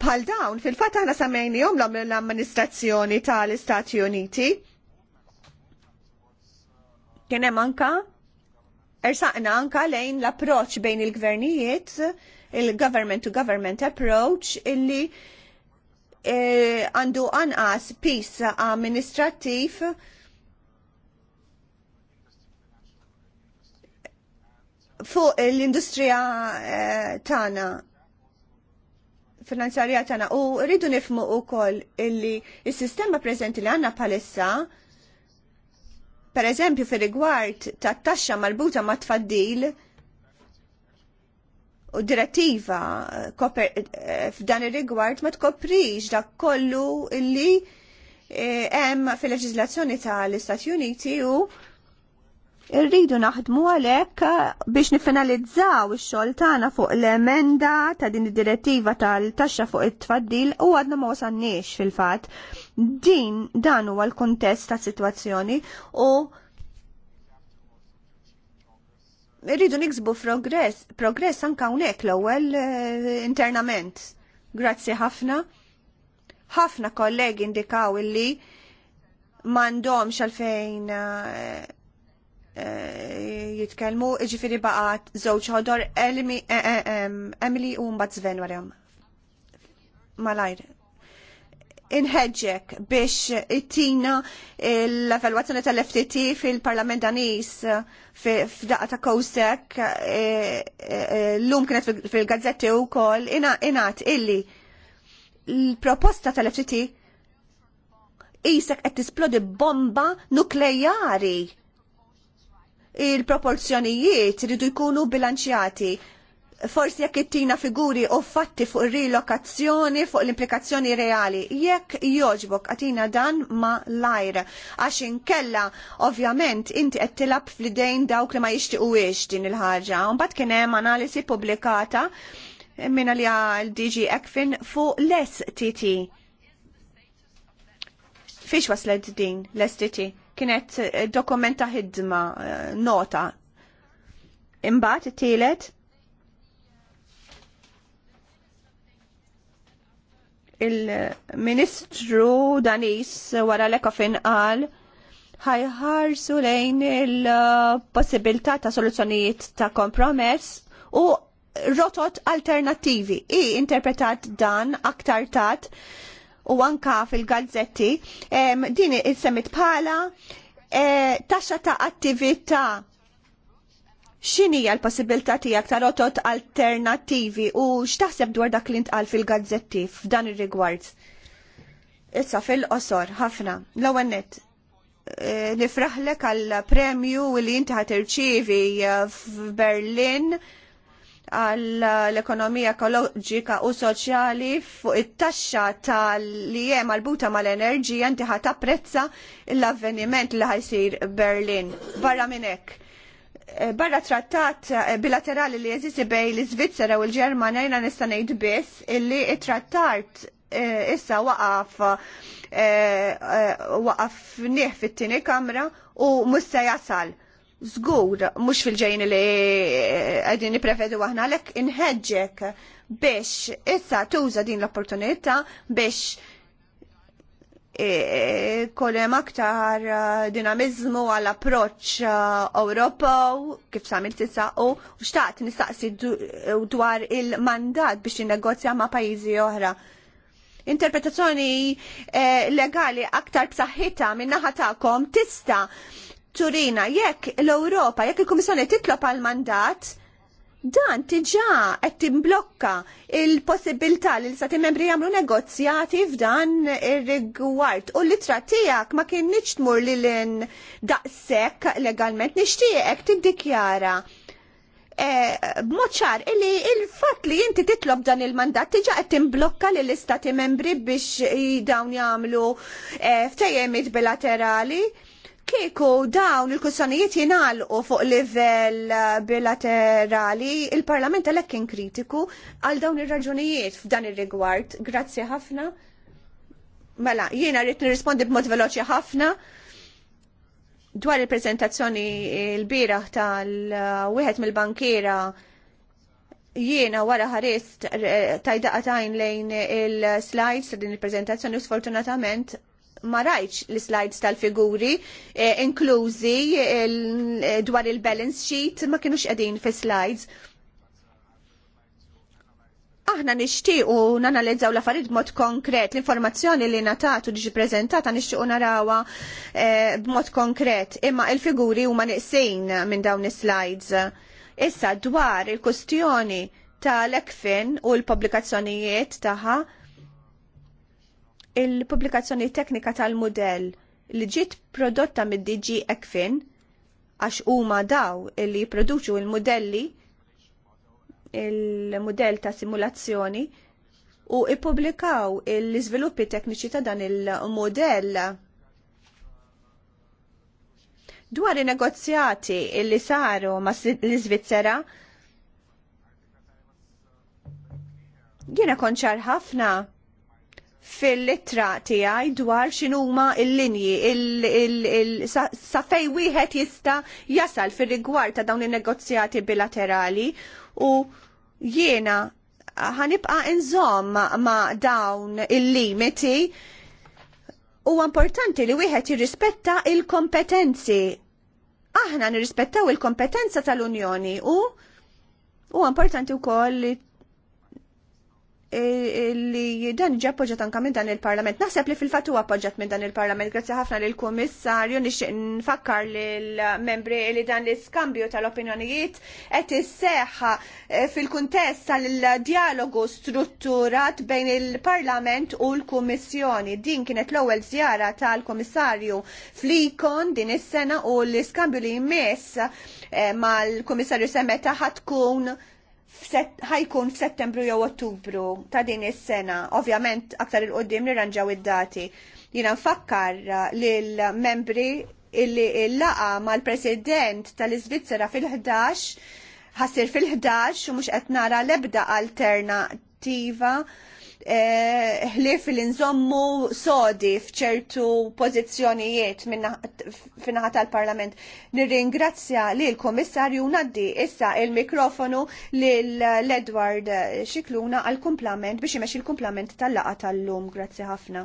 bħal dawn fil-fatt aħna samejnihom l-amministrazzjoni tal-Istati Uniti. Kien hemm anka ersaqna anka lejn l-approċċ bejn il-gvernijiet il-government to government approach illi e, għandu uh, anqas pis amministrattiv fuq l-industrija uh, e, tagħna finanzjarja tagħna u rridu nifmu wkoll illi s-sistema preżenti li għandna bħalissa per eżempju fir rigward tat taxxa marbuta ma' tfaddil u direttiva eh, eh, f'dan ir-rigward ma tkoprix dak kollu illi eh, hemm fil-leġiżlazzjoni tal-Istati Uniti u Irridu naħdmu għalhekk biex nifinalizzaw ix-xogħol tagħna fuq l-emenda ta' din id-direttiva tal-taxxa fuq it-tfaddil u għadna ma wasalniex fil-fatt. Din dan huwa l-kuntest ta' sitwazzjoni u Irridu niksbu progress, progress anka hawnhekk l-ewwel eh, internament. Grazzi ħafna. Ħafna kollegi indikaw illi uh, uh, jitkellmu, iġifiri baqat żewġ ħodor Emily u mbagħad Sven warhom. Malajr inħeġġek biex t-tina l-evalwazzjoni tal-FTT fil-Parlament Danis eh, f'daqqa ta' kowsek eh, eh, l-lum kienet fil-gazzetti u kol inat illi l-proposta tal-FTT jisek qed tisplodi bomba nuklejari il-proporzjonijiet ridu jkunu bilanċjati forsi jekk ittina figuri u fatti fuq rilokazzjoni fuq l-implikazzjoni reali. Jekk joġbok għatina dan ma lajr. Għax inkella, ovvjament, inti qed tilab fl dawk li ma jixtiqu din il-ħaġa. Mbagħad kien hemm analisi pubblikata minna li għal DG Ekfin fuq l-STT. Fiex waslet din l-STT? Kienet eh, dokumenta ħidma, eh, nota. Imbagħad t tielet il-Ministru Danis wara l-ekofin qal ħajħarsu lejn il-possibilità ta' soluzzjonijiet ta' kompromess u rotot alternativi. I interpretat dan aktar tat u anka fil-gazzetti din is-semmit pala eh, taxxa ta' attività x'inhija l-possibilità tiegħek ta' rotot alternattivi u x'taħseb dwar dak li ntqal fil-gazzetti f'dan ir-rigward? Issa fil-qosor ħafna. L-ewwel nett e, nifraħlek għal premju li inti ħatirċivi e, f'Berlin għall ekonomija ekoloġika u soċjali fuq it-taxxa tal-li hemm marbuta mal-enerġija inti apprezza l-avveniment li ħajsir Berlin. Barra minn hekk barra trattat eh, bilaterali li jeżisti bej l-Svizzera u l-Ġermana jina nista' ngħid biss illi trattat eh, issa waqaf eh, waqaf nieħ fit-tieni kamra u musta jasal. Zgur, mux fil-ġejn li għedin niprefedu għahna l-ek, inħedġek biex issa tuża din l-opportunità biex E, kolem aktar e, dinamizmu għal approċ e, Ewropew kif samil tisaqu u xtaqt nistaqsi dwar il-mandat biex jinnegozja ma' pajjiżi oħra. Interpretazzjoni legali aktar b'saħħitha minn naħa tagħkom tista' turina jekk l-Ewropa, jekk il-Kummissjoni titlob għal mandat, dan tiġa qed timblokka il-possibilità li l-istati membri jagħmlu negozjati f'dan ir-rigward u l-itra tiegħek ma kienx tmur li lin daqshekk legalment nixtieqek tiddikjara eh, b'mod ċar illi il-fatt li inti titlob dan il-mandat tiġa qed timblokka lill istati membri biex dawn jagħmlu eh, ftejjemiet bilaterali Kieku dawn il-kussjonijiet jingħalqu fuq livell eh, bilaterali, il-Parlament għalhekk kien kritiku għal dawn ir-raġunijiet f'dan ir-rigward. Grazzi ħafna. Mela, jiena rrid nirrispondi b'mod veloċi ħafna dwar il-prezentazzjoni l-biraħ tal-wieħed mill-bankiera jiena wara ħarist eh, tajdaqatajn lejn il-slides ta' din il-prezentazzjoni u sfortunatament ma rajtx l-slides tal-figuri, eh, inklużi eh, dwar il-balance sheet, ma kienux qegħdin fi slides. Aħna nixtiequ nanalizzaw l-affarijiet b'mod konkret, l-informazzjoni li natatu diġi prezentata nixtiequ narawha eh, b'mod konkret, imma il-figuri huma niqsejn minn dawn is-slides. Issa dwar il-kustjoni tal-ekfin u l-publikazzjonijiet tagħha il-pubblikazzjoni teknika tal-modell li ġiet prodotta mid-DG Ekfin għax huma daw li jipproduċu il-modelli il-modell ta' simulazzjoni u ippubblikaw l-iżviluppi tekniċi ta' dan il-modell dwar i-negozjati li saru ma' l-Iżvizzera jiena konċar ħafna fil-litra tiegħi dwar x'inhuma l-linji sa fej wieħed jista' jasal fir-rigward ta' dawn in-negozjati bilaterali u jiena ħanibqa' inżomm ma' dawn il-limiti huwa importanti li wieħed jirrispetta il-kompetenzi. Aħna nirrispettaw il-kompetenza tal-Unjoni u huwa importanti wkoll li li dan ġa appoġġat anka minn dan il-Parlament. Naħseb li fil-fatt huwa appoġġat minn dan il-Parlament. Grazzi ħafna lil kummissarju nixtieq nfakkar lil membri li dan l-iskambju tal-opinjonijiet qed isseħħa eh, fil-kuntest tal-dialogu strutturat bejn il-Parlament u l-Kummissjoni. Din kienet l-ewwel żjara tal-Kummissarju flikon din is-sena u l-iskambju li jmiss eh, mal-Kummissarju Semeta ħatkun tkun ħajkun f'Settembru jew Ottubru ta' din is-sena. Ovvjament aktar il-qoddim nirranġaw id-dati. Jina nfakkar uh, lill membri illi il-laqa mal-President tal-Iżvizzera fil-11 ħassir fil-11 u mhux qed nara l-ebda alternattiva ħlif li nżommu sodi fċertu pozizjonijiet finnaħat tal-Parlament. Nirringrazzja li l-Komissarju naddi issa il-mikrofonu li l-Edward Xikluna għal kumplament biex imex il kumplament tal-laqa tal-lum. Grazzi ħafna.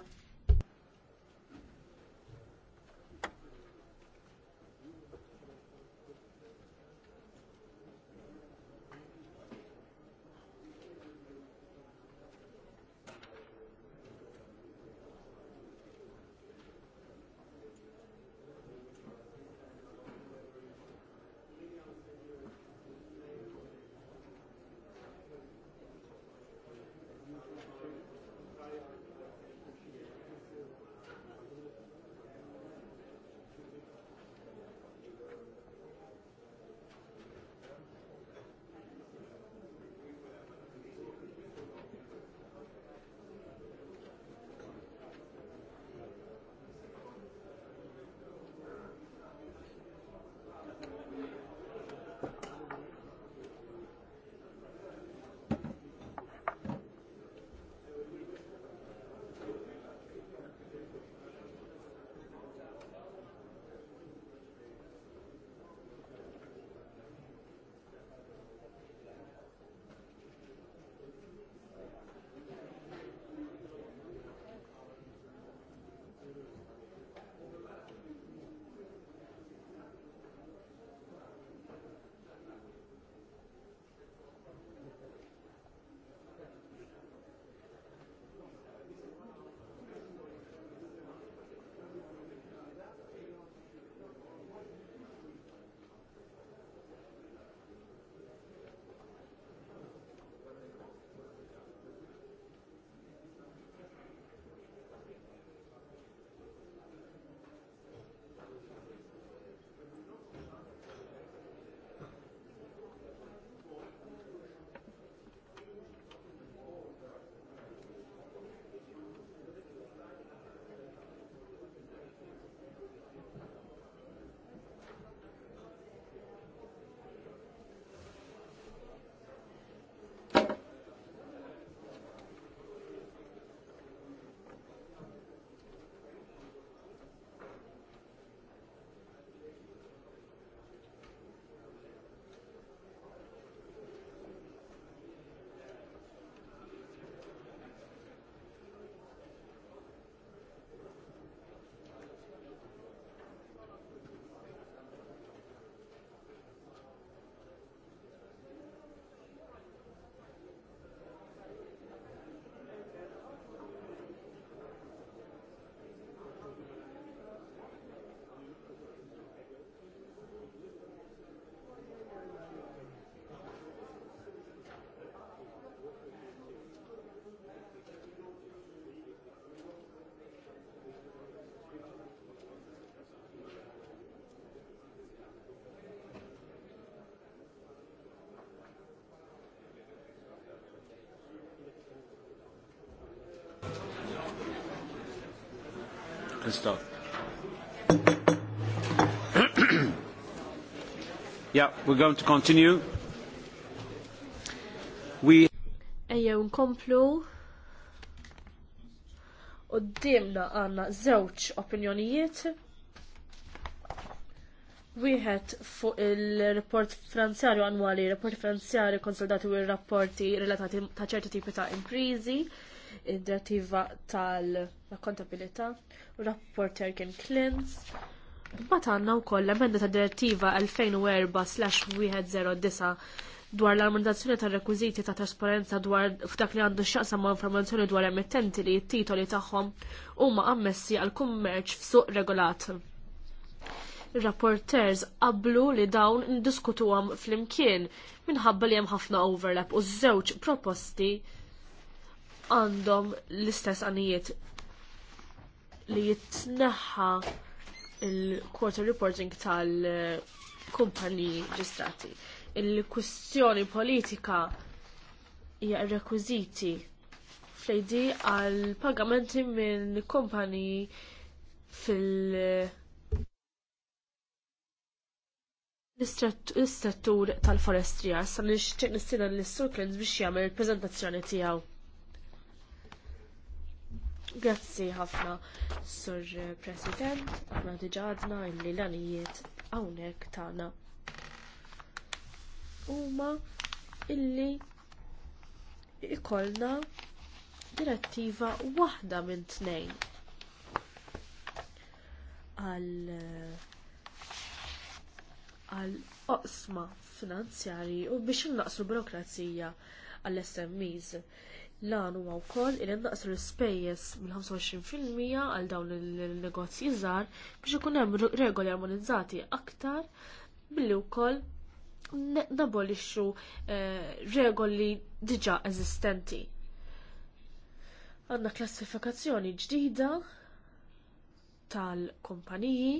Christoph. yeah, we're going to continue. We Ejja nkomplu Qoddimna għandna żewġ opinjonijiet. Wieħed fuq il-rapport finanzjarju annwali, rapport finanzjarju konsoldati u r-rapporti relatati ta' ċerti tipi ta' imprizi id-direttiva tal-kontabilità, u rapporter kien Klins. Mbagħad għandna wkoll l-emenda ta' direttiva 2004/109 dwar l-armonizzazzjoni tar rekwiżiti ta' trasparenza dwar f'dak li għandu x'jaqsam ma' informazzjoni dwar emittenti li t-titoli tagħhom huma ammessi għal kummerċ f'suq regolat rapporters qablu li dawn ndiskutuhom flimkien minħabba li hemm ħafna overlap u żewġ proposti għandhom l-istess għanijiet li jitneħħa il-quarter reporting tal-kumpaniji ġistrati. Il-kwistjoni politika hija rekwiziti fl-ID għal pagamenti minn kumpaniji fil- l-istruttur tal-forestrija sa nixtieq nistieden l-Sur biex jagħmel il-preżentazzjoni tiegħu. Grazzi ħafna, Sur President, għana diġadna illi l-għanijiet għawnek tagħna. Huma illi jkollna direttiva waħda minn tnejn għal għal oqsma finanzjarji u biex innaqsu burokrazija għall SMEs Lan huwa wkoll il naqsu l-ispejjeż mill-25% għal dawn il-negozji żgħar biex ikun hemm regoli armonizzati aktar billi wkoll nabolixxu eh, regoli diġà eżistenti. Għandna klassifikazzjoni ġdida tal-kumpaniji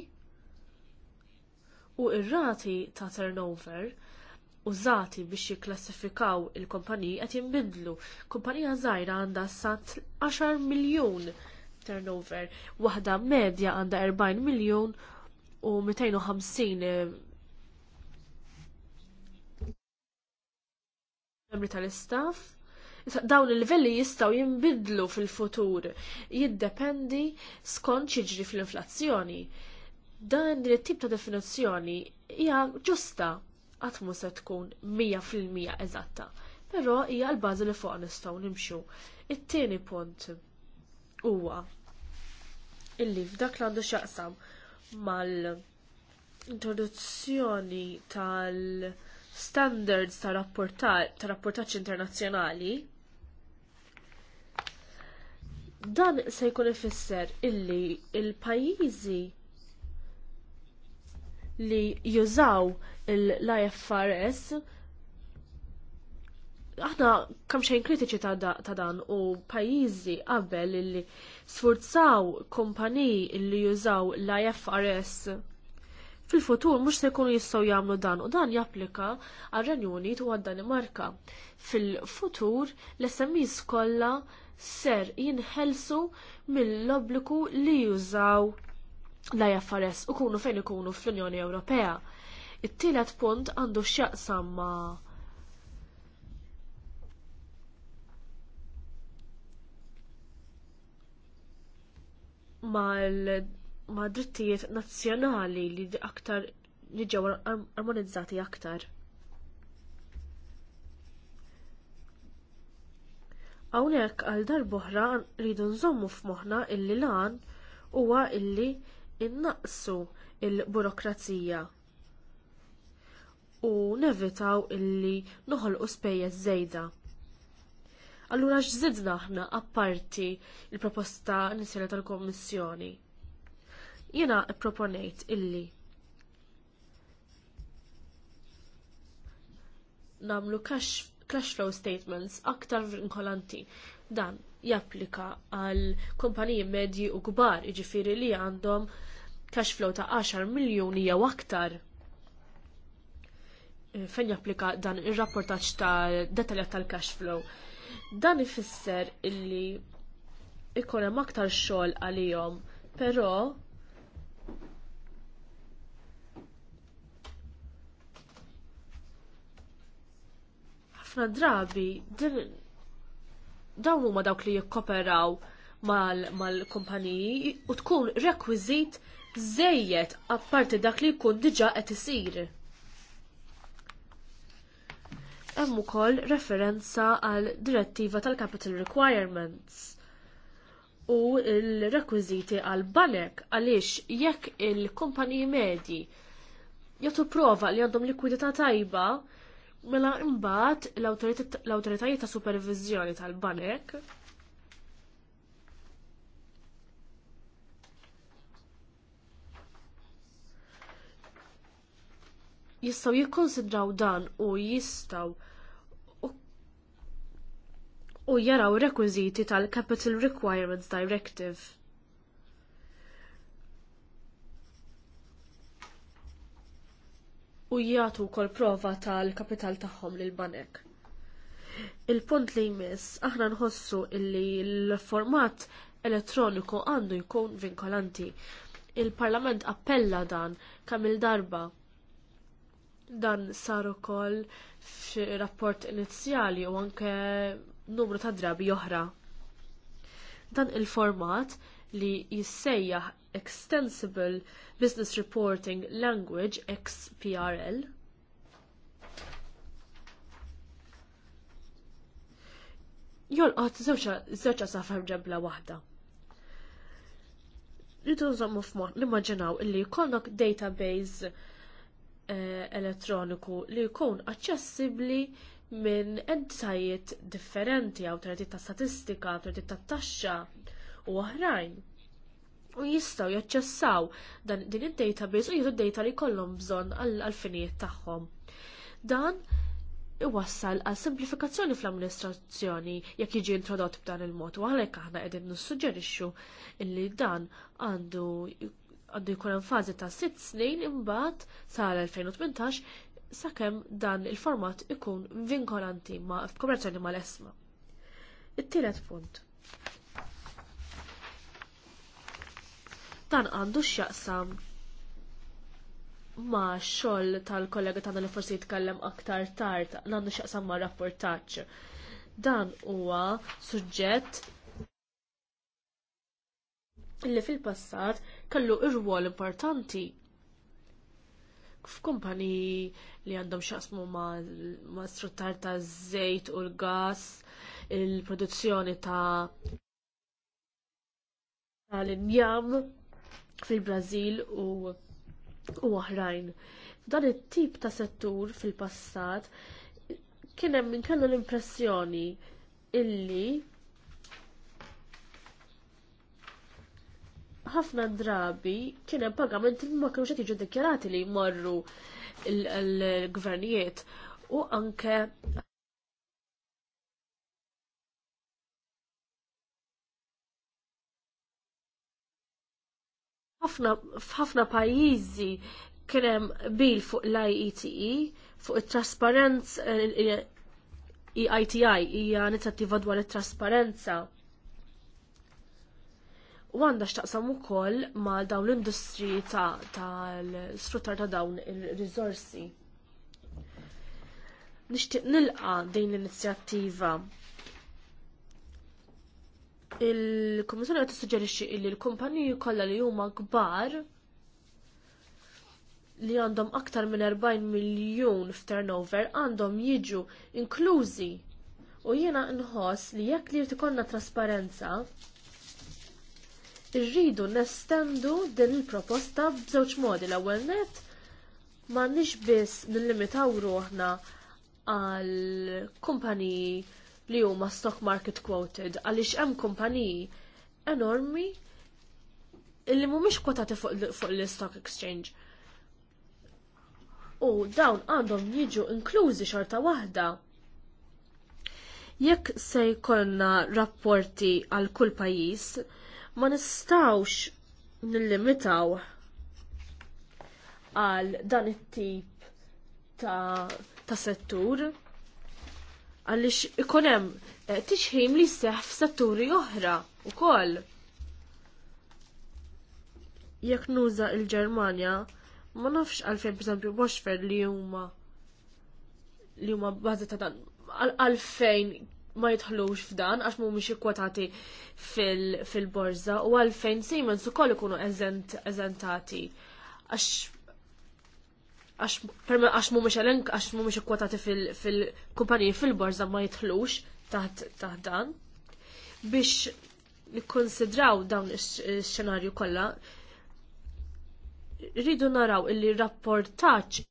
u ir-rati ta' turnover użati biex jikklassifikaw il-kumpaniji qed jinbidlu. Kumpanija żgħira għandha sat 10 miljun turnover, waħda medja għandha 40 miljun u 250 eh, membri tal-istaff. Dawn il-livelli jistaw jinbidlu fil-futur, jiddependi skont xiġri fil-inflazzjoni. Dan din it-tip ta' definizzjoni hija ġusta qatt se tkun 100% eżatta, però hija l-bażi li fuq nistgħu nimxu. It-tieni punt huwa illi f'dak li għandu x'jaqsam mal-introduzzjoni tal-standards ta' rapportaġġ internazzjonali dan se jkun ifisser illi il-pajjiżi li jużaw l-IFRS aħna kemm xejn kritiċi ta' dan u pajjiżi qabel li sfurzaw kumpaniji li jużaw l-IFRS fil-futur mhux se jkunu jistgħu jagħmlu dan u dan japplika għar renju Unit u għad-Danimarka. Fil-futur l-SMEs kollha ser jinħelsu mill-obbligu li jużaw la jaffares u kunu fejn ikunu fl-Unjoni Ewropea. It-tielet punt għandu x'jaqsam ma' ma' drittijiet nazzjonali li aktar li ġew armonizzati aktar. Hawnhekk għal darboħra rridu nżommu f'moħħna illi lan huwa illi innaqsu l burokrazija u nevitaw illi noħolqu spejjeż żejda. Allura x'żidna aħna apparti l proposta nisjela tal kummissjoni Jiena proponejt illi nagħmlu cash flow statements aktar vinkolanti dan japplika għal kumpaniji medji u kbar, jiġifieri li għandhom cash flow ta' 10 miljoni jew aktar. E, fejn japplika dan ir-rapportaġġ ta' detaljat tal-cash flow. Dan ifisser illi ikun hemm aktar xogħol għalihom, però ħafna drabi din dawn huma dawk li jikkoperaw mal-kumpaniji u tkun rekwiżit żejjed apparti dak li jkun diġà qed isir. Hemm ukoll referenza għal direttiva tal-Capital Requirements u l-rekwiżiti għal banek għaliex jekk il-kumpaniji medji jagħtu prova li għandhom likwidità tajba Mela imbagħad l-awtoritajiet ta' supervizjoni tal-banek jistgħu jikkonsidraw dan u jistgħu u jaraw rekwiżiti tal-Capital Requirements Directive. u jagħtu wkoll prova tal-kapital tagħhom lil banek. Il-punt li jmiss aħna nħossu illi l-format elettroniku għandu jkun vinkolanti. Il-Parlament appella dan kemm il-darba dan sar ukoll f'rapport inizjali u anke numru ta' drabi oħra. Dan il-format li jissejjaħ Extensible Business Reporting Language XPRL. Jolqot zewċa safar ġebla waħda. Rridu nżommu f'mod l-immaġinaw li jkollok database eh, elettroniku li jkun aċċessibbli minn entitajiet differenti, awtoritajiet ta' statistika, awtoritajiet ta' taxxa, u oħrajn. U jistgħu jaċċessaw dan din id-database u jieħdu d-data li jkollhom bżonn għall-finijiet tagħhom. Dan iwassal għal simplifikazzjoni fl-amministrazzjoni jekk jiġi introdott b'dan il-mod u għalhekk aħna qegħdin nissuġġerixxu illi dan għandu għandu jkun hemm fażi ta' sitt snin imbagħad sal-2018 sakemm dan il-format ikun vinkolanti ma' f'kommerċjoni mal-esma. It-tielet punt. dan għandu x'jaqsam ma xoll tal-kollega tagħna li forsi jitkellem aktar tard għandu x'jaqsam ma' rapportaġġ. Dan huwa suġġett li fil-passat kellu ir-rwol importanti f'kumpaniji li għandhom xaqsmu ma' struttar ta' żejt u l-gas, il-produzzjoni ta' l injam fil-Brażil u oħrajn. Dan it-tip ta' settur fil-passat kien hemm kellu l-impressjoni illi ħafna drabi kien hemm pagamenti li ma kienux qed jiġu dikjarati li jmorru l-gvernijiet u anke F'ħafna pajjiżi kien hemm bil fuq l-IETE, e, fuq it-trasparenza eh, ITI hija inizjattiva dwar it-trasparenza. U għandha x'taqsam ukoll mal dawn l-industri tal-sfruttar ta' dawn ir-riżorsi. Nixtieq nilqa' din l-inizjattiva il-Komissjoni qed tissuġġerixxi li l-kumpaniji kollha li huma kbar li għandhom aktar minn 40 miljun f'turnover għandhom jiġu inklużi u jiena nħoss li jekk li ikollna trasparenza irridu nestendu din il-proposta b'żewġ modi l-ewwel ma m'għandniex biss nillimitaw ruħna għal kumpaniji li huma stock market quoted għaliex hemm kumpaniji enormi li mhumiex kwotati fuq l-stock exchange. U dawn għandhom jiġu inklużi xorta waħda. Jekk se jkollna rapporti għal kull pajjiż, ma nistawx nillimitaw għal dan it-tip ta' ta' settur għaliex ikun hemm eh, seħ li satturi f'setturi oħra wkoll. Jekk nuża l-Ġermanja, ma nafx għalfejn pereżempju Boxfer li huma li huma bażi ta' dan għalfejn ma jitħlux f'dan għax mhumiex ikkwotati fil-borza u għalfejn su ukoll ikunu eżentati għax għax mu mux għalink, għax mu mux kwotati fil-kumpaniji fil-borza ma jitħlux taħt dan. Biex nikkonsidraw dawn il xenarju kollha, rridu naraw illi rapportaċ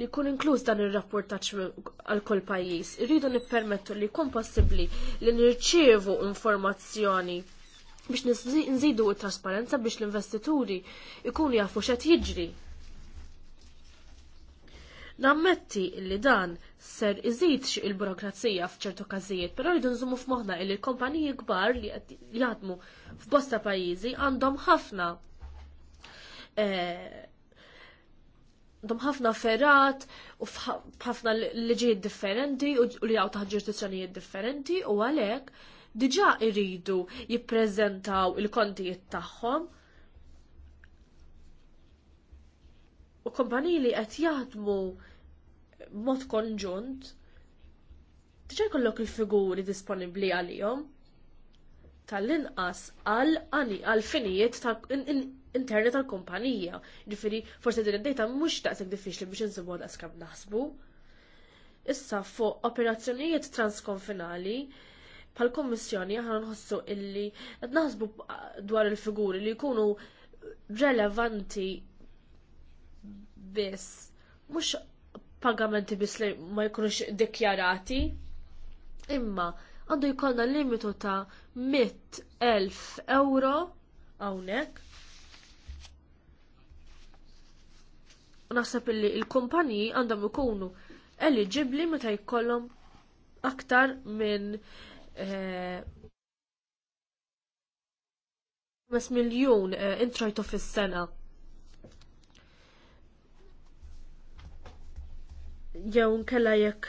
li jkun inkluż dan ir-rapportaċ għal kull pajjiż. Irridu nippermettu li jkun possibbli li nirċievu informazzjoni biex nżidu t-trasparenza biex l-investituri ikun jafu xed jiġri. Nammetti li dan ser iżid il-burokrazija f'ċertu każijiet, però rridu nżumu f'moħħna li l-kompaniji kbar li jaħdmu f'bosta pajjiżi għandhom ħafna eh, għandhom ħafna ferrat u ħafna liġijiet differenti u li għaw taħt differenti u għalhekk diġà iridu jippreżentaw il-kontijiet tagħhom u kompaniji li qed jaħdmu mod konġunt diġà jkollok il-figuri disponibbli għalihom tal-inqas għal għal finijiet interni tal-kumpanija. Ġifiri, forse din id-dejta mhux daqshekk diffiċli biex insibu daqs kam naħsbu. Issa fuq operazzjonijiet transkonfinali Pal kommissjoni aħna nħossu illi qed naħsbu dwar il-figuri li jkunu relevanti biss, mhux pagamenti biss li ma jkunux dikjarati, imma għandu jkollna limitu ta' 100.000 euro hawnhekk. Naħseb illi l kumpaniji għandhom ikunu eligibli meta jkollhom aktar minn 5 miljun eh, intrajtu fis-sena. Jew nkella jekk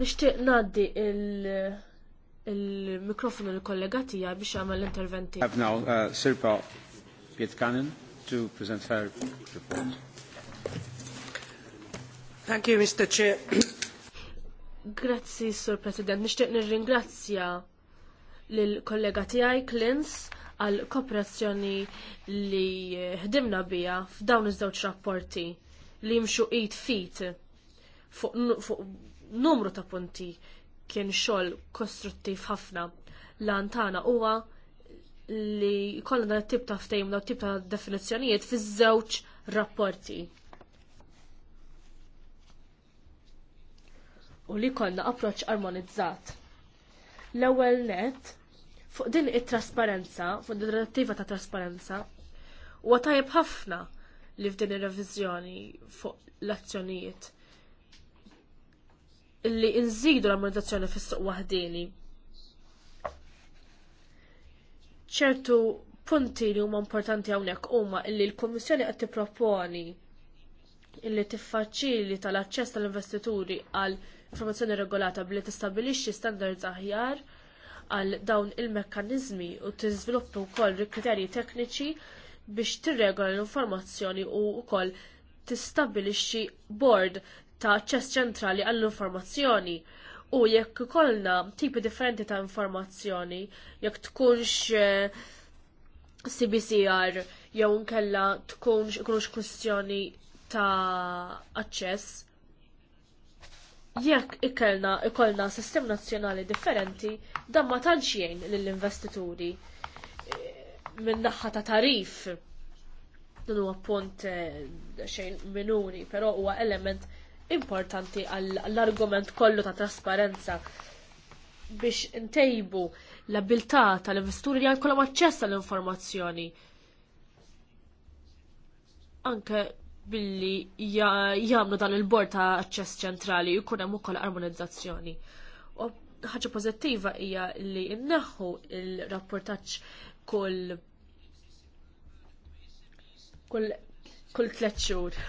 Nixtieq ngħaddi il-mikrofonu l-kollega tiegħi biex għamal l-interventi. Have now uh, Sirpa Pietkanen to present her report. Thank you, Mr. Chair. Grazzi, Sur President. Nixtieq nirringrazzja lill kollega tiegħi Klins għal kooperazzjoni li ħdimna bija f'dawn iż-żewġ rapporti li jimxu id fit fuq numru ta' punti kien xogħol kostruttiv ħafna. Lan tagħna huwa li kollha dan it-tip ta' ftehim dawn tip ta' definizzjonijiet fiż-żewġ rapporti. u li konna approċ armonizzat. L-ewwel net fuq din it-trasparenza, fuq din direttiva ta' trasparenza, huwa tajjeb ħafna li f'din ir-reviżjoni fuq l-azzjonijiet li nżidu l-armonizzazzjoni fis-suq waħdini. ċertu punti li huma importanti hawnhekk huma li l-Kummissjoni qed tipproponi illi tiffaċili tal-aċċess tal-investituri għal informazzjoni regolata billi tistabilixxi standards aħjar għal dawn il-mekkaniżmi u tiżviluppi wkoll kriterji tekniċi biex tirregola l-informazzjoni u wkoll tistabilixxi board ta' aċċess ċentrali għall-informazzjoni u jekk ikollna tipi differenti ta' informazzjoni, jekk tkunx eh, CBCR jew nkella tkunx kwistjoni ta' aċċess jekk ikelna ikolna sistem nazzjonali differenti, dan ma tantx jgħin lill-investituri eh, minn naħa ta' tarif. Dan huwa punt eh, xejn minuri, però huwa element importanti għall-argument kollu ta' trasparenza biex ntejbu l-abilità tal-investituri li jkollhom aċċess għall-informazzjoni. Anke billi jagħmlu dan il-bord ta' aċċess ċentrali jkun hemm ukoll armonizzazzjoni. U ħaġa pożittiva hija li nneħħu il-rapportaġġ kull kull kull tliet xhur.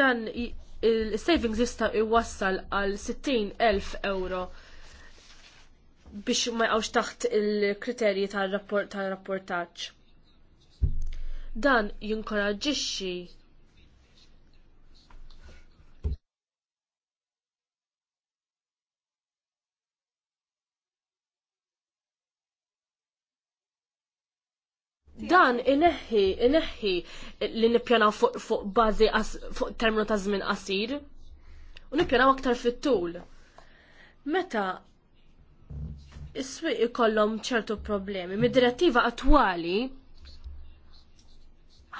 Dan il-savings jista' iwassal għal 60,000 euro biex ma jgħawx taħt il-kriterji tal-rapportaġġ. Dan jinkoraġġixxi Dan ineħħi, ineħħi li nippjanaw fuq, fu bazi fuq terminu ta' żmien qasir u nippjanaw aktar fit-tul. Meta is-swieq ikollhom ċertu problemi. Mid-direttiva attwali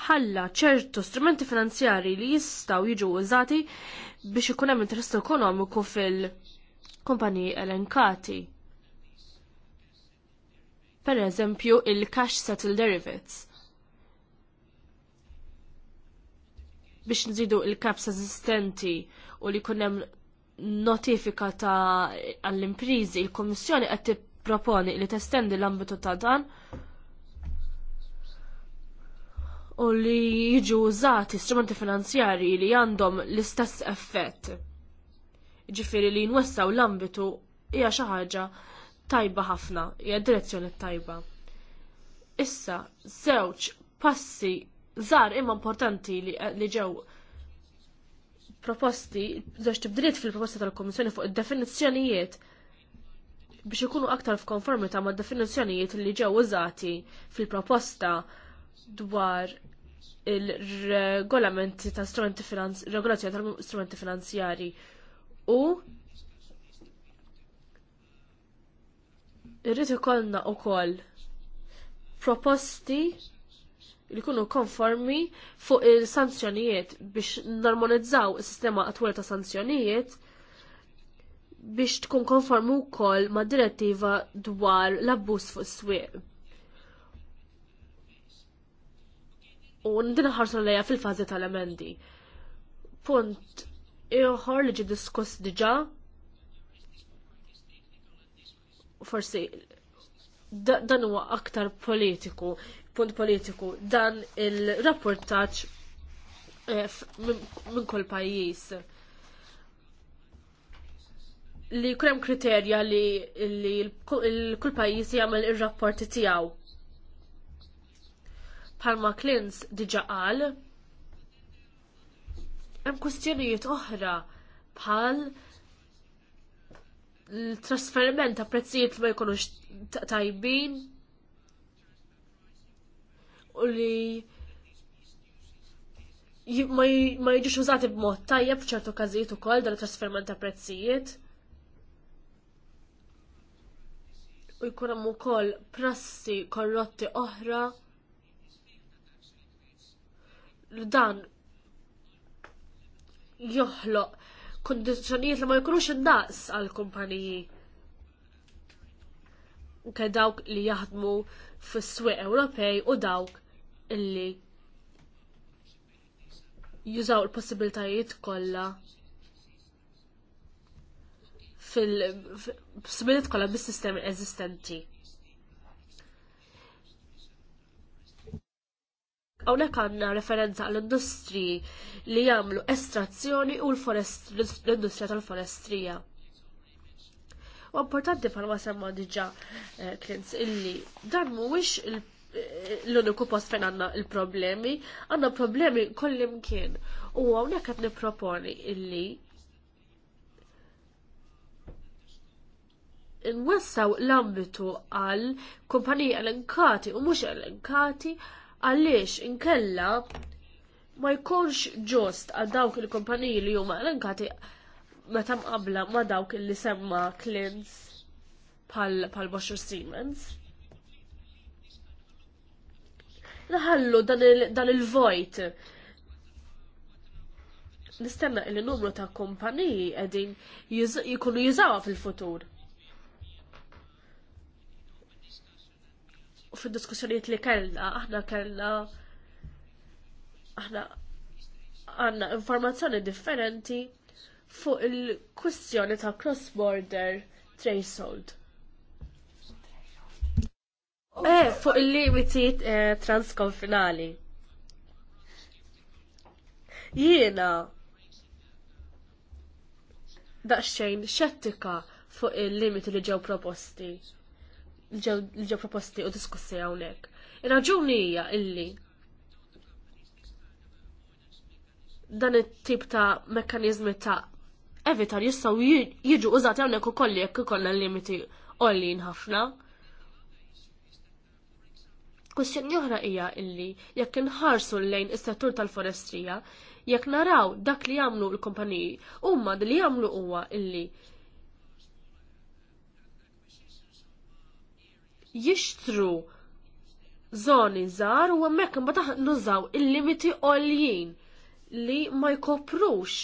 ħalla ċertu strumenti finanzjari li jistgħu jiġu użati biex ikun hemm interess ekonomiku fil-kumpaniji elenkati. Per eżempju, il-cash settle derivatives. biex nżidu il-kaps eżistenti u li kunem notifika ta' għall-imprizi, il-Komissjoni qed tipproponi li testendi l-ambitu ta' dan u li jiġu użati strumenti finanzjarji li għandhom l-istess effett. Ġifiri li nwessaw l-ambitu hija xi ħaġa tajba ħafna, hija direzzjoni tajba. Issa, żewġ passi żgħar imma importanti li ġew proposti, zoċ tibdiliet fil-proposta tal komissjoni fuq id-definizzjonijiet biex ikunu aktar f'konformità ma' definizzjonijiet li ġew użati fil-proposta dwar il-regolamenti ta' strumenti finanzjari, regolazzjoni ta' strumenti finanzjari u irrid ikollna wkoll proposti li jkunu konformi fuq il-sanzjonijiet biex normalizzaw is-sistema attwal ta' sanzjonijiet biex tkun konformi wkoll ma' direttiva dwar l-abbuż fuq is-swieq. U ndina ħarsu lejha fil-fażi tal-emendi. Punt ieħor li ġi diskuss diġà forsi dan huwa aktar politiku punt politiku dan il-rapportaċ eh, minn kull pajjiż. Li krem kriterja li, l kull pajjiż jagħmel ir-rapporti tiegħu. Palma Klins diġa qal hemm kwistjonijiet oħra bħal l-trasferiment ta' prezzijiet li ma jkunux tajbin u li ma jiġux użati b'mod tajjeb f'ċertu każijiet ukoll dan it-trasferment ta' prezzijiet. U jkun hemm ukoll prassi korrotti oħra dan joħloq kondizjonijiet li ma jkunux indaqs għal kumpaniji. u dawk li jaħdmu fis-swieq Ewropej u dawk illi jużaw il-possibilitajiet kollha fil-possibiliet kollha bis-sistemi eżistenti. Hawnhekk għandna referenza għall industriji li jagħmlu estrazzjoni u l-industrija tal-forestrija. U importanti bħalma semma diġà Klins eh, illi dan mhuwiex il- l-uniku post fejn għanna il-problemi, għanna problemi kollimkien. U għawnek għat niproponi illi nwessaw l-ambitu għal kumpaniji elenkati u mux elenkati għaliex inkella ma jkunx ġost għal dawk il-kumpaniji li huma elenkati meta mqabla ma dawk li semma Clint pal, pal Siemens. naħallu dan il-vojt. Nistenna il numru ta' kumpaniji qegħdin jikunu jizawa fil-futur. U fid-diskussjonijiet li kellna, aħna kellna aħna għanna informazzjoni differenti fuq il-kwistjoni ta' cross-border tracehold. Eh, fuq il-limiti eh, transkonfinali. Jiena daqsxejn xettika fuq il-limiti li ġew proposti. Li ġew proposti u diskussi hawnhekk. Ir-raġuni hija illi dan it-tip ta' mekkanizmi ta' evitar jistgħu jiġu użati hawnhekk ukoll jekk ikollna limiti għolin ħafna. Kwestjoni oħra hija illi jekk inħarsu lejn is-settur tal-forestrija, jekk naraw dak li jagħmlu l-kumpaniji, huma li jagħmlu huwa illi jixtru zoni żgħar u hemmhekk imbagħad nużaw il-limiti għoljin li ma jkoprux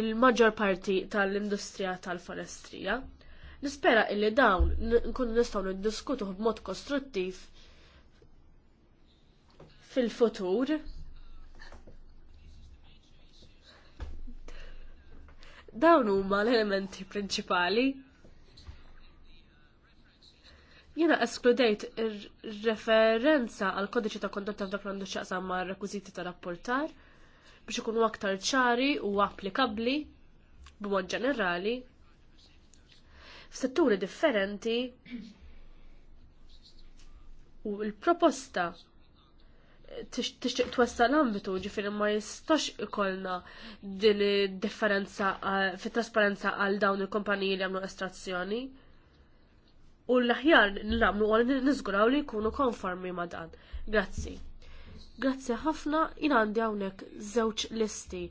il-maġġor parti tal-industrija tal-forestrija. Nispera illi dawn nkunu nistgħu niddiskutu b'mod kostruttiv fil-futur. Dawn huma l-elementi prinċipali. Jena eskludejt ir-referenza għal kodiċi ta' kondotta f'dak l-għandu xaqsam ma' rekwiziti ta' rapportar biex ikunu aktar ċari u applikabli b'mod ġenerali f'setturi differenti u l-proposta tixtieq twessa l-ambitu ġifiri ma jistax ikollna din id-differenza fit-trasparenza għal dawn il-kumpaniji li għamlu estrazzjoni. U l-aħjar nagħmlu għal niżguraw li jkunu konformi ma' dan. Grazzi. Grazzi ħafna jien għandi hawnhekk żewġ listi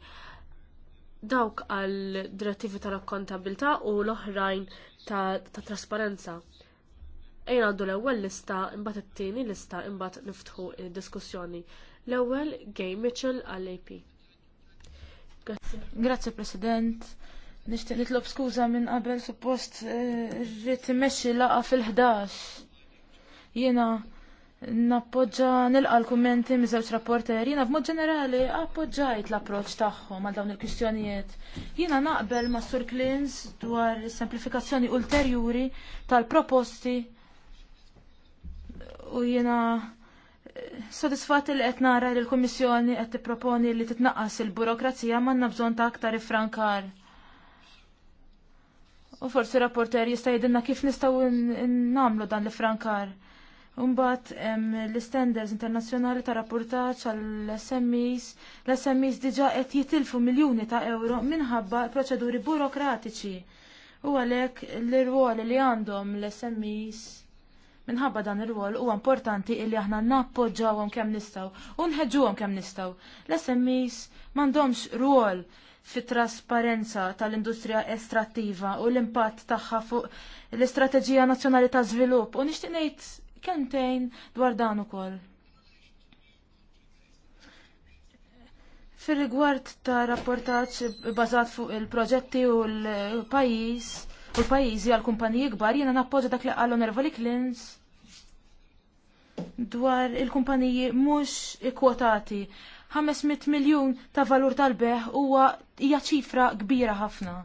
dawk għal direttivi tal-akkontabilta u l-oħrajn ta' trasparenza. Ejn għaddu l-ewwel lista, imbagħad it-tieni lista, imbagħad niftħu diskussjoni. L-ewwel Gay Mitchell għall-AP. Grazzi President. Nixtieq nitlob skuża minn qabel suppost eh, rrid imexxi laqa fil-11. Jiena nappoġġa nilqa l-kummenti minn żewġ rapporter. Jiena b'mod ġenerali appoġġajt l-approċċ tagħhom għal dawn il-kwistjonijiet. Jiena naqbel ma' Sur Klins dwar semplifikazzjoni ulterjuri tal-proposti u jiena eh, sodisfatti li qed nara li l-Kummissjoni qed tipproponi li titnaqqas il-burokrazija m'għandna bżonn ta' aktar ifrankar. U forsi rapporter jista' jgħidilna kif nistgħu nagħmlu dan l-ifrankar. Umbat l-standards internazzjonali ta' rapportaġġ għall-SMEs, l-SMEs diġà qed jitilfu miljuni ta' euro minħabba proċeduri burokratiċi. U għalhekk l-irwol li għandhom l-SMEs Minħabba dan ir-rwol huwa importanti illi aħna nappoġġawhom kemm nistgħu u nħeġġuhom kemm nistgħu. L-SMEs m'għandhomx rwol fit-trasparenza tal-industrija estrattiva u l-impatt tagħha fuq l-Istrateġija Nazzjonali ta' Żvilupp u nixtieq ngħid kemmtejn dwar dan ukoll. Fir-rigward ta' rapportaġġ bażat fuq il-proġetti u l-pajjiż, u l-pajjiżi għal kumpaniji kbar jiena nappoġa dak li qal Nervali Klins dwar il-kumpaniji mhux ikkwotati. 500 miljun ta' valur tal-beħ huwa hija ċifra kbira ħafna.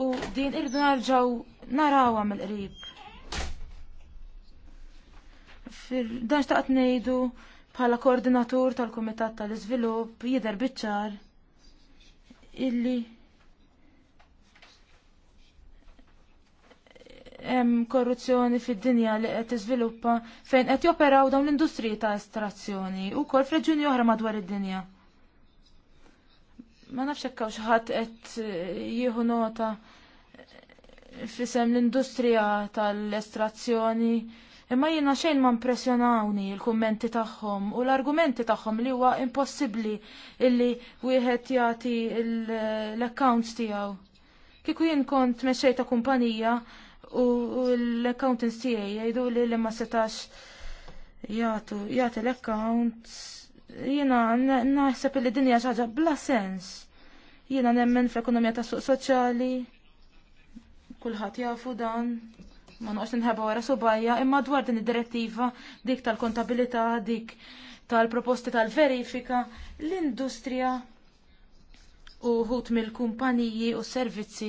U din irdu narġaw narawha mill-qrib. Dan xtaqt ngħidu bħala koordinatur tal-Kumitat tal-Iżvilupp jidher biċ-ċar illi hemm korruzzjoni fid-dinja li qed tiżviluppa fejn qed joperaw dawn l-industriji ta' estrazzjoni wkoll f'reġjuni oħra madwar id-dinja. Ma nafx hekk hawn xi ħadd qed eh, jieħu nota eh, fisem l-industrija tal-estrazzjoni imma jiena xejn ma impressjonawni l-kummenti tagħhom u l-argumenti tagħhom li huwa impossibbli illi wieħed jagħti l-accounts tiegħu. Kieku jien kont mexxej ta' kumpanija u l-accountants tiegħi jgħidu li li ma setax jagħtu jagħti l-accounts jiena naħseb li din hija xi ħaġa bla sens. Jiena nemmen fl-ekonomija tas suq soċjali, kulħadd jafu dan, ma noqgħodx inħeba wara subajja, imma dwar din id-direttiva dik tal-kontabilità, dik tal-proposti tal-verifika, l-industrija u mill-kumpaniji u servizzi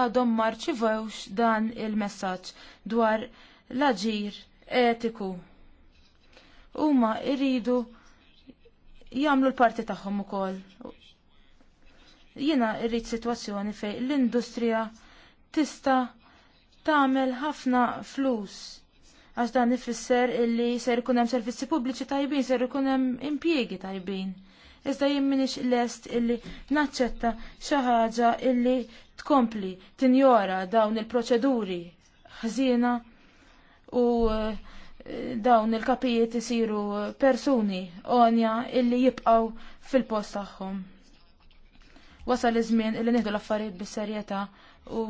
għadhom ma rċivewx dan il-messaġġ dwar l-aġir etiku. Huma jridu jagħmlu l-parti tagħhom ukoll. Jiena rrid sitwazzjoni fejn l-industrija tista' tagħmel ħafna flus għax dan ifisser illi ser ikun hemm servizzi pubbliċi tajbin, ser ikun hemm impjiegi tajbin. Iżda jien minix lest illi naċċetta xi ħaġa illi tkompli tinjora dawn il-proċeduri ħżiena u eh, dawn il-kapijiet isiru persuni onja illi jibqaw fil-post tagħhom. Wasal iż-żmien illi nieħdu l-affarijiet bis-serjetà u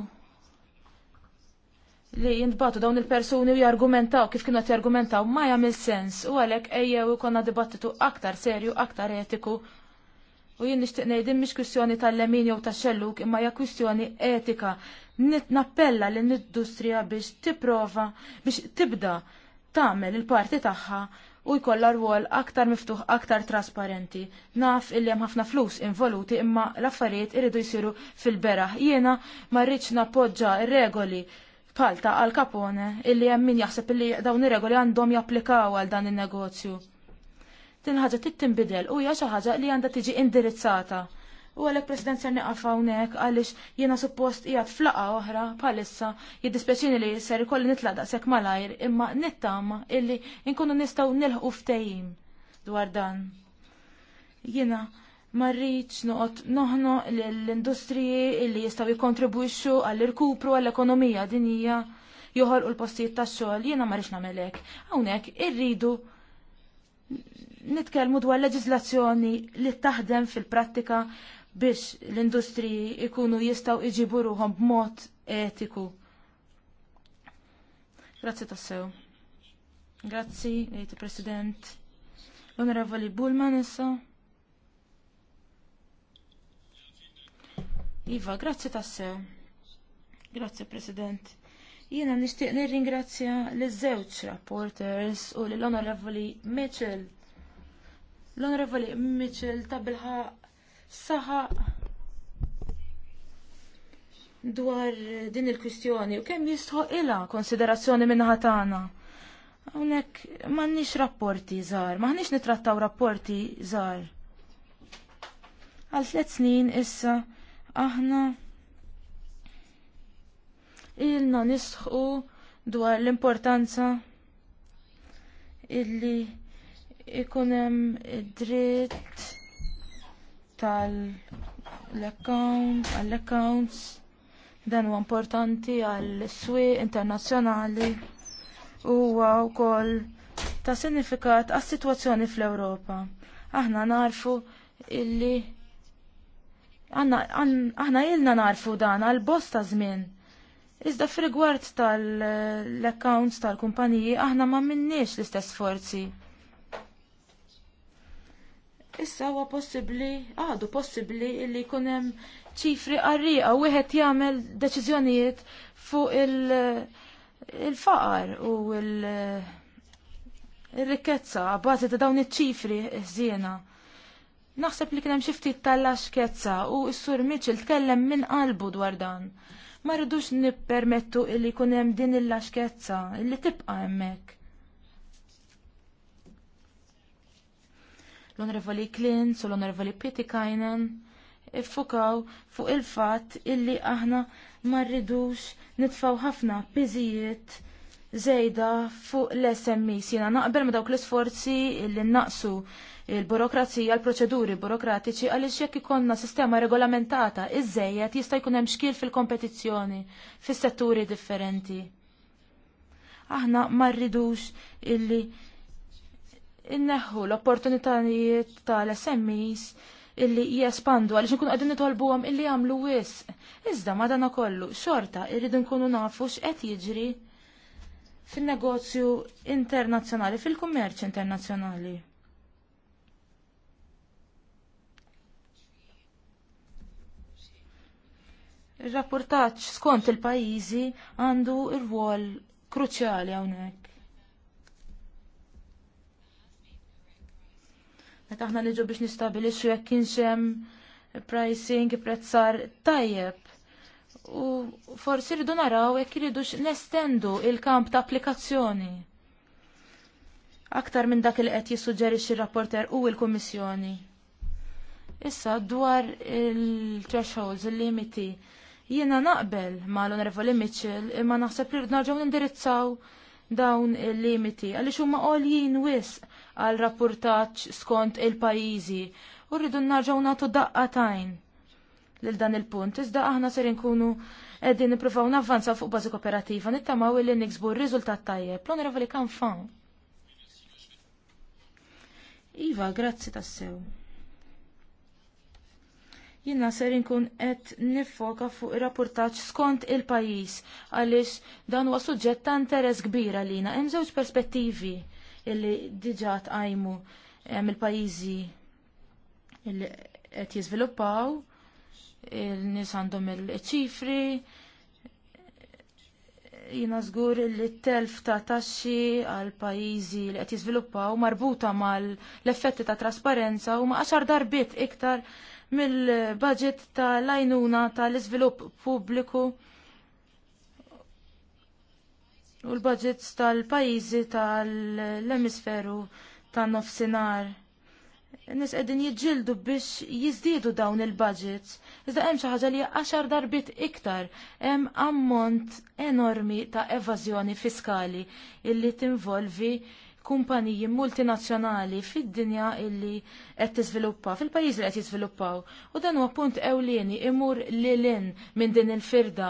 li jintbatu dawn il-persuni u jargumentaw kif kienu jargumentaw ma jagħmel sens u għalhekk ejjew konna dibattitu aktar serju, aktar etiku. U jien nixtieq ngħid mish kwistjoni tal-lemin jew tax-xelluk imma hija kwistjoni etika. Nappella l industrija biex tipprova biex tibda tagħmel il-parti tagħha u jkollha rwol aktar miftuħ, aktar trasparenti. Naf illi hemm ħafna flus involuti imma l-affarijiet iridu jsiru fil-beraħ. Jiena ma rridx nappoġġa regoli bħal ta' Al Capone illi hemm min jaħseb illi dawn ir-regoli għandhom japplikaw għal dan in-negozju. Din ħaġa trid tinbidel u hija xi ħaġa li għandha tiġi indirizzata. U għalek president ser neqaf hawnhekk għaliex jiena suppost qiegħed flaqa oħra bħalissa jiddispjaċini li ser ikolli nitlaq daqshekk malajr imma nittama illi nkunu nistgħu nilħqu ftehim dwar dan. Jiena marriċ noqot noħno l-industriji li jistaw jikontribwixxu għall-irkupru għall-ekonomija dinija joħol u l-postijiet ta' xogħol jiena marriċ namelek. Hawnhekk irridu nitkellmu dwar leġiżlazzjoni li taħdem fil-prattika biex l-industriji ikunu jistaw iġibu ruhom b'mod etiku. Grazzi tassew. Grazzi, President. L-Onorevoli Bullman issa. Iva, grazzi tasse. Grazzi, President. Jiena nixtieq nirringrazzja l-żewġ rapporters u l-Onorevoli Mitchell. L-Onorevoli Mitchell ta' bilħa dwar din il-kwistjoni u kemm jistħu ilha konsiderazzjoni minnaħa tagħna. Hawnhekk m'għandniex rapporti żgħar, m'aħniex nitrattaw rapporti żgħar. Għal tliet snin issa Aħna ilna nisħu dwar l-importanza illi ikun hemm id-dritt tal-account, għall-accounts, dan huwa importanti għall internazjonali internazzjonali huwa wkoll ta' sinifikat għas-sitwazzjoni fl-Ewropa. Aħna narfu illi Aħna jilna narfu dan għal bosta żmien. Iżda f'rigward tal-accounts tal-kumpaniji aħna ma minniex l-istess forzi. Issa huwa possibbli, għadu possibbli li jkun hemm ċifri u wieħed jagħmel deċiżjonijiet fuq il-faqar u il-rikkezza il bażi ta' dawn iċ-ċifri żiena. Il Naħseb li kien hemm xi ftit tal u s-sur Mitchell tkellem minn qalbu dwar dan. Ma rridux nippermettu li jkun hemm din il-laxkezza li tibqa' hemmhekk. L-Onorevoli Klins u l-Onorevoli Pietikainen iffukaw fuq il-fatt illi aħna ma rridux nitfaw ħafna piżijiet żejda fuq l smi Sina naqbel ma dawk l-isforzi illi naqsu il-burokrazija, l-proċeduri burokratiċi għaliex jekk ikonna sistema regolamentata iżejjed jista' jkun hemm xkil fil-kompetizzjoni fis-setturi differenti. Aħna ma rridux illi inneħħu l-opportunitajiet tal-SMEs illi jespandu għaliex għadin qegħdin nitolbuhom illi jagħmlu wisq. Iżda dana kollu xorta irrid nkunu nafu x'qed jiġri fin-negozju internazzjonali, fil-kummerċ internazzjonali. Ir-rapportaġġ skont il-pajjiżi għandu rwol kruċjali hawnhekk. Meta aħna niġu biex nistabilixxu jekk kienx hemm pricing prezzar tajjeb. U forsi rridu naraw jekk irridu nestendu il-kamp ta' applikazzjoni. Aktar minn dak il qed jissuġġerixxi r-rapporter u l-Kummissjoni. Issa dwar il-thresholds, il-limiti, il thresholds il limiti Jiena naqbel ma l-Onorevoli Mitchell imma naħseb li nerġgħu nindirizzaw dawn il-limiti għaliex huma għoljin wis għal rapportaċ skont il-pajjiżi u rridu narġgħu nagħtu daqqatajn lil dan il-punt. Iżda aħna ser inkunu qegħdin nippruvaw navvanzaw fuq bażi kooperattiva nittamaw illi niksbu r-riżultat tajjeb. L-Onorevoli Kanfan. Iva, grazzi tassew jina ser inkun qed nifoka fuq ir-rapportaġġ skont il-pajjiż għaliex dan huwa suġġett ta' interess kbir għalina. Hemm żewġ perspettivi illi diġà tqajmu hemm il-pajjiżi illi qed jiżviluppaw, il-nies għandhom il-ċifri, jina żgur li t-telf ta' taxxi għal pajjiżi li qed jiżviluppaw marbuta mal effetti ta' trasparenza huma għaxar darbiet iktar mill-budget tal ta' tal-iżvilupp pubbliku u l-budgets tal-pajjiżi tal-emisferu tan-nofsinhar. Nis qegħdin jiġġieldu biex jiżdiedu dawn il-budgets. Iżda hemm xi ħaġa li għaxar darbit iktar hemm ammont enormi ta' evażjoni fiskali illi tinvolvi kumpaniji multinazzjonali fid-dinja illi qed tiżviluppa, fil-pajjiż li qed jiżviluppaw. U dan huwa punt ewlieni imur lilin minn din il-firda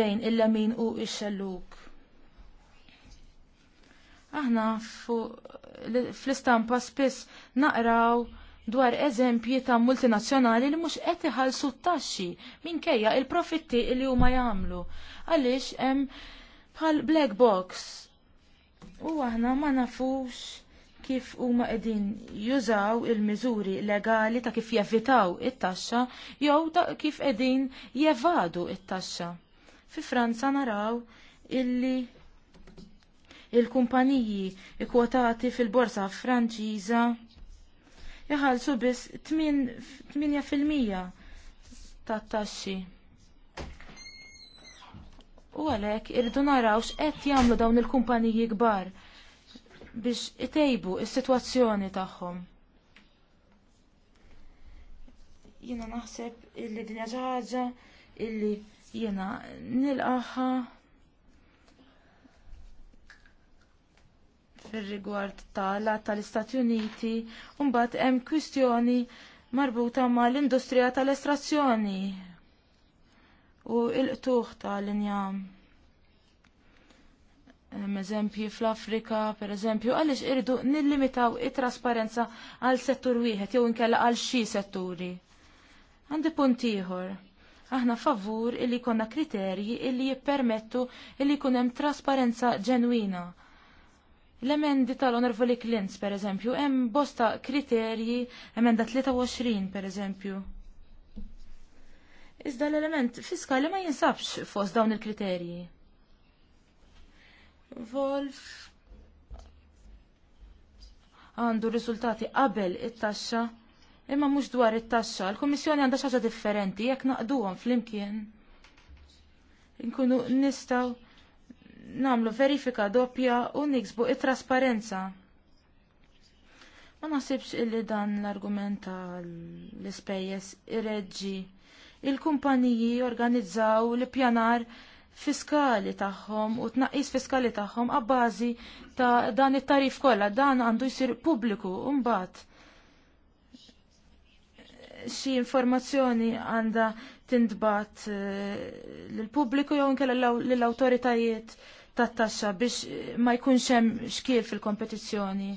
bejn il-lemin u x-xelluk. Aħna fl-istampa spiss naqraw dwar eżempji ta' multinazzjonali li mhux qed iħallsu t-taxxi minkejja il-profitti li huma jagħmlu. Għaliex hemm bħal black box U aħna ma nafux kif huma qegħdin jużaw il-miżuri legali ta' kif jevitaw it-taxxa jew ta' kif qegħdin jevadu it-taxxa. Fi Franza naraw illi il-kumpaniji kwotati fil-borsa Franċiża jħallsu biss 8% tat-taxxi. U għalhekk irridu naraw x'qed jagħmlu dawn il-kumpaniji kbar biex itejbu is-sitwazzjoni tagħhom. Jiena naħseb illi dinja xi ħaġa illi jiena nilqaħħa fil-rigward tal tal-Istati Uniti, mbagħad hemm kwistjoni marbuta mal industrija tal-estrazzjoni u il-qtuħ ta' linja eżempju fl-Afrika, per eżempju, għalix irridu nillimitaw it-trasparenza għal settur wieħed jew inkella għal xi setturi. Għandi punt ieħor. Aħna favur illi konna kriterji illi jippermettu illi kun hemm trasparenza ġenwina. L-emendi tal-Onorvoli Klins, per eżempju, hemm bosta kriterji emenda 23, per eżempju. Iżda l-element fiskali ma jinsabx fost dawn il-kriterji. Wolf għandu riżultati qabel it-taxxa imma mhux dwar it-taxxa. L-Kummissjoni għandha xi ħaġa differenti jekk naqduhom flimkien. Inkunu nistgħu namlu verifika doppja u niksbu it-trasparenza. Ma nasibx illi dan l-argument tal-ispejjeż ireġġi il-kumpaniji organizzaw l-pjanar fiskali tagħhom u tnaqqis fiskali tagħhom għabbażi ta' dan it-tarif kollha dan għandu jsir pubbliku mbagħad xi informazzjoni għandha tintbat eh, lill-pubbliku jew inkella lill-awtoritajiet tat-taxxa biex eh, ma jkunx hemm xkiel fil-kompetizzjoni.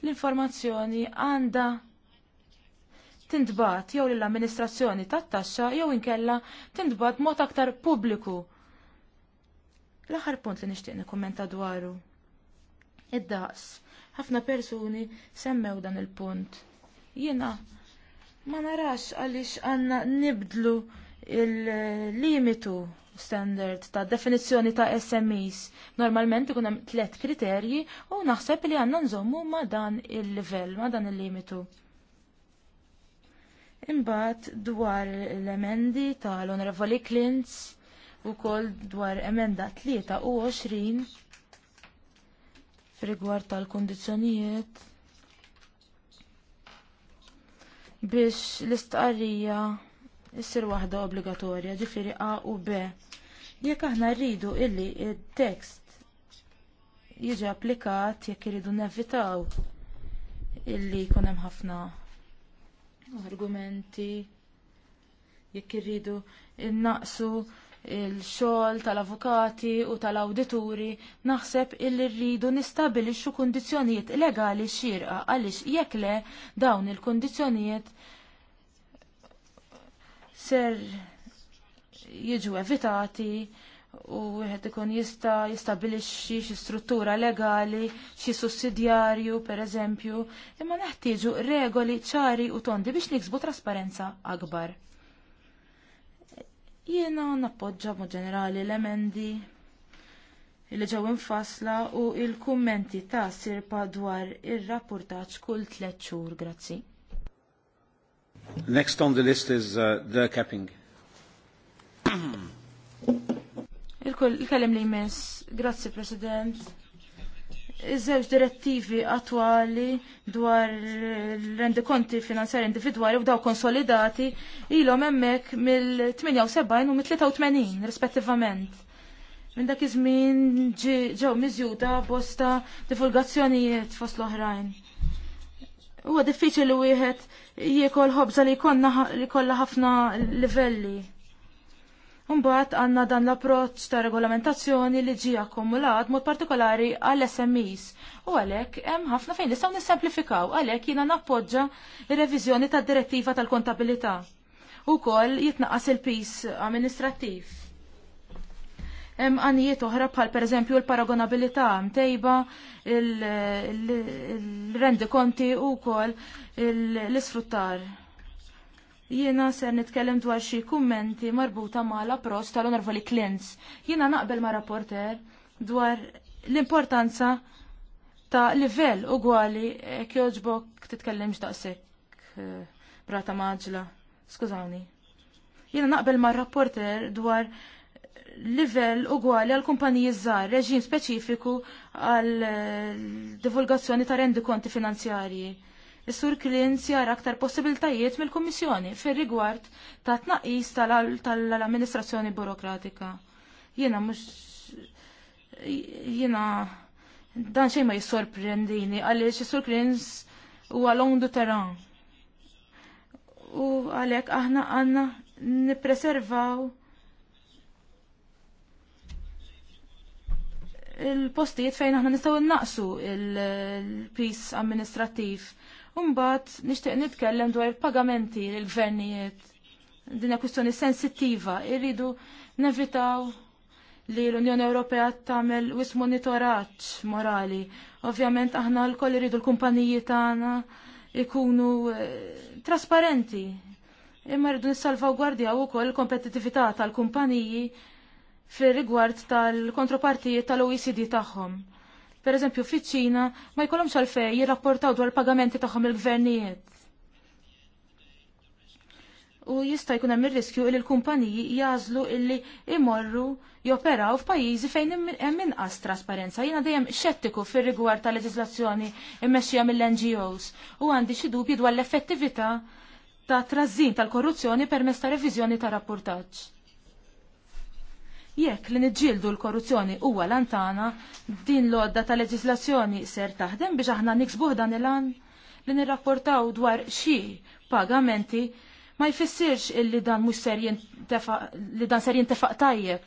L-informazzjoni għandha tindbat jew lill-amministrazzjoni tat-taxxa jew inkella tindbat mod aktar pubbliku. L-aħħar punt li nixtieq nikkummenta dwaru. Id-daqs. Ħafna persuni semmew dan il-punt. Jiena ma narax għaliex għandna nibdlu il-limitu standard ta' definizzjoni ta' SMEs. Normalment ikun hemm tliet kriterji u naħseb li għandna nżommu ma' dan il-livell, ma' dan il-limitu. il livell ma dan il limitu Imbagħad dwar l-emendi tal-Onorevoli Klintz ukoll dwar emenda 23 f'rigward tal-kundizzjonijiet biex l-istqarrija ssir waħda obbligatorja ġifiri A u B. Jekk aħna rridu illi il-tekst jiġi applikat jekk irridu nevitaw illi jkun hemm ħafna argumenti jekk irridu innaqsu il-xogħol tal-avukati u tal-awdituri naħseb illi rridu nistabilixxu kundizzjonijiet legali xierqa għaliex jekk le dawn il-kundizzjonijiet ser jiġu evitati u wieħed ikun jista' jistabilixxi xi struttura legali, xi sussidjarju pereżempju, imma neħtieġu regoli ċari u tondi biex niksbu trasparenza akbar. Jiena nappoġġa mod ġenerali l-emendi li ġew infasla u il-kummenti ta' sirpa dwar ir-rapportaġġ kull tliet xhur, grazzi. Next on the list is uh, the capping. il kellem li jmiss, grazzi President. Iż-żewġ direttivi attwali dwar rendikonti finanzjari individwali u daw konsolidati ilhom hemmhekk mill-78 u mill-83 rispettivament. Minn dak iż-żmien ġew miżjuda bosta divulgazzjonijiet fost l-oħrajn. Huwa diffiċli wieħed jiekol ħobża li jkollha ħafna livelli Mbagħad għandna dan l-approċċ ta' regolamentazzjoni li ġie akkumulat mod partikolari għall smis u għalhekk hemm ħafna fejn nistgħu nissemplifikaw għalhekk jiena nappoġġa r reviżjoni tad-direttiva tal-kontabilità. u Ukoll jitnaqqas il-pis amministrattiv. Hemm għanijiet oħra bħal pereżempju l-paragonabilità mtejba il rendikonti u ukoll l-isfruttar Jiena ser nitkellem dwar xi kummenti marbuta ma' l-approċ tal-Onorvoli Klins. Jiena naqbel ma' rapporter dwar l-importanza ta' livell ugwali e, kjoġbok titkellimx daqshekk e, brata maġla. Skużawni. Jiena naqbel ma' rapporter dwar livell ugwali għal kumpaniji żgħar, reġim speċifiku għal e, divulgazzjoni ta' rendikonti finanzjarji Is-Sur Klins jara aktar possibiltajiet mill-Kummissjoni fir-rigward ta' tnaqqis tal-amministrazzjoni burokratika. Jiena mhux jiena dan xejn ma jissorprendini għaliex is-Sur Klins huwa long du terrain. U għalhekk aħna għandna nippreservaw il-postijiet fejn aħna nistgħu naqsu il-pis amministrattiv Umbat, nishtiq nitkellem dwar pagamenti l-gvernijiet. Dinja kwistjoni sensittiva, irridu nevitaw li l-Unjoni Ewropea tagħmel wis monitoraġġ morali. Ovvjament aħna l-koll irridu l-kumpaniji tagħna ikunu eh, trasparenti. Imma rridu nissalvawgwardjaw ukoll il-kompetitività tal-kumpaniji fir rigward tal-kontropartijiet tal-OECD tagħhom. Per eżempju, fiċ-Ċina ma jkollhomx għalfej jirrapportaw dwar pagamenti tagħhom il-gvernijiet. U jista' jkun hemm ir-riskju li l-kumpaniji jażlu illi imorru joperaw f'pajjiżi fejn hemm inqas trasparenza. Jiena dejjem xettiku fir-rigward ta' leġiżlazzjoni mmexxija mill-NGOs u għandi xi dubji dwar l-effettività ta' trażin tal-korruzzjoni permezz ta' reviżjoni ta' rapportaġġ. Jekk li niġġieldu l-korruzzjoni huwa lantana, din l-odda ta' leġislazzjoni ser taħdem biex aħna niksbuh dan il-an li nirrapportaw dwar xi pagamenti ma jfissirx illi dan mhux ser li dan ser jintefaq tajjeb.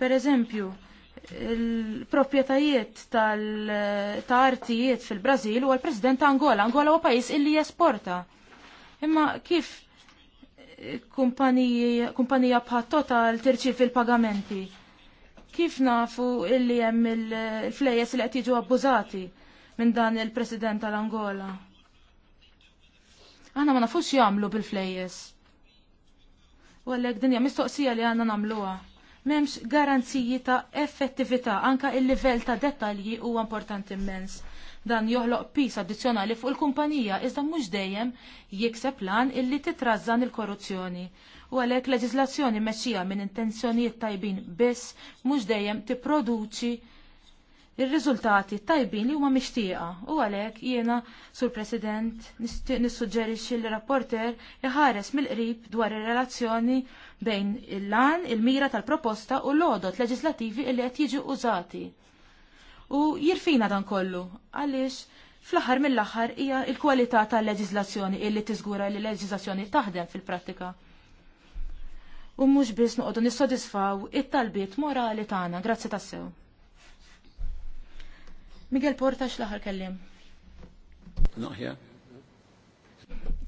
Per eżempju, il-propietajiet tal-artijiet fil-Brazil u għal-President Angola. Angola huwa pajjiż illi jesporta. Imma kif kumpanija bħat total tirċi fil-pagamenti. Kif nafu illi hemm il-flejes li qed jiġu abbużati minn dan il-President tal-Angola? Aħna ma nafux jagħmlu bil-flejes. U għallek dinja mistoqsija li għanna namluwa. Memx garanziji ta' effettività, anka il-livell ta' dettalji huwa importanti immens. Dan joħloq pis addizzjonali fuq il-kumpanija iżda mhux dejjem jikseb lan illi titrażżan il-korruzzjoni. U għalhekk leġiżlazzjoni mexxija minn intenzjonijiet tajbin biss mhux dejjem tipproduċi ir-riżultati tajbin li huma mixtieqa u għalhekk jiena sur President nissuġġerixxi li rapporter iħares mill-qrib dwar ir-relazzjoni bejn il-lan, il-mira tal-proposta u l-odot leġislativi li qed jiġu użati u jirfina dan kollu għaliex fl-aħħar mill-aħħar hija l-kwalità tal leġizlazzjoni illi tiżgura li l-leġiżlazzjoni taħdem fil-prattika. U mhux biss noqogħdu nissodisfaw it-talbiet morali tagħna, grazzi tassew. Miguel Portax l-aħħar kellim. Noħja.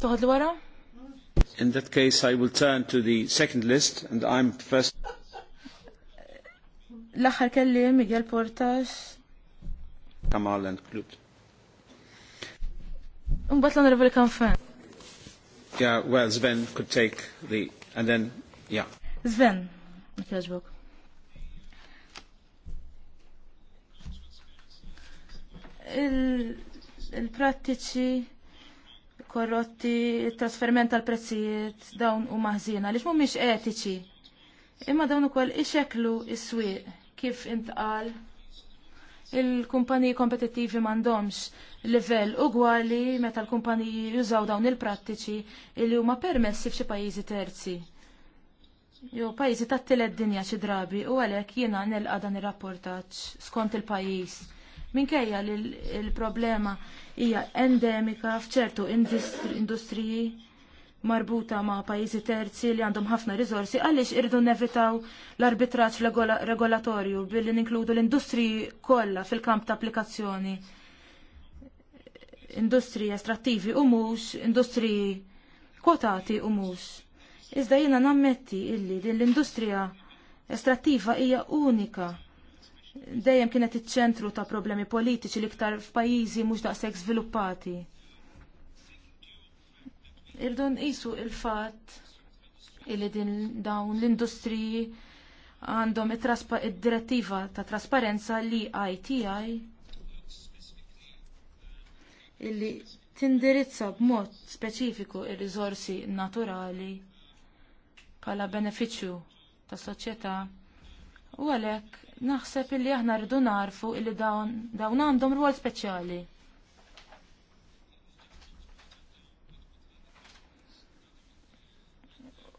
Toħod l-wara? In that case, I will turn to the second list, and I'm first. l aħħar kellim, Miguel Portas, Kamal and Klut. Umbat l-onorevoli Kanfan. Yeah, well, Sven could take the, and then, yeah. Sven, nikħaġbuk. Il-prattiċi il korrotti, il-trasferment tal-prezzijiet, dawn u maħżina, li miex etiċi. Imma dawn u kol, iċeklu is swiq kif intqal il-kumpaniji kompetittivi m'għandhomx livell ugwali meta l-kumpaniji jużaw dawn il-prattiċi li huma permessi f'xi pajjiżi terzi. Jo pajjiżi ta' tielet dinja xi drabi u għalhekk jiena nilqa dan ir-rapportaġġ skont il-pajjiż. Minkejja li l-problema hija endemika f'ċertu industriji marbuta ma' pajjiżi terzi li għandhom ħafna rizorsi għaliex irdu nevitaw l-arbitraġġ regolatorju billi ninkludu l-industriji kollha fil-kamp ta' applikazzjoni. Industriji estrattivi u mhux, industriji kwotati u mhux. Iżda jiena nammetti illi din l-industrija estrattiva hija unika dejjem kienet iċ-ċentru ta' problemi politiċi l-iktar f'pajjiżi mhux daqshekk żviluppati irdu nqisu il-fatt illi din dawn l-industriji għandhom id-direttiva ta' trasparenza li ITI illi tindirizza b'mod speċifiku r riżorsi naturali bħala benefiċċju tas soċjetà u għalhekk naħseb illi aħna rridu narfu illi dawn għandhom rwol speċjali.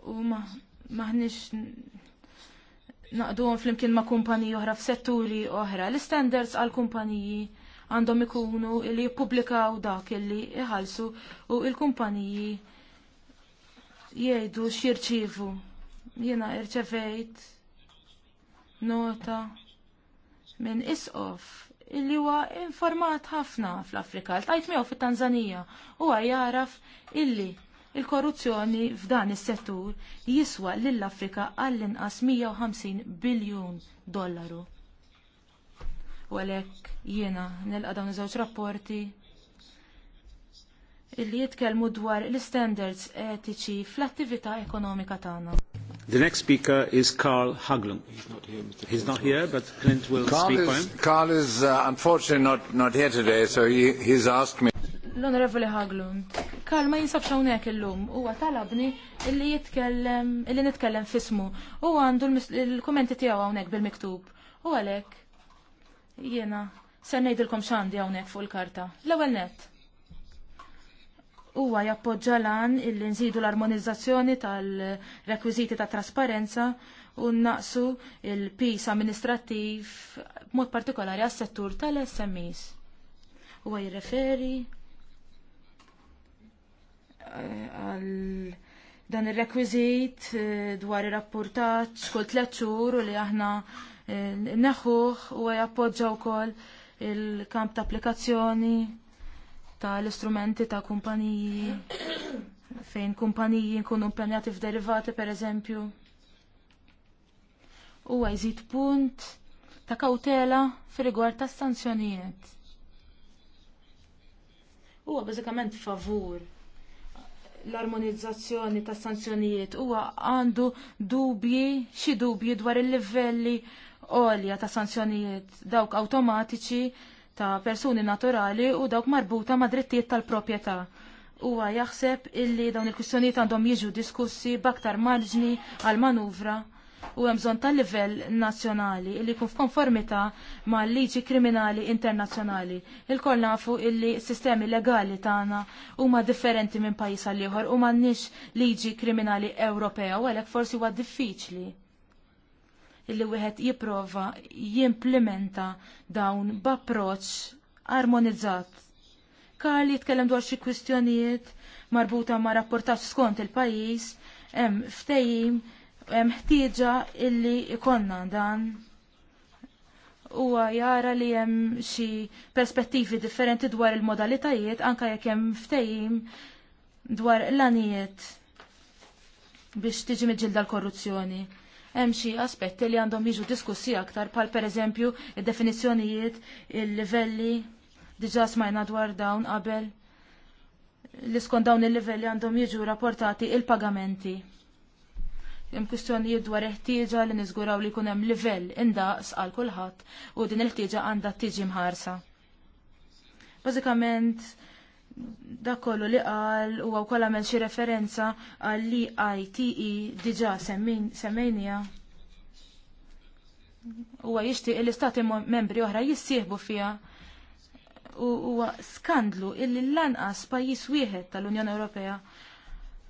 u maħnix naqduhom flimkien ma' kumpaniji oħra f'setturi oħra. L-standards għal kumpaniji għandhom ikunu li jippubblikaw dak illi iħalsu u il-kumpaniji jgħidu x'jirċievu. Jiena irċevejt nota minn isqof illi huwa informat ħafna fl-Afrika. Tajt miegħu fit tanzania huwa jaraf illi Il-korruzzjoni f'dan is-settur jiswa lill-Afrika għall-inqas 150 biljun dollaru. U għalhekk jiena nilqa' dawn iż-żewġ rapporti illi jitkellmu dwar l-standards etiċi fl-attività ekonomika tagħna. The next speaker is Carl Haglum. He's not here, Mr. He's not here, but Clint will Carl speak is, for him. Carl is uh, unfortunately not, not here today, so he, he's asked me l-Onorevoli Haglund. Karl ma jinsabx hawnhekk illum huwa talabni illi jitkellem illi nitkellem fismu. U għandu l-kummenti tiegħu hawnhekk bil-miktub. U għalhekk jiena se ngħidilkom x'għandi hawnhekk fuq il-karta. L-ewwel nett. Huwa jappoġġa lan illi nżidu l-armonizzazzjoni tal-rekwiżiti ta' trasparenza u naqsu il-pis amministrattiv b'mod partikolari għas-settur tal-SMEs. Huwa jirreferi għal dan ir-rekwiżit eh, dwar ir-rapportaġġ kull tliet xhur u li aħna eh, neħuħ u u wkoll il-kamp ta' applikazzjoni tal istrumenti ta' kumpaniji fejn kumpaniji nkunu impenjati f'derivati pereżempju. Huwa jżid punt ta' kawtela fir-rigward tas stanzjonijiet Huwa bażikament favur l-armonizzazzjoni tas sanzjonijiet huwa għandu dubji, xi dubji dwar il-livelli għolja ta' sanzjonijiet dawk awtomatiċi ta' persuni naturali u dawk marbuta ma' drittijiet tal-proprjetà. Huwa jaħseb illi dawn il-kwistjonijiet għandhom jiġu diskussi b'aktar marġni għal manuvra u hemm bżonn tal livell nazzjonali li jkun f'konformità mal-liġi kriminali internazzjonali. il koll nafu illi sistemi legali tagħna huma differenti minn pajjiż għal ieħor u m'għandniex liġi kriminali Ewropea u għalhekk forsi huwa diffiċli illi wieħed jipprova jimplementa dawn b'approċċ armonizzat. Karl jitkellem dwar xi kwistjonijiet marbuta ma' rapportax skont il-pajjiż hemm ftehim ħtieġa illi ikonna dan huwa jara li hemm xi perspettivi differenti dwar il-modalitajiet anke jekk hemm ftehim dwar l-anijiet biex tiġi miġilda l-korruzzjoni. Hemm xi aspetti li għandhom jiġu diskussi aktar bħal pereżempju id-definizzjonijiet, il-livelli diġà smajna dwar dawn qabel. l skont dawn il-livelli għandhom jiġu rapportati il-pagamenti. il pagamenti hemm kwistjonijiet dwar ħtieġa li niżguraw li jkun hemm livell indaqs għal kulħadd u din il-ħtieġa għandha tiġi mħarsa. Bażikament dak kollu li qal huwa għaw kolla xi referenza għal li ITE diġà semmejnija huwa jixtieq l-istati membri oħra jissieħbu fiha u huwa skandlu il lanqas pajjiż wieħed tal-Unjoni Ewropea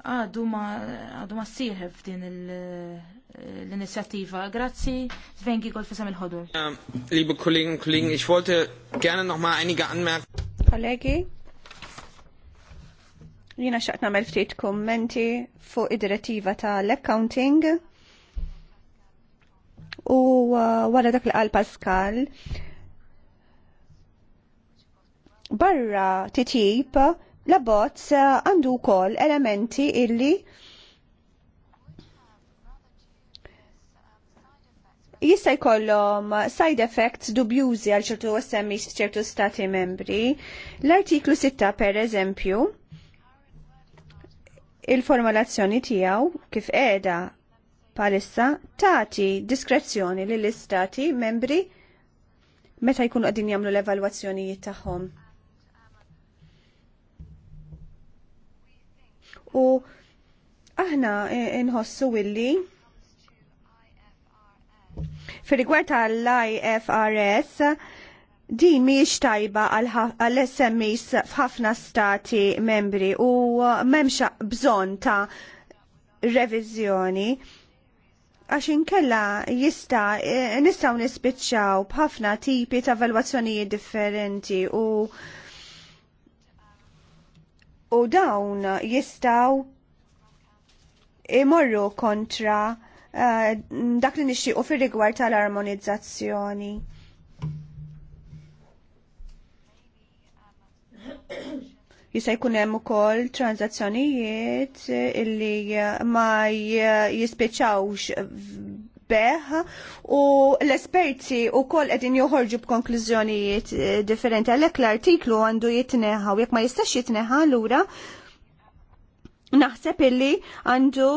għadu ma għadu ma sirħeb din l inizjativa Grazzi, Svengi Gigol fisam il-ħodur. Liebe Kollegen und Kollegen, ich wollte gerne noch mal einige Anmerkungen. Kollegi, jina xaqt namel ftit kommenti fuq id-direttiva ta' l accounting u uh, wara dak li qal Pascal barra titjib L-abbozz eh, għandu wkoll elementi illi jistaj jkollhom side effects dubjużi għal ċertu SMI ċertu stati membri. L-artiklu 6 per eżempju, il-formulazzjoni tiegħu kif qiegħda palissa tagħti diskrezzjoni lill istati membri meta jkunu għadin jagħmlu l-evalwazzjonijiet tagħhom. u aħna nħossu Willi. fil rigward tal-IFRS, din miex tajba għal sms f'ħafna stati membri u memx bżon ta' revizjoni għax inkella jista eh, nistaw nispiċċaw b'ħafna tipi ta' valwazzjonijiet differenti u u dawn jistaw imorru kontra uh, dak li u fir-rigward tal-armonizzazzjoni. jista' jkun hemm ukoll transazzjonijiet illi ma jispiċċawx beħ u l-esperti u koll edin joħorġu b'konklużjonijiet eh, differenti għalhekk l-artiklu għandu jitneħaw, u jekk ma jistax jitneħa l-ura, naħseb illi għandu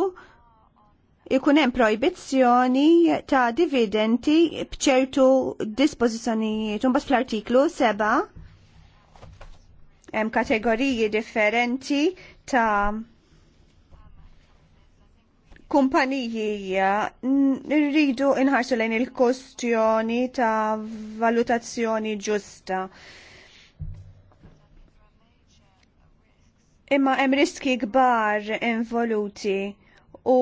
ikun hemm proibizzjoni ta' dividendi b'ċertu dispożizzjonijiet. Imbagħad fl-artiklu 7 hemm kategoriji differenti ta' kumpaniji rridu inħarsu lejn il-kostjoni ta' valutazzjoni ġusta. Imma hemm riski kbar involuti u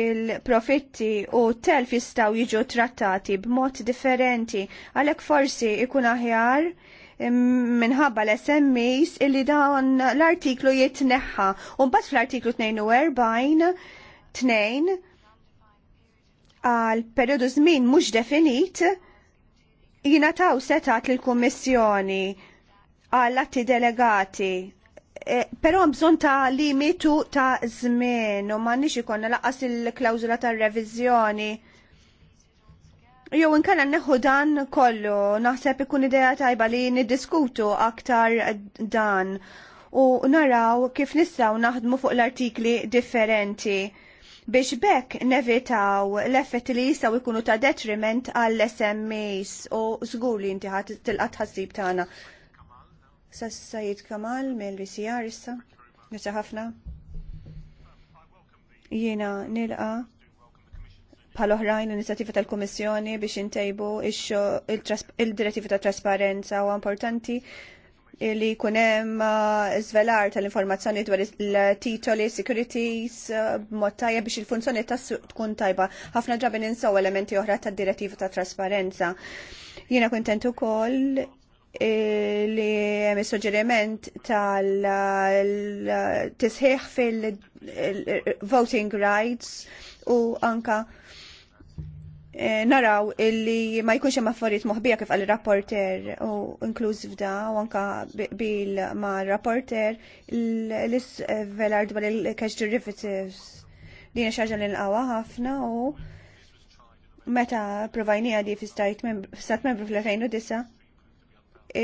il-profitti u telf jistaw jiġu trattati b'mod differenti għalhekk forsi ikun aħjar minħabba l-SMEs illi dawn l-artiklu jitneħħa. U mbagħad fl-artiklu 42 Tnejn, għal periodu żmien mhux definit jina taw setat lill-Kummissjoni għall atti delegati. E, Però bżonn ta' limitu ta' żmien u m'għandniex ikonna laqas il-klawżula tar-reviżjoni. Jew inkella neħu dan kollu, naħseb ikun idea tajba li niddiskutu aktar dan u naraw kif nistgħu naħdmu fuq l-artikli differenti biex bekk nevitaw l-effett li jistaw ikunu ta' detriment għall-SMEs u zgur li inti tilqat ħassib tagħna. Sassajid Kamal mill-VCR issa. Nisa ħafna. Jiena nilqa bħal oħrajn l-inizjattiva tal-Kummissjoni biex intejbu il-direttiva tal trasparenza u importanti li kunem eh, zvelar tal-informazzjoni dwar il-titoli, securities, eh, mod tajja biex il-funzjoni tassu tkun tajba. Ħafna ġabin ninsaw elementi oħra tad-direttiva ta' trasparenza. Jiena kontent ukoll eh, li hemm suġġeriment tal-tisħiħ fil-voting rights u anka Eh, naraw illi ma jkunx hemm affarijiet moħbija kif għall rapporter u inkluż f'da u anka bil ma rapporter l eh, velar dwar il-cash derivatives din xi ħaġa li nqawha ħafna u meta provajnija di fil-stat membru fl-2009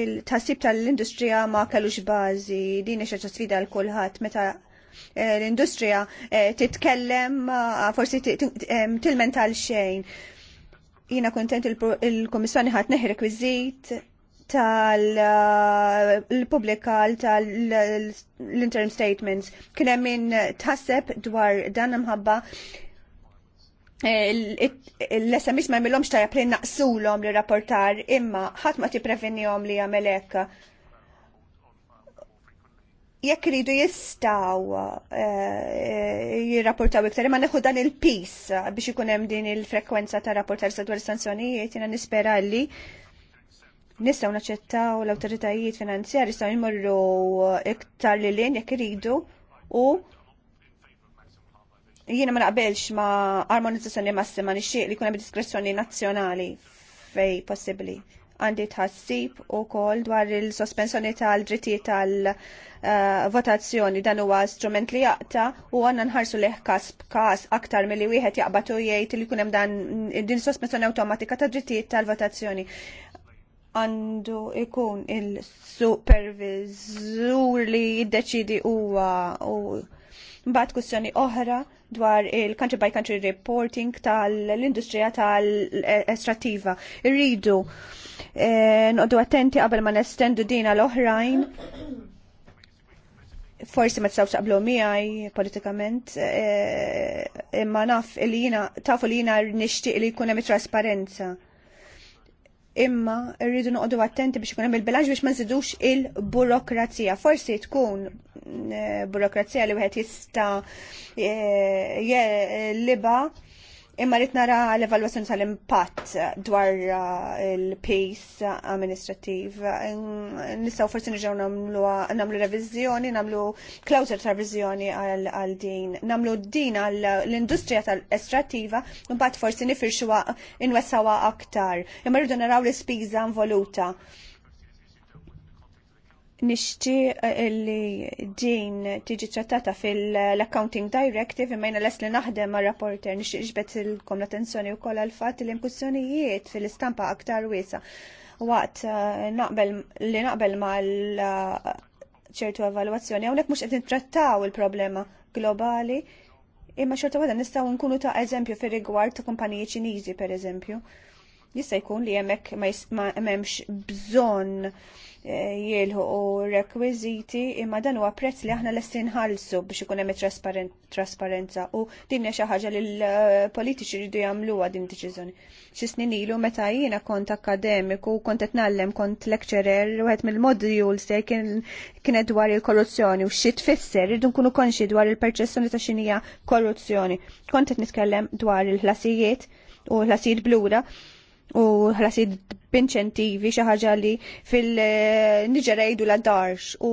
il-tassib tal-industrija ma kellux bażi din xi sfida għal kulħadd meta eh, l-industrija titkellem forsi tilmen għal xejn Jina kontent il-Komissjoni ħat neħi rekwizit tal-publika uh, tal-interim statements. Kienem min tħasseb dwar dan mħabba eh, l-SMS ma jmillomx ta' japri naqsulom li rapportar imma ħat ma ti prevenjom li jamelek jekk iridu jistaw eh, eh, jirrapportaw iktar, ma neħu dan il-pis biex ikun hemm din il-frekwenza ta' rapportar sa dwar sanzjonijiet, jiena nispera li nistgħu naċċettaw l-awtoritajiet finanzjari jistgħu jmorru iktar li lin jekk iridu u jiena ma naqbelx ma armonizzazzjoni massima nixtieq li jkun hemm diskrezzjoni nazzjonali fej possibbli għandi tħassib u koll dwar il-sospensjoni tal-drittijiet tal-votazzjoni dan huwa strument li jaqta u għanna nħarsu liħ kas b'kas aktar mill-li wieħed jaqbatu jgħid li kunem dan din sospensjoni automatika ta' drittijiet tal-votazzjoni għandu ikun il-supervizur li jiddeċidi huwa u mbagħad kussjoni oħra dwar il-country by country reporting tal-industrija tal-estrattiva. Irridu Eh, Noqdu attenti qabel ma nestendu dina l-oħrajn. Forsi ma t-sawx taqblu miegħi politikament, eh, imma naf il jina, tafu li jiena nixtieq li jkun hemm trasparenza. Imma rridu noqogħdu attenti biex ikun hemm il-bilanċ biex ma nżidux il-burokrazija. Forsi tkun eh, burokrazija li wieħed jista' liba' Imma rrit nara l evaluazzjoni tal-impatt dwar uh, il-pace amministrativ. Nistaw forsi nġaw namlu revizjoni, namlu klawzer ta' revizjoni għal din, namlu din għal l-industrija tal-estrattiva, imbagħad forsi nifirxuha inwessawa aktar. Imma rridu naraw l-ispiża involuta nixtieq eh, li din tiġi trattata fil-Accounting Directive imma jina les li naħdem ma' rapporter iġbet il ilkom l-attenzjoni wkoll għal fatt li imkussjonijiet fil-istampa aktar wiesa waqt eh, li naqbel mal eh, ċertu evalwazzjoni hawnhekk mhux qed nittrattaw il-problema globali imma xorta waħda nistgħu nkunu ta' eżempju fir-rigward ta' kumpaniji Ċiniżi pereżempju. Jista' jkun li hemmhekk ma m'hemmx bżonn u rekwiżiti imma dan huwa prezz li aħna lesti nħallsu biex ikun hemm trasparenza u din hija xi ħaġa li l-politiċi jridu jagħmluha din deċiżjoni. Xi snin ilu meta jiena kont akademiku kont qed nallem kont lecturer wieħed mill-modules se kienet dwar il-korruzzjoni u xi tfisser irid nkunu konxi dwar il-perċessjoni ta' xinija korruzzjoni. Kont qed nitkellem dwar il-ħlasijiet u l-ħlasijiet blura u ħrasi b'inċentivi xi ħaġa li fil-Niġera jgħidu la darx u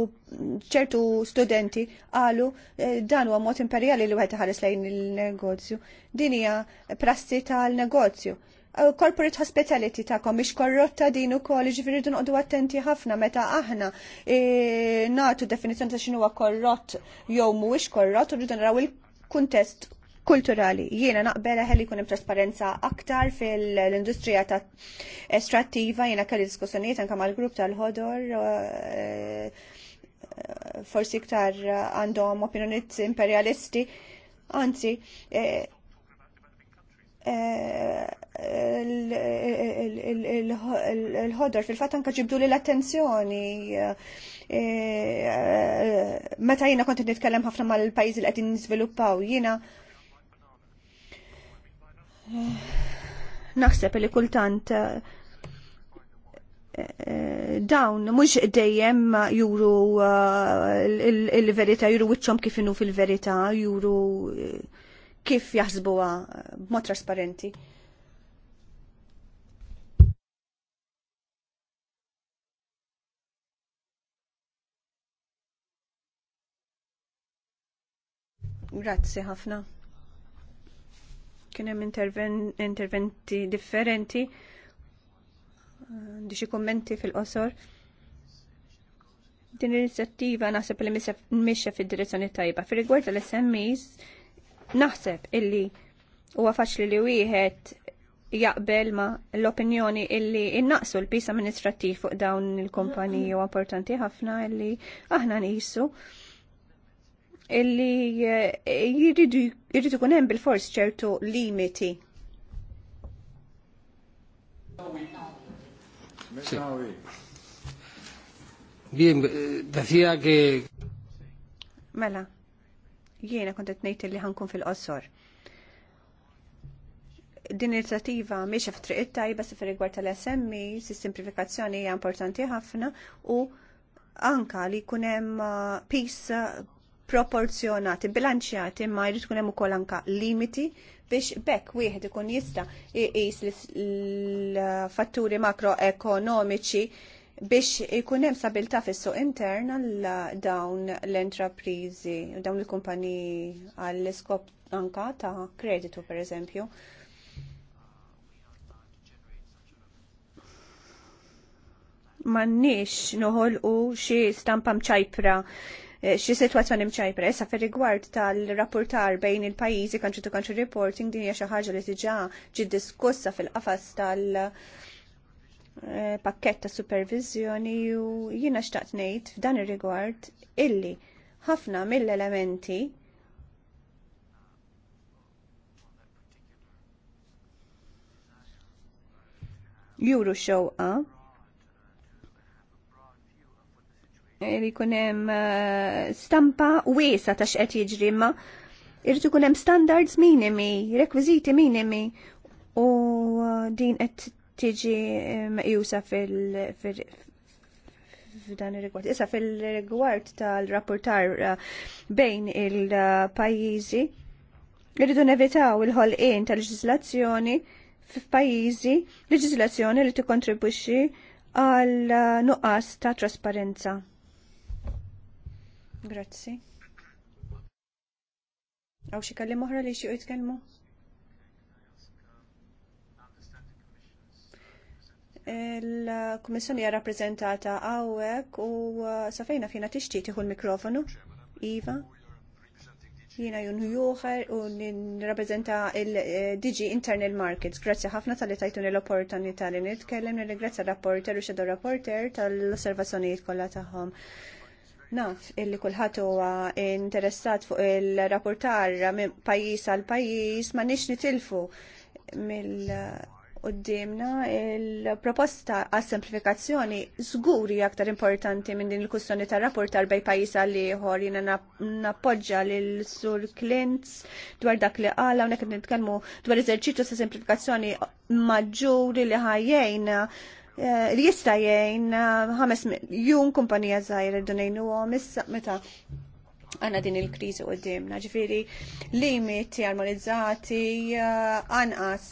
ċertu studenti qalu eh, dan huwa mod imperjali li wieħed ħares lejn il-negozju. Din hija prassi tal-negozju. Eh, corporate hospitality ta'kom biex korrotta din ukoll ġifieri dun attenti ħafna meta aħna eh, natu definizzjoni ta' x'inhuwa korrott jew mhuwiex korrott u rridu naraw il-kuntest kulturali. Jiena naqbel ħelli jkun hemm trasparenza aktar fil-industrija ta' estrattiva, jiena kelli diskussjonijiet anke mal-grupp tal-ħodor uh, uh, forsi iktar għandhom opinjoniet imperialisti. Anzi, eh, eh, il-ħodor fil-fat anka ġibdu li l-attenzjoni. Eh, meta jina konti nitkellem ħafna mal-pajiz li għedin niżviluppaw, jina Naħseb li kultant eh, eh, dawn mhux dejjem juru eh, il-verità, juru wiċċhom kif inhu fil-verità, juru kif jaħsbuha b'mod trasparenti. Grazzi ħafna kien hemm interventi differenti għandi xi kummenti fil-qosor. Din l-inizjattiva naħseb li mixja fid-direzzjoni tajba. Fir-rigward tal-SMEs naħseb illi huwa faċli li wieħed jaqbel ma l-opinjoni illi innaqsu l-pis amministrattiv fuq dawn il-kumpaniji u importanti ħafna illi aħna nisu illi eh, jiridu ikun hemm bil-fors ċertu limiti. Bien, eh, decía que... Mela, jiena kont qed ngħid li ħankun fil qossor Din inizjattiva miexa f'triq it-tajba se fir tal-SMI, e, simplifikazzjoni hija importanti ħafna u anka li jkun hemm eh, peace proporzjonati, bilanċjati, ma jrid tkun hemm ukoll anka limiti biex bekk wieħed ikun jista' jqis l-fatturi makroekonomiċi biex ikun hemm stabilità fis-suq intern għal dawn l-entrapriżi u dawn il-kumpaniji għall iskop anka ta' kreditu pereżempju. Mannix noħolqu xi stampa mċajpra Eh, xi sitwazzjoni mċajpre, sa fir-rigward tal-rapportar bejn il-pajjiżi kanċu tu kanċu reporting din hija xi ħaġa li diġà ġi diskussa fil-qafas tal- eh, pakket ta' supervizjoni u jiena xtaqt ngħid f'dan ir-rigward illi ħafna mill-elementi juru xewqa li kunem eh, stampa wiesa ta' xqed jiġri ma irrid kunem hemm standards minimi, rekwiżiti minimi u eh, din qed tiġi eh, meqjusa fil f'dan ir-rigward. Issa fil-rigward tal-rapportar bejn il-pajjiżi irridu nevitaw il-ħolqien tal-leġiżlazzjoni f'pajjiżi leġiżlazzjoni li tikkontribwixxi għal nuqqas ta' trasparenza. Grazzi. Għaw xi kellim oħra li xieq jitkellmu? Il-Kummissjoni hija rappreżentata hawnhekk u uh, safejna fina tixtieq tieħu l-mikrofonu. Iva. Jina jun juħer u nirrappreżenta il-Digi Internal Markets. Grazzi ħafna tal-li tajtun l-opportunità li nitkellem, nirringrazzja rapporter u xedo rapporter tal-osservazzjonijiet kollha tagħhom. Naf illi kulħadd huwa interessat fuq il-rapportar minn pajjiż għal pajjiż ma nix nitilfu mill qoddimna il-proposta għas semplifikazzjoni zguri aktar importanti minn din il-kustjoni tar rapportar bej pajjiż għal ieħor jiena nappoġġa lil Sur Klintz dwar dak li qal hawnhekk nitkellmu dwar eżerċitu ta' semplifikazzjoni maġġuri li ħajjejna Eh, li jista' jgħin eh, ħames jum kumpanija żgħira donejnu għom issa meta għanna din il-krizi u d-dimna, ġifiri limiti armonizzati, eh, anqas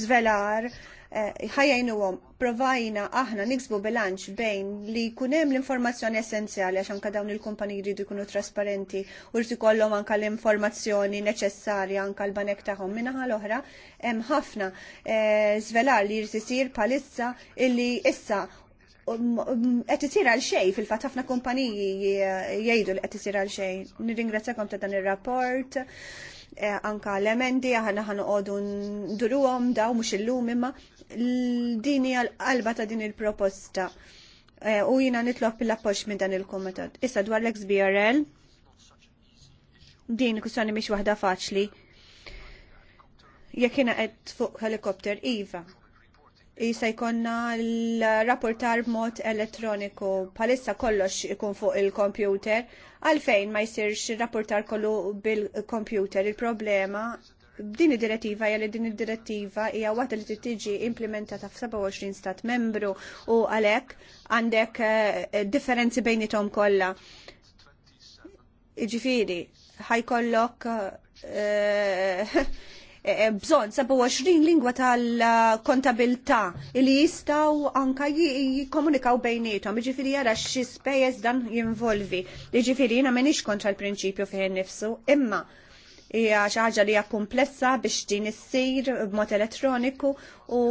zvelar, għom, eh, provajna aħna niksbu bilanċ bejn li kunem l-informazzjoni essenzjali għax anka dawn il kumpani jridu jkunu trasparenti u rrid ikollhom anka l-informazzjoni neċessarja anka l-banek tagħhom minna l-oħra hemm ħafna eh, żvelar li jrid isir palissa illi issa um, um, qed isir għal xejn fil-fatt ħafna kumpaniji eh, jgħidu li qed isir għal xejn. Nirringrazzjakom ta' dan ir-rapport. Eh, anka l-emendi aħna ħan għodu nduruhom daw mhux illum imma din hija l-qalba ta' din il-proposta. Eh, u jina nitlob pil appoġġ minn dan il-komitat. Issa dwar l-XBRL din kwistjoni mhix waħda faċli. Jekk jiena qed fuq helikopter iva, jista' jkollna l-rapportar b'mod elettroniku palissa kollox ikun fuq il-kompjuter għalfejn ma jsirx rapportar kollu bil-kompjuter il-problema din id-direttiva hija li din id-direttiva hija waħda li tiġi implementata f'27 stat membru u għalhekk għandek eh, differenzi bejnietom kollha. Ġifieri, ħajkollok eh, Eh, eh, bżon 27 lingwa tal-kontabilta li jistaw anka jikomunikaw bejnietom, ġifiri jara x-spejjeż dan jinvolvi. Ġifiri jina menix kontra l-prinċipju fiħin nifsu, imma hija xi ħaġa li hija komplessa biex din issir b'mod elettroniku u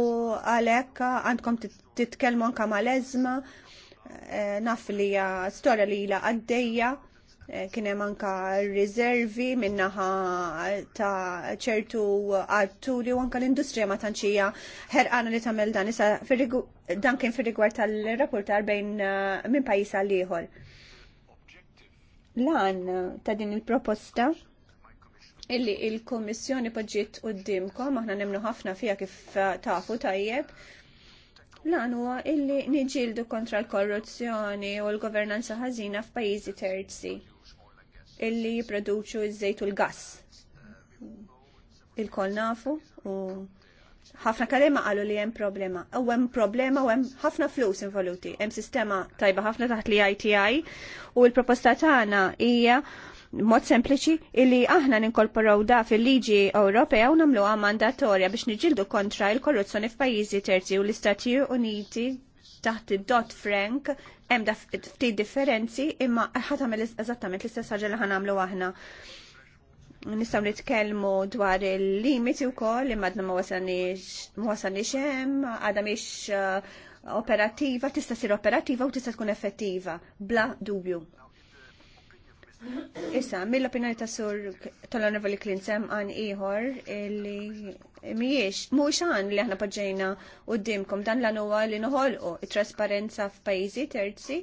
għalhekk għandkom titkellmu anke mal leżma eh, naf li hija storja li ilha għaddejja Eh, kienem anka rizervi minnaħa ta' ċertu arturi u anka l-industrija ma tanċija ħerqana li tamel dan isa dan kien fil rigward tal rapport bejn eh, minn pajis għal ieħor. Lan ta' din il-proposta illi il-Komissjoni poġġiet qoddimkom, aħna nemnu ħafna fija kif tafu tajjeb, Lan huwa illi niġildu kontra l-korruzzjoni u l-governanza ħażina f'pajjiżi terzi illi jipproduċu iż-żejt u l-gass. Il-kol nafu u ħafna kalima qalu li hemm problema. U hemm problema u hemm ħafna flus involuti. Hemm sistema tajba ħafna taħt li ITI u l-proposta tagħna hija mod sempliċi illi aħna ninkorporaw da fil-liġi Ewropea u nagħmluha mandatorja biex niġildu kontra l korruzzjoni f'pajjiżi terzi u l-Istati Uniti taħt dot Frank hemm da ftit differenzi imma ħadd tagħmel eżattament l-istess ħaġa li ħanamlu aħna. Nistgħu nitkellmu dwar il-limiti wkoll imma għadna ma wasaniex hemm, għadha mhix uh, operattiva, tista' sir operattiva u tista' tkun effettiva, bla dubju. Issa, mill-opinjoni ta' sur tal-Onorevoli Klinsem għan ieħor li miex, mux għan li aħna poġġejna u dimkom dan l-għan huwa li noħolqu trasparenza f'pajjiżi terzi.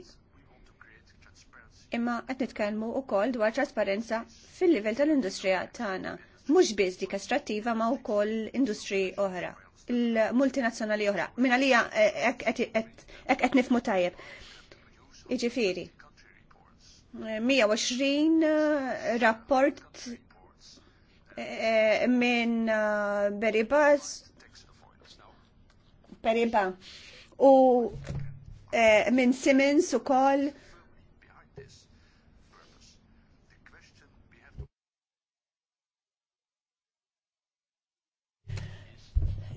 Imma qed nitkellmu wkoll dwar trasparenza fil-livell tal-industrija tagħna. Mhux biss dik astrattiva ma wkoll industri oħra il-multinazzjonali oħra. Min għalija ek qed nifmu tajjeb. Iġifieri. 120 eh, rapport Eh, minn eh, Beribas Beriba u eh, minn Simmons u koll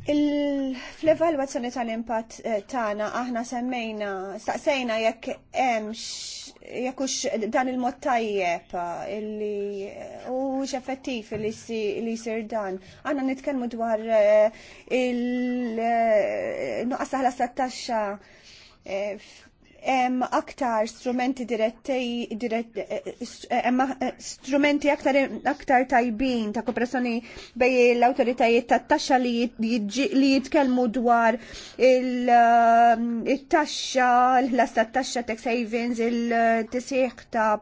Fl-evalwazzjoni tal-impatt eh, tagħna aħna semmejna, staqsejna jekk hemmx jekk hux dan il-mod tajjeb eh, illi eh, hux effettiv li jsir dan. Aħna nitkellmu dwar il-nuqqas aħla 16 hemm aktar strumenti direttej dirett, eh, eh, eh, hemm strumenti aktar aktar tajbin ta' kooperazzjoni bej l-awtoritajiet tat-taxxa li jitkellmu dwar il-taxxa, l-ħlas tat-taxxa tax savings il-tisieħ ta'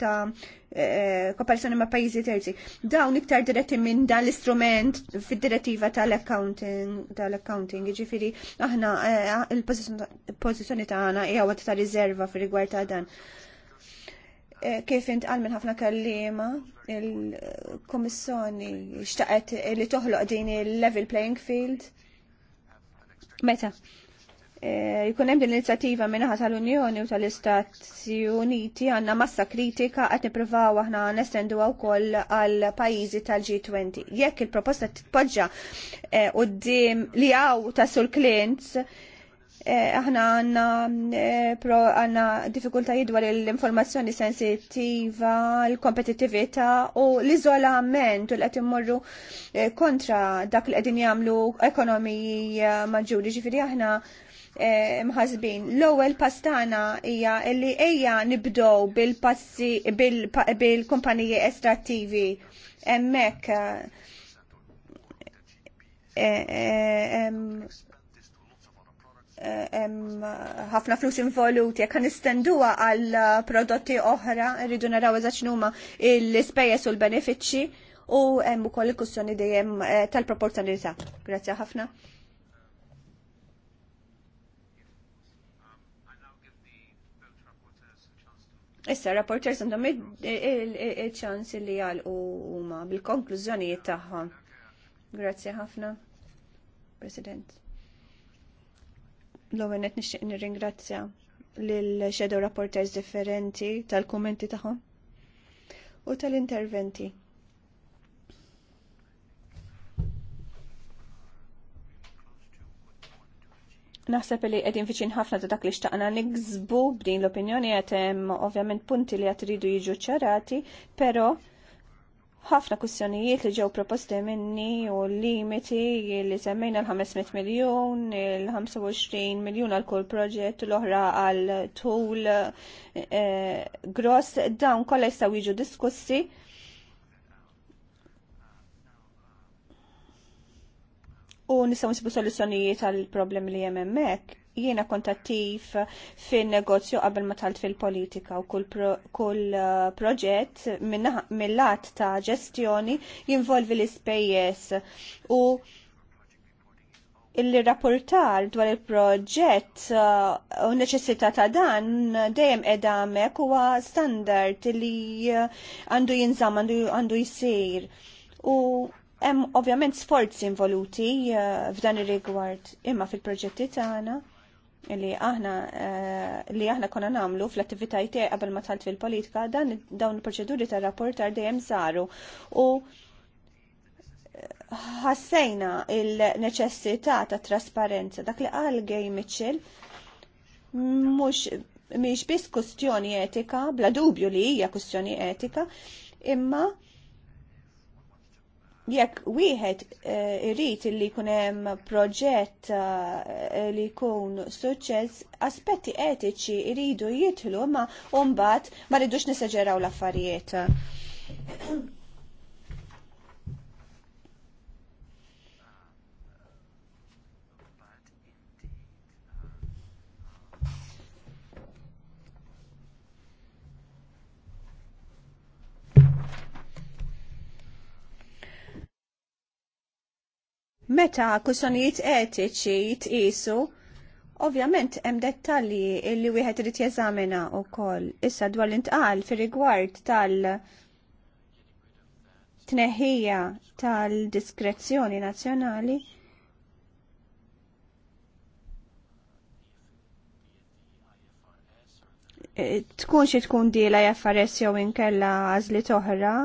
ta' Eh, komparazzjoni ma' pajjiżi terzi. Dawn iktar diretti minn dan l-istrument fid-direttiva tal-accounting, tal-accounting, ġifiri, aħna eh, il-pozizjoni tagħna hija waqt ta' riserva fil rigward ta' dan. Eh, kif int għal minn ħafna kallima, il-komissjoni xtaqet li toħloq din il-level playing field? Meta? Eh, jkun hemm din l-inizjattiva minnaħa tal-Unjoni u tal-Istati Uniti għandna massa kritika qed nippruvaw aħna nestenduha wkoll għal pajjiżi tal-G20. Jekk il-proposta titpoġġa eh, quddiem li hawn ta' sul Clint eh, aħna għanna għanna diffikultajiet dwar l-informazzjoni sensittiva, l-kompetittività u l-izolament u l-qed immorru kontra dak li qegħdin jagħmlu ekonomiji maġġuri. Ġifieri aħna Eh, mħazbin. L-ewwel pastana hija li ejja nibdow bil-passi bil-kumpaniji estrattivi hemmhekk eh, eh, ħafna flus involuti, jekk nistenduha għal prodotti oħra, rridu naraw eżatt x'numa l-ispejjeż u l-benefiċċji u hemm ukoll il-kussjoni dejjem tal-proporzjonalità. Grazzi ħafna. Issa, rapporters għandhom il-ċans li għal u ma bil-konklużjonijiet jittaħħa. Grazzi ħafna, President. L-għu għenet nixtieq nirringrazzja lil shadow rapporters differenti tal-kommenti tagħhom u tal-interventi. Naħseb li qegħdin viċin ħafna ta' dak li xtaqna niksbu b'din l-opinjoni qed hemm ovvjament punti li qed iridu jiġu ċarati, però ħafna kussjonijiet li ġew proposti minni u limiti li semmejna l-500 miljun, il-25 miljun għal kull proġett, l-oħra għal tul eh, gross, dawn kollha jistgħu jiġu diskussi u nistaw nsibu soluzzjonijiet għal problemi li hemm hemmhekk. Jiena kontattiv fin negozju qabel ma talt fil-politika u kull, pro, kull uh, proġett mill-lat ta' ġestjoni jinvolvi l-ispejjeż u il-rapportar dwar il-proġett uh, u uh, neċessità ta' dan dejjem edamek huwa standard li uh, għandu jinżamm għandu jisir. U Hemm ovvjament sforzi involuti eh, f'dan ir-rigward imma fil-proġetti tagħna li aħna eh, li aħna konna nagħmlu fl-attivitajiet tiegħi qabel ma tħalt fil-politika dan dawn il-proċeduri tar rapportar dejjem saru u eh, ħassejna il-neċessità ta' trasparenza dak li qal Gay Mitchell mhux mhix biss kustjoni etika, bla dubju li hija kustjoni etika, imma jekk wieħed uh, eh, li jkun hemm proġett eh, li jkun suċċess, aspetti etiċi jridu jidħlu ma mbagħad ma rridux niseġeraw l-affarijiet. Meta kwistjonijiet etiċi jitqisu, ovvjament hemm dettalji li wieħed irid jeżamina wkoll. Issa dwar l-intqal fir-rigward tal tneħħija tal-diskrezzjoni nazzjonali. Eh, tkun xi tkun dila jaffariss jew inkella għażli toħra,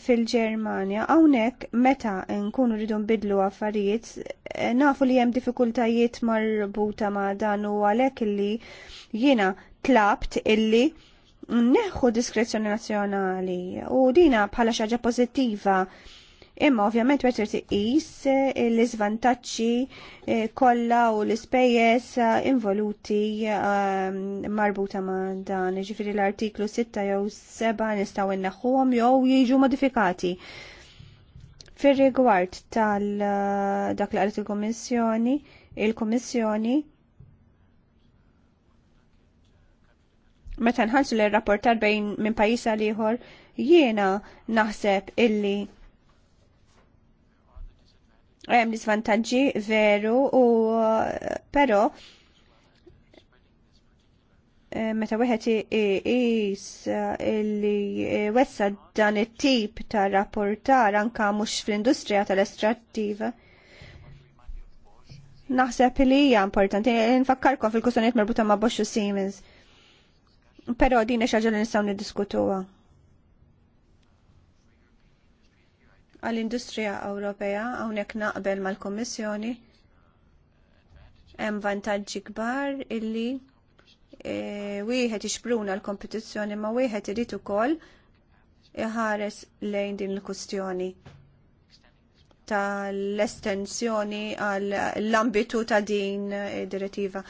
fil-Ġermanja, hawnhekk meta nkunu rridu nbiddlu affarijiet, eh, nafu li hemm diffikultajiet marbuta ma' dan u għalhekk illi jiena tlabt illi neħħu diskrezzjoni nazzjonali u dina bħala xaġa pożittiva Imma ovvjament wet irid eh, l-iżvantaġġi eh, kollha u l-ispejjeż eh, involuti marbuta ma' dan, ġifieri l-artiklu 6 jew 7 nistgħu nneħħuhom jew jiġu modifikati. Fir-rigward tal-dak li qalet il-Kummissjoni, il-Kummissjoni meta nħallsu l-rapportar bejn minn pajjiż għal ieħor jiena naħseb illi hemm l veru u però eh, meta wieħed iqis li eh, wessa dan it-tip ta' rapportar anka mhux fl-industrija tal-estrattiva. Naħseb li hija importanti, nfakkarkom fil-kustonijiet marbuta ma' Bosch u Siemens. Però din hija xi ħaġa li nistgħu niddiskutuha. għall-industrija Ewropea hawnhekk naqbel mal-Kummissjoni hemm vantaġġi kbar illi e, wieħed ixpruna l-kompetizzjoni ma wieħed irid ukoll iħares lejn din il-kustjoni tal-estensjoni għall-ambitu ta' din eh, direttiva.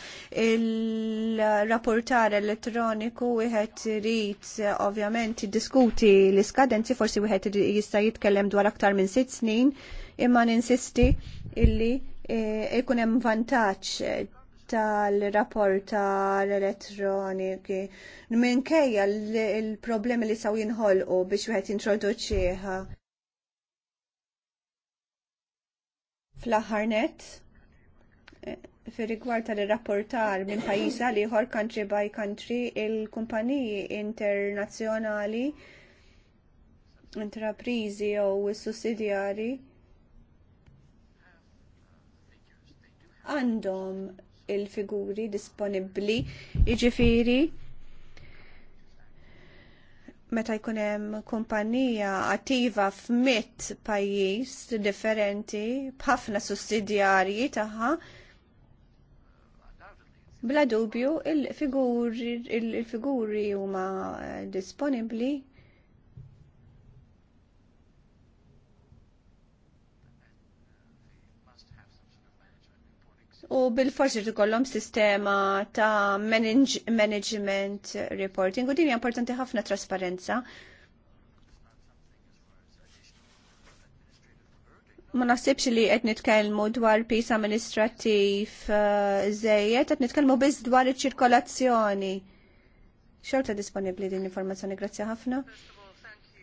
Il-rapportar elettroniku wieħed irid eh, ovvjament diskuti l-iskadenzi forsi wieħed jista' jitkellem dwar aktar minn sitt snin imma ninsisti illi eh, ikun hemm vantaġġ tal-rapportar elettroniki minkejja l-problemi li saw jinħolqu biex wieħed introduċiha Fl-aħħar nett, eh, fir rigward tal-rapportar minn pajjiża li ieħor country by country il-kumpaniji internazzjonali intraprizi jew sussidjarji għandhom il-figuri disponibbli jiġifieri meta jkun hemm kumpanija attiva f'mitt pajjiż differenti b'ħafna sussidjarji tagħha bla dubju il-figuri il huma disponibbli u bil-forsi kollom sistema ta' management reporting u din hija importanti ħafna trasparenza. Ma naħsibx li qed nitkellmu dwar pis amministrattiv eh, żejjed, qed nitkellmu biss dwar iċ-ċirkolazzjoni. Xorta disponibbli din l-informazzjoni, grazzi ħafna.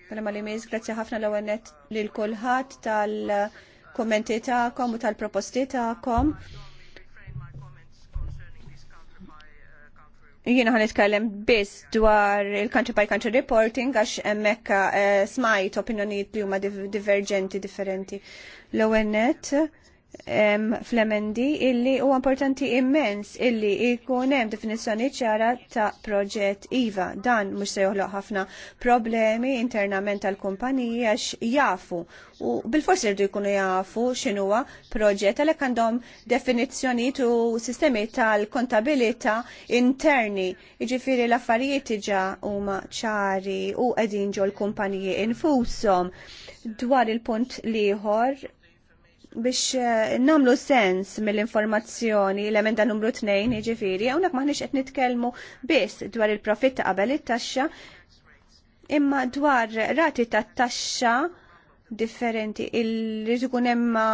Kalema mela li miz, grazzi ħafna l li l-kulħat tal-kommenti ta'kom u tal-proposti ta'kom. Jiena ħan nitkellem biss dwar il-country by country reporting għax hemmhekk eh, smajt opinjonijiet li huma divergenti, differenti. L-ewwel net fl-emendi illi huwa importanti immens illi jkun hemm definizzjoni ċara ta' proġett IVA. Dan mhux se joħloq ħafna problemi internament tal-kumpaniji għax jafu u bil-forsi rridu jkunu jafu x'inhuwa proġett għalhekk għandhom definizzjonijiet u sistemi tal-kontabilità interni. Iġifiri l-affarijiet diġà huma ċari u qegħdin ġol kumpaniji infushom dwar il-punt liħor biex eh, namlu sens mill-informazzjoni l-emenda numru 2 iġifiri, għonek maħnix qed nitkellmu biss dwar il-profitt ta' qabel it-taxxa, imma dwar rati ta' taxxa differenti il-rizikun imma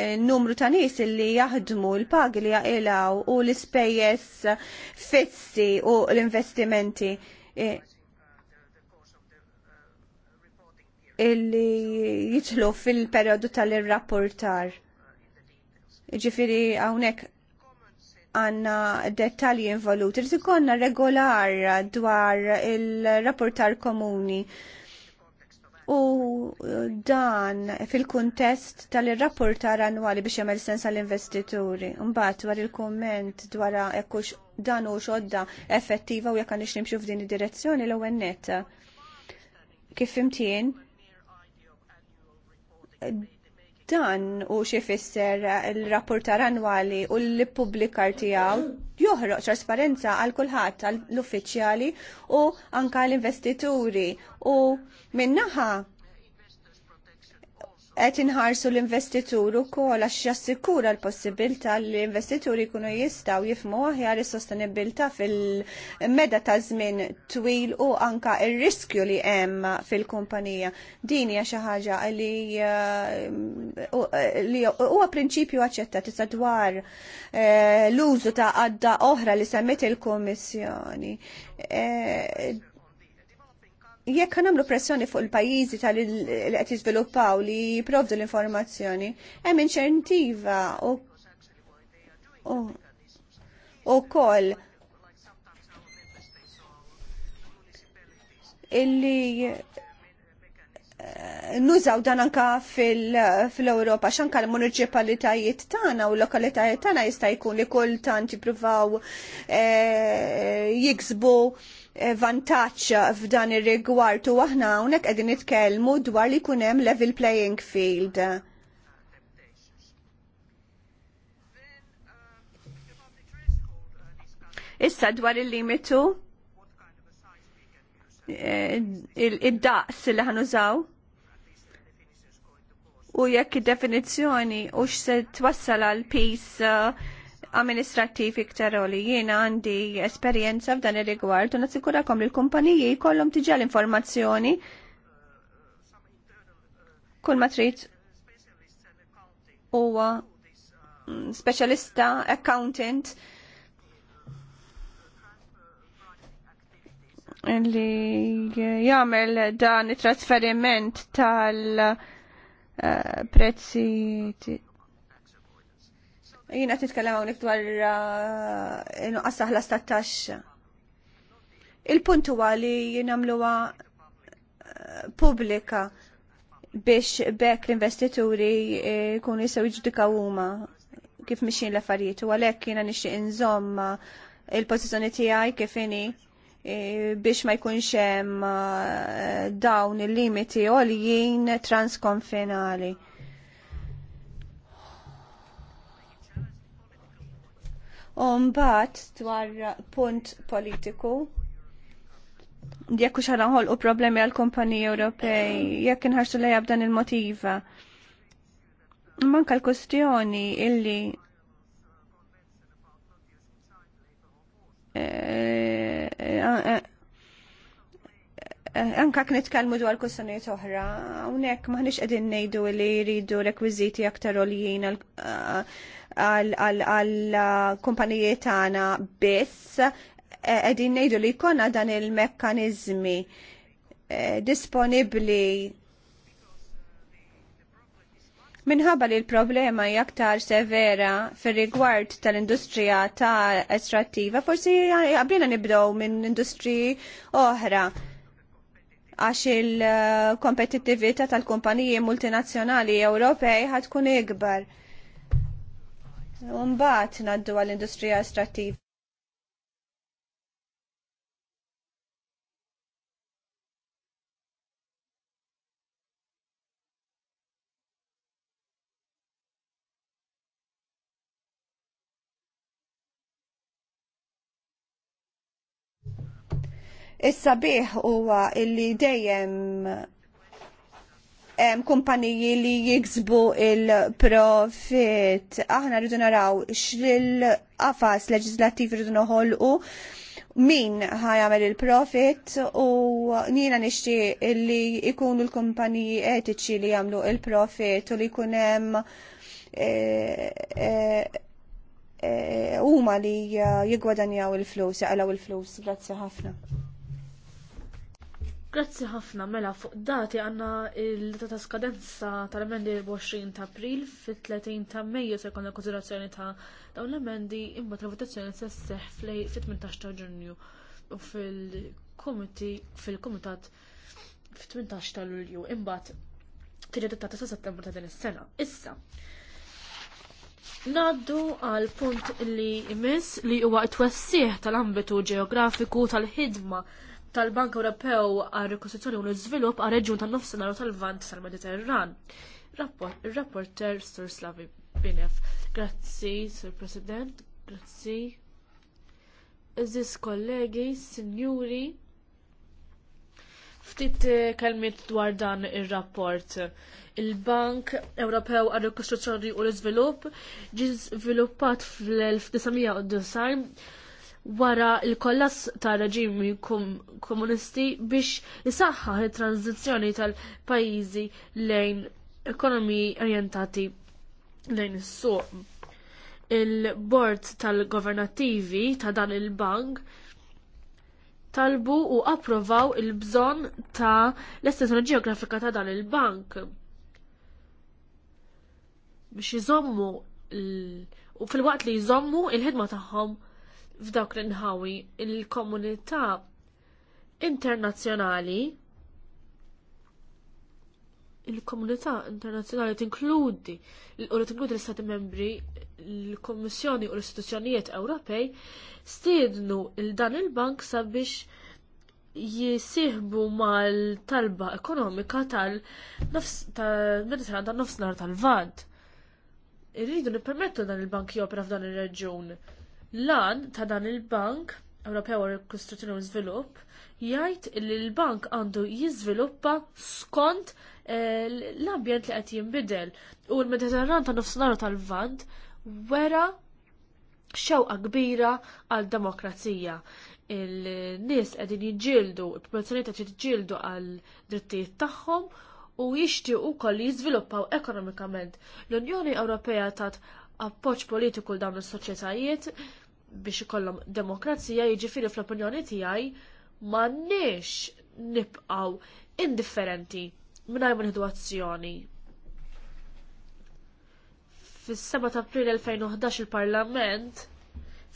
eh, numru ta' nis li jaħdmu l-pagi li jaqilaw u l-spejjes fissi u l-investimenti. Eh, illi jitlu fil-periodu tal-rapportar. Ġifiri għawnek għanna dettalji involuti. Rrit ikonna regolar dwar il-rapportar komuni. U dan fil-kuntest tal-rapportar annwali biex jamel sens għal investituri Mbagħad dwar il-kumment dwar ekkux dan u xodda effettiva u jekk għandix nimxu f'din id-direzzjoni l-ewwel Kif imtien? dan u xi il-rapportar annwali u l-publikar tiegħu joħroq trasparenza għal kulħadd għall uffiċjali u anke l-investituri u minnaħa qed inħarsu l investituru kol għax jassikura l-possibilità li l-investituri jkunu jistgħu jifhmu aħjar is-sostenibilità fil-meda ta' żmien twil u anka il riskju li hemm fil-kumpanija. Din hija xi ħaġa li uh, uh, huwa prinċipju aċċettat issa dwar uh, l-użu ta' għadda oħra li semmet il-Kummissjoni jekk nagħmlu pressjoni fuq il-pajjiżi tal li qed jiżviluppaw li jipprovdu l-informazzjoni, hemm inċentiva u kol illi eh, nużaw dan anka fil-Europa, xanka l-municipalitajiet tana u l-lokalitajiet tana jista' jkun li tant jippruvaw eh, jiksbu eh, vantaġġ f'dan ir-rigward u aħna hawnhekk qegħdin nitkellmu dwar li jkun hemm level playing field. Issa dwar il-limitu eh, id-daqs li użaw u jekk id-definizzjoni u x'se twassal għal peace eh, amministrattiv iktar li jiena għandi esperjenza f'dan ir-rigward u nassikurakom li l-kumpaniji jkollhom tiġa l-informazzjoni kull ma trid huwa mm, speċjalista accountant li jagħmel dan it-trasferiment tal eh, prezzi Jina titkellem hawnhekk dwar eh, nuqqas saħlas tat Il-punt huwa li nagħmluha eh, pubblika biex bekk l-investituri eh, jkunu jisaw jiġġudikaw huma kif mixin l-affarijiet u għalhekk jiena nixtieq inżomma il-pożizzjoni tiegħi kif biex ma jkunx hemm dawn il-limiti għoljien transkonfinali. Umbat dwar punt politiku Jekku xara għol u problemi għal kumpaniji Ewropej, jekk inħarsu lejha b'dan il-motiva. Manka l-kustjoni illi eh, eh, Anka kien nitkellmu dwar kustjonijiet oħra, hawnhekk maħniex qegħdin ngħidu li jridu rekwiżiti aktar għoljien għal kumpanijiet tagħna biss e, qegħdin ngħidu li jkollna dan il mekkanizmi e, disponibbli Minħabba li l-problema hija aktar severa fir-rigward tal-industrija ta' estrattiva, forsi għabrina nibdew minn industriji oħra għax il-kompetittività tal-kumpaniji multinazzjonali Ewropej ħatkun ikbar. Umbat naddu għall-industrija estrattiva. Issa sabiħ huwa illi dejjem kumpaniji li jiksbu il-profit. Aħna rridu naraw xril qafas leġislattiv rridu noħolqu min ħajamel il-profit u njina nixti li ikunu l-kumpaniji etiċi li jamlu il-profit u li kunem eh, eh, eh, huma li jigwadanjaw il-flus, jgħalaw il-flus. Grazie ħafna. Grazzi ħafna mela fuq dati għanna il-data ta' skadenza tal-emendi 20 ta' april fit-30 ta' Mejju se jkun konsiderazzjoni ta' dawn l-emendi imma ta' votazzjoni se sseħħ fit-18 ta' Ġunju u fil-kumiti fil-kumitat fit-18 ta' Lulju imbagħad tiġi ta' sa' Settembru ta' din is-sena. Issa, Naddu għal punt li jmiss li huwa t-twessieħ tal-ambitu ġeografiku tal-ħidma tal-Bank Ewropew għal rikostruzzjoni u l-iżvilupp għal reġjun tan-nofsinhar u tal-Vant tal-Mediterran. Rapporter Sur Slavi Binef. Grazzi, Sur President, grazzi. Iżis kollegi, signuri. ftit eh, kelmiet dwar dan ir-rapport. Il Il-Bank Ewropew għal rikostruzzjoni u l-iżvilupp ġi żviluppat fl-1990 wara il-kollass ta' reġimi komunisti biex jisaxħa il-tranzizjoni tal-pajizi lejn ekonomi orientati lejn is-suq. Il-bord tal-governattivi ta' dan il-bank talbu u approvaw il-bżon ta' l-estensjoni ġeografika ta' dan il-bank biex jizommu u fil-waqt li jżommu il-ħidma tagħhom f'dawk l-inħawi il-komunità internazzjonali il-komunità internazzjonali tinkludi u li tinkludi l-Stati membri l-Kommissjoni u l-istituzzjonijiet Ewropej stiednu il-dan il-bank sabiex jisihbu mal-talba ekonomika tal-Mediterran tal-Nofsnar tal vad Irridu nippermettu dan il-bank jopera f'dan ir reġjun Lan ta' dan il-Bank Ewropew Rekostruzzjoni u Żvilupp jgħid li l-bank għandu jiżviluppa skont eh, l-ambjent li qed jinbidel u l-Mediterran ta' nofsinhar tal-Vant wera xewqa kbira għal demokrazija. Il-nies qegħdin jiġġieldu, il-popolazzjoni qed jiġġieldu għal drittijiet tagħhom u jixtiequ wkoll jiżviluppaw ekonomikament. L-Unjoni Ewropea tat appoġġ politiku l dawn is-soċjetajiet biex ikollhom demokrazija jiġifieri fl-opinjoni tiegħi m'għandniex nibqgħu indifferenti mingħajr minn nieħdu Fis-7 ta' April 2011 il-Parlament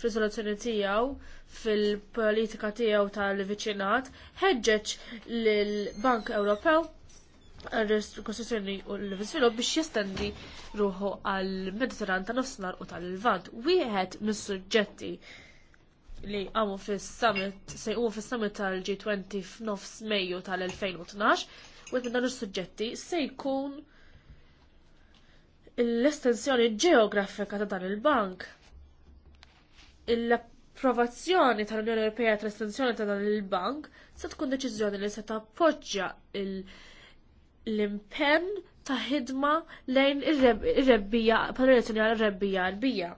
fil-soluzzjoni tiegħu fil-politika tiegħu tal-viċinat ħeġġeġ lill-Bank Ewropew kostituzzjoni u l-Venezuela biex jestendi ruħu għal mediterran ta' nofsinhar u tal-Levant. Wieħed mis-suġġetti li għamu fis-summit, se jqumu fis-summit tal-G20 f'nofs Mejju tal-2012, u minn dan is-suġġetti se jkun l-estensjoni ġeografika ta' dan il-bank. L-approvazzjoni tal-Unjoni Ewropea tal-estensjoni ta' dan il-bank se tkun deċiżjoni li se tappoġġja il- l-impenn ta' ħidma lejn ir-rebbija, pal-relazzjoni għal rebbija għal-bija.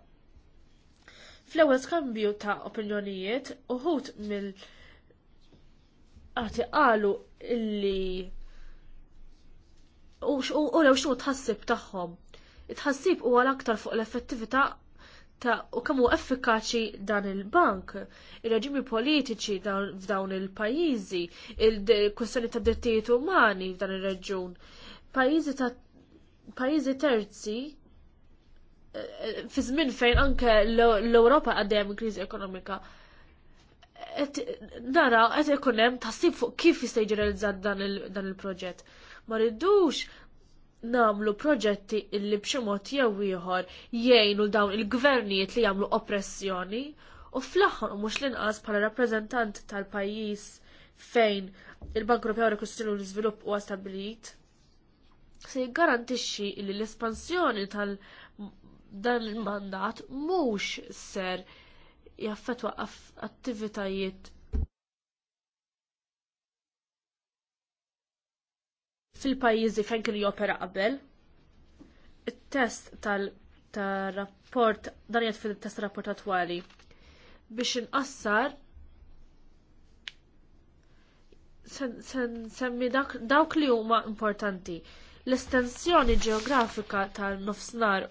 Fl-ewwel skambju ta' opinjonijiet uħut mill għati qalu illi u lew xnu tħassib tagħhom. It-tħassib huwa l-aktar fuq l-effettività ta' u kemm hu effikaċi dan il-bank, ir-reġimi politiċi f'dawn il-pajjiżi, il-kwestjoni ta' drittijiet umani f'dan ir-reġjun. Pajjiżi ta' pajizi terzi eh, fi żmien fejn anke l-Ewropa għaddejja minn kriżi ekonomika. Nara qed ikun hemm tassib fuq kif jista' jiġi realizzat dan il-proġett. Ma rridux namlu proġetti illi mod jew ieħor jgħinu dawn il-gvernijiet li jagħmlu oppressjoni u fl-aħħar mhux l-inqas bħala rappreżentant tal-pajjiż fejn il-Bank Ewropew rekostilu l-iżvilupp huwa stabbilit se jiggarantixxi li l-espansjoni tal dan il-mandat mhux ser jaffetwa attivitajiet fil-pajjiżi fejn kien jopera qabel. It-test tal-rapport dan jgħid fil-test rapport attwali biex inqassar semmi dawk li huma importanti. L-estensjoni ġeografika tal-nofsnar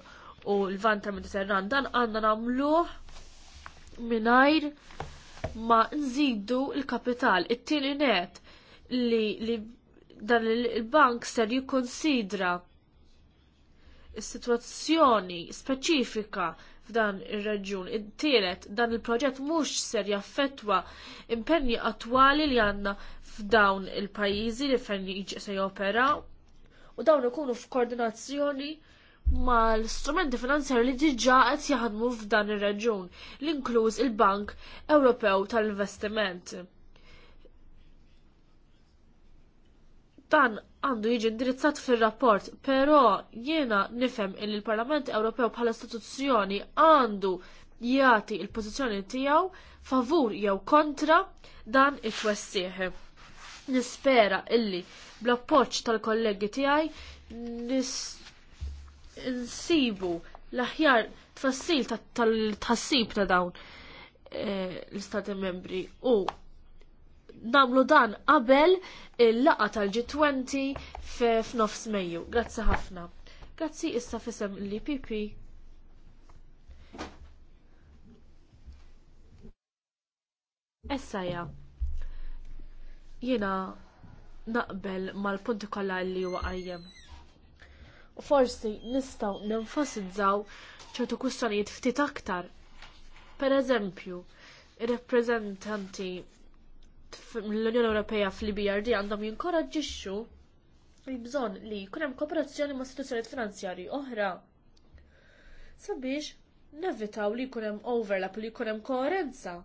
u l-vant tal-Mediterran dan għandna nagħmluh mingħajr ma nżidu l-kapital. It-tieni net li dan il-bank ser jikkonsidra situazzjoni sitwazzjoni speċifika f'dan ir-reġjun. Tielet, dan il-proġett mhux ser jaffettwa impenni attwali li għandna f'dawn il-pajjiżi li fejn se jopera u dawn ikunu f'koordinazzjoni mal-strumenti finanzjari li diġà qed jaħdmu f'dan ir-reġjun, l-inkluż il-Bank Ewropew tal-Investiment. dan għandu jiġi indirizzat fil-rapport, pero jiena nifhem il l-Parlament Ewropew bħala istituzzjoni għandu jagħti il-pożizzjoni tiegħu favur jew kontra dan it-twessieħ. Nispera illi bl-appoġġ tal-kollegi tiegħi nsibu l-aħjar tfassil tal-tħassib ta' dawn eh, l-istati membri u namlu dan qabel il-laqa tal-G20 f'nofs Mejju. Grazzi ħafna. Grazzi issa fisem l-IPP. Essa ja. Jena naqbel mal-punti kollha li huwa għajjem. U forsi nistgħu nenfasizzaw ċertu kustanijiet ftit aktar. Per eżempju, ir reprezentanti l-Unjoni Ewropea fl-BRD għandhom jinkoraġġixxu il-bżonn li jkun hemm kooperazzjoni ma' istituzzjonijiet finanzjarji oħra. Sabiex nevitaw li jkun hemm overlap li jkun hemm koerenza.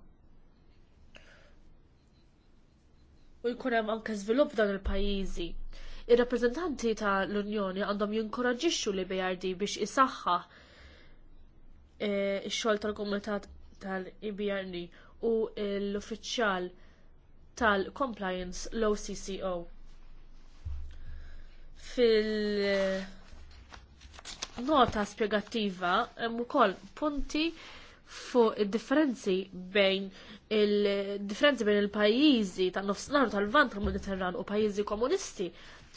U jkun hemm anke żvilupp dan il-pajjiżi. Ir-rappreżentanti tal unjoni għandhom jinkoraġġixxu li BRD biex isaħħa eh, ix-xogħol tal-Kumitat tal-IBRD u l-uffiċjal tal-compliance l-OCCO. Fil-nota spjegattiva hemm ukoll punti fuq id-differenzi bejn il-differenzi bejn il-pajjiżi tan-nofsinhar tal-Vant tal-Mediterran u pajjiżi komunisti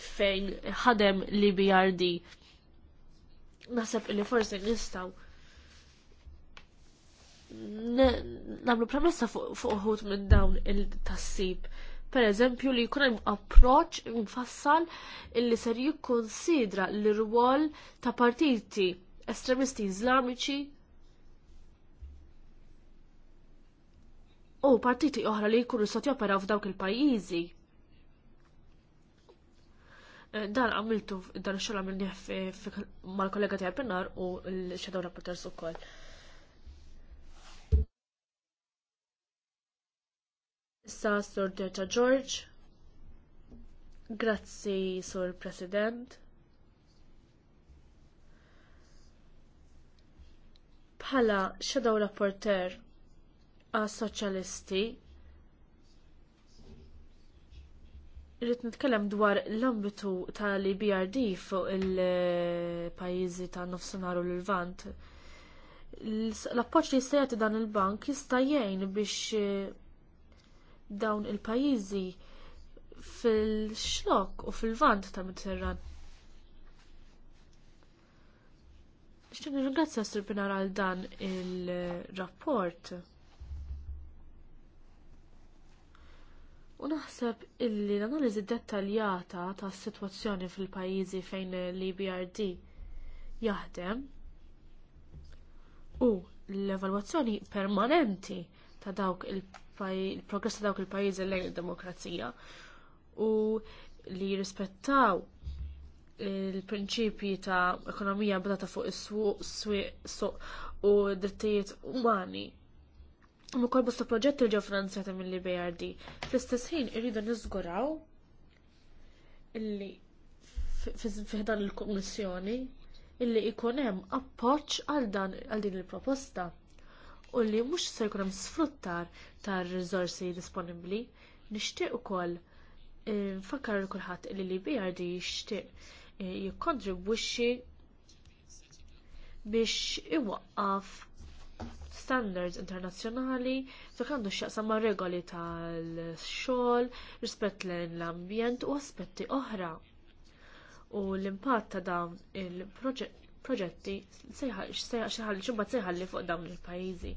fejn ħadem l-BRD. Naħseb li forsi nistgħu namlu premessa fuq uħut minn dawn il-tassib. Per eżempju li jkun hemm approċċ mfassal illi ser jikkonsidra l-rwol ta' partiti estremisti iżlamiċi u partiti oħra li jkunu sot joperaw f'dawk il-pajjiżi. Eh, dan għamiltu dan xogħol għamilni mal-kollega tiegħi Pinnar u l-Shadow Rapporters ukoll. Issa Sur Deta George. Grazzi Sur President. Bħala Shadow Rapporter għas soċjalisti Rrit nitkellem dwar l-ambitu tal-BRD fuq il-pajizi ta' nofsenaru l-Vant. L-appoċ li sejati dan il-bank jista' jgħin biex dawn il-pajjiżi fil-xlok u fil-vant tal-Mediterran. Nixtieq nirringrazzja s Pinar għal dan il-rapport. U naħseb illi l-analiżi dettaljata tas sitwazzjoni fil-pajjiżi fejn l ibrd jaħdem u l-evalwazzjoni permanenti ta' dawk il pajizi il-progress ta' dawk il-pajjiżi lejn id-demokrazija u li jirrispettaw il-prinċipji ta' ekonomija bdata fuq is-suq u drittijiet umani. U mkoll bosta proġetti li ġew finanzjati mill-IBRD. Fl-istess ħin irridu niżguraw illi fiħdan il-Kummissjoni illi ikun hemm appoġġ għal din il-proposta u li mhux se jkun hemm sfruttar tar-riżorsi disponibbli. Nixtieq ukoll eh, nfakkar lil kulħadd li li BRD jixtieq eh, jikkontribwixxi biex iwaqqaf standards internazzjonali fek għandu x'jaqsam ma' regoli tal-xogħol, rispett lejn l-ambjent u aspetti oħra. U l-impatt ta' dawn il-proġett proġetti xeħalli xubba li fuq dawn il pajjiżi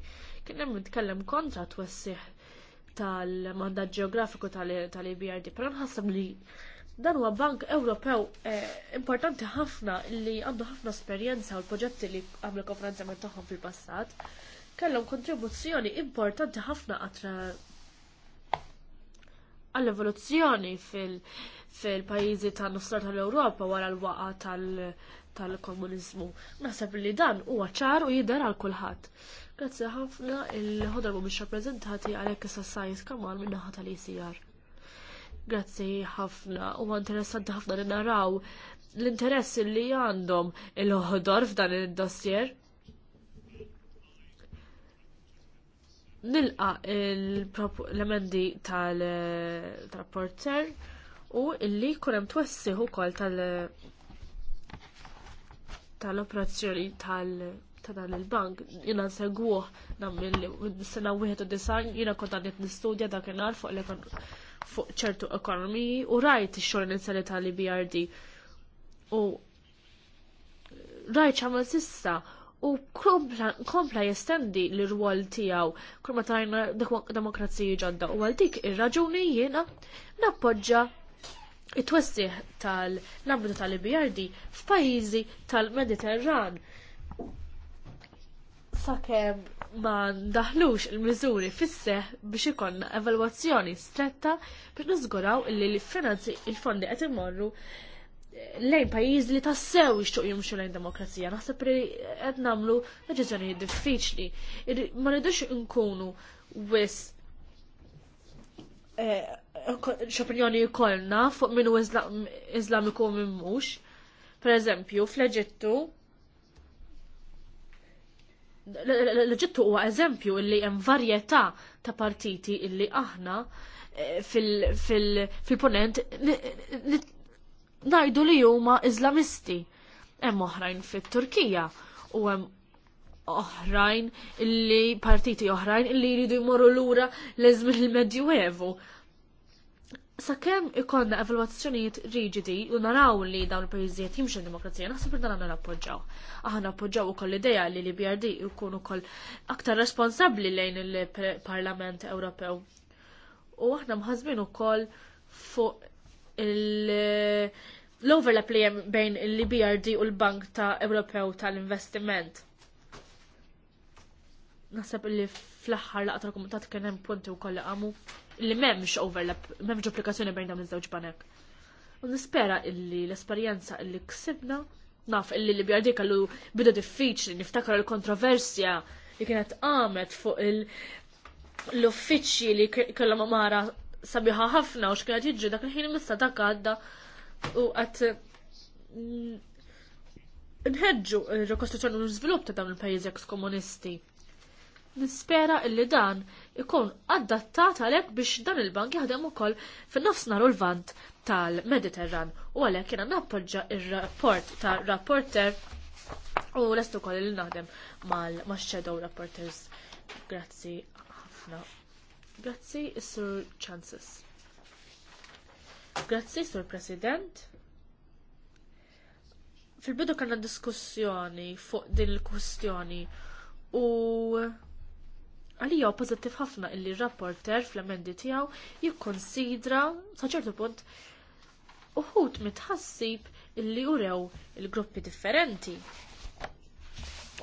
Kien hemm nitkellem kontra twessih tal-mandat ġeografiku tal ibrd però nħassab li dan huwa bank Ewropew eh, importanti ħafna li għandu ħafna esperjenza u l-proġetti li għamlu konferenzjament tagħhom fil-passat kellhom kontribuzzjoni importanti ħafna għatra għall-evoluzzjoni fil-pajjiżi tan nofsar tal-Ewropa wara l-waqa tal- tal-komunizmu. Naħseb li dan huwa ċar u jidher għal kulħadd. Grazzi ħafna il-ħodra mhumiex rappreżentati għalhekk issa sajns kamal minn naħa tal-ICR. Grazzi ħafna u interessanti ħafna li naraw l-interess li għandhom il-ħodor f'dan id-dossier. Nilqa l-emendi tal-rapporter u illi kunem twessiħu kol tal- tal-operazzjoni tal ta' dan il-bank, jina segwuħ s sena 91 jina kont għandiet nistudja dak il-nar fuq ċertu ekonomiji u rajt ix-xogħol inizjali tal-BRD. U rajt x'għamel sissa u kompla jestendi l-rwol tiegħu kurma tajna demokrazija ġodda u għal dik ir-raġuni jiena nappoġġa it-twessiħ tal-ambitu tal-IBRD f'pajjiżi tal-Mediterran. Sakemm ma ndaħlux il-miżuri fis seħħ biex ikonna evalwazzjoni stretta biex niżguraw illi l-finanzi il-fondi qed imorru lejn pajjiż li tassew jixtuq jimxu lejn demokrazija. Naħseb li qed nagħmlu deċiżjonijiet diffiċli. Ma rridux nkunu wis eh, x'opinjoni jkollna fuq minu Iżlamiku minn mhux. Per eżempju, fl-Eġittu l-Eġittu huwa eżempju illi hemm varjetà ta' partiti illi aħna eh, fil-ponent najdu li huma Iżlamisti. Hemm oħrajn fit-Turkija u hemm oħrajn illi partiti oħrajn illi jridu jmorru lura l-eżmin il-Medjuevu sakemm ikonna evalwazzjonijiet riġidi u naraw li dawn il pajjiżijiet jimxu demokrazija, naħseb li dan għandna nappoġġaw. Aħna nappoġġaw ukoll l-idea li li BRD ikun ukoll aktar responsabbli lejn il-Parlament Ewropew. U aħna mħazbin ukoll fuq l-overlap li hemm bejn il-BRD u l-Bank ta' Ewropew tal-Investiment. Naħseb li fl-aħħar laqtra kumutat komitat kien hemm punti wkoll li qamu li memx overlap, memx duplikazzjoni bejn dawn iż-żewġ banek. U nispera illi l-esperjenza illi ksibna, naf illi li bjardi kallu bidu diffiċli niftakar l-kontroversja li kienet għamet fuq l-uffiċċji li kellhom mara sabiħa ħafna u x'kienet jiġu dak il-ħin mista dak għadda u qatt mm, nħedġu il-rekostruzzjoni u l-żvilupp ta' dawn il-pajjiżi ex komunisti nispera illi dan ikun adattat għalhekk biex dan il-bank jaħdem ukoll fin-nofsinhar u l-vant tal-Mediterran u għalhekk jena nappoġġa il rapport tar-rapporter u lest ukoll li naħdem mal-Shadow Rapporters. Grazzi ħafna. Grazzi is-Sur Chances. Grazzi, Sur President fil-bidu kanna diskussjoni fuq din il-kustjoni u għalija u pozittif ħafna illi rapporter fl-emendi tijaw jikkonsidra saċertu punt uħut mitħassib illi urew il-gruppi differenti.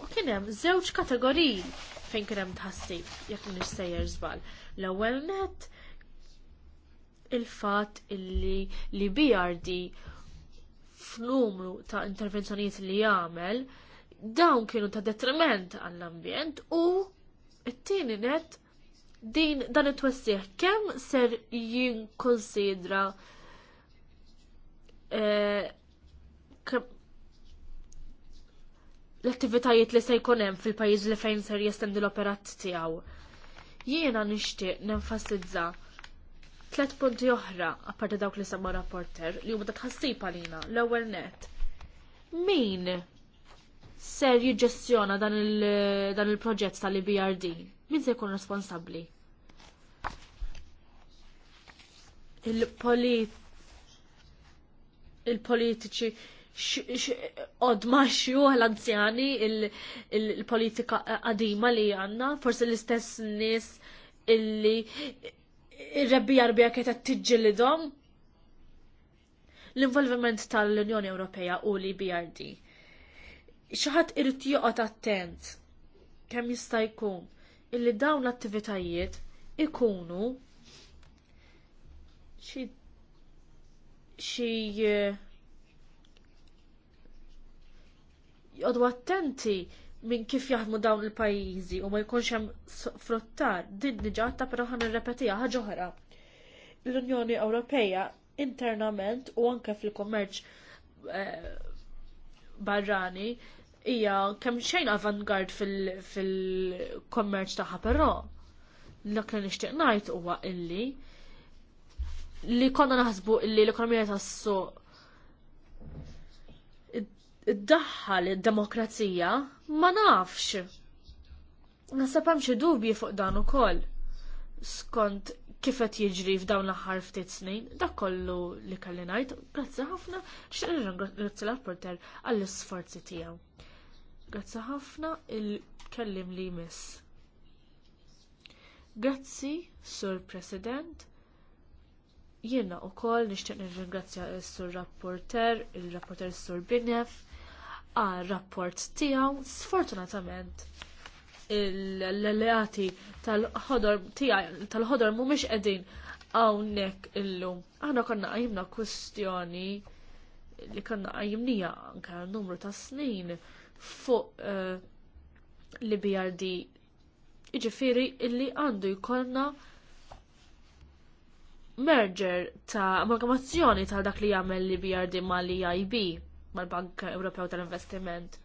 U kienem zewċ kategoriji fejn kienem tħassib, jek nix sejjer zbal. L-ewel net il-fat illi li BRD f'numru ta' intervenzjonijiet li jagħmel dawn kienu ta' detriment għall-ambjent u It-tieni net din dan it twessiħ kemm ser jinkonsidra eh, l-attivitajiet li se jkun hemm fil-pajjiż li fejn ser jestendi l-operat tiegħu. Jiena nixtieq nenfasizza tlet punti oħra apparti dawk li semma rapporter li huma ta' tħassib għalina l-ewwel net. Min ser jiġġestjona dan il-proġett il tal-IBRD? Min se jkun responsabbli? Il-politiċi odma xju l-anzjani il-politika qadima li għanna, forse l-istess nis illi il-rebbi jarbija kieta t-tġilidom. L-involviment tal-Unjoni Ewropea u li BRD xaħat irrit joqgħod attent kemm jista' jkun illi dawn l-attivitajiet ikunu xi xi eh, attenti minn kif jaħdmu dawn il-pajjiżi u ma jkunx hemm fruttar din diġà ta' però ħan irrepetiha ħaġa oħra. L-Unjoni Ewropea internament u anke fil-kummerċ eh, barrani hija kemm xejn avantgard fil-kommerċ tagħha però dak li nixtieq ngħid huwa illi li konna naħsbu illi l-ekonomija tas id id li d demokrazija ma nafx. Nasab hemm xi dubji fuq dan ukoll. Skont kif qed jiġri f'dawn l-aħħar ftit snin, dak kollu li kelli ngħid, grazzi ħafna, xtaqni ringrazzja l apporter għall-isforzi tiegħu. Grazzi ħafna il-kellim li jmiss. Grazzi, Sur President. Jiena wkoll nixtieq nirringrazzja s-Sur Rapporter, il-Rapporter Sur Binef, għar rapport tiegħu. Sfortunatament, l-alleati tal-ħodor tal-ħodor mhumiex qegħdin hawnhekk illum. Aħna konna qajjimna kwistjoni li konna qajjimnija anke numru ta' snin fuq uh, eh, li BRD. Iġifiri illi għandu jkollna merger ta' amalgamazzjoni ta' dak li jagħmel li BRD mal IB mal-Bank Ewropew tal-Investiment.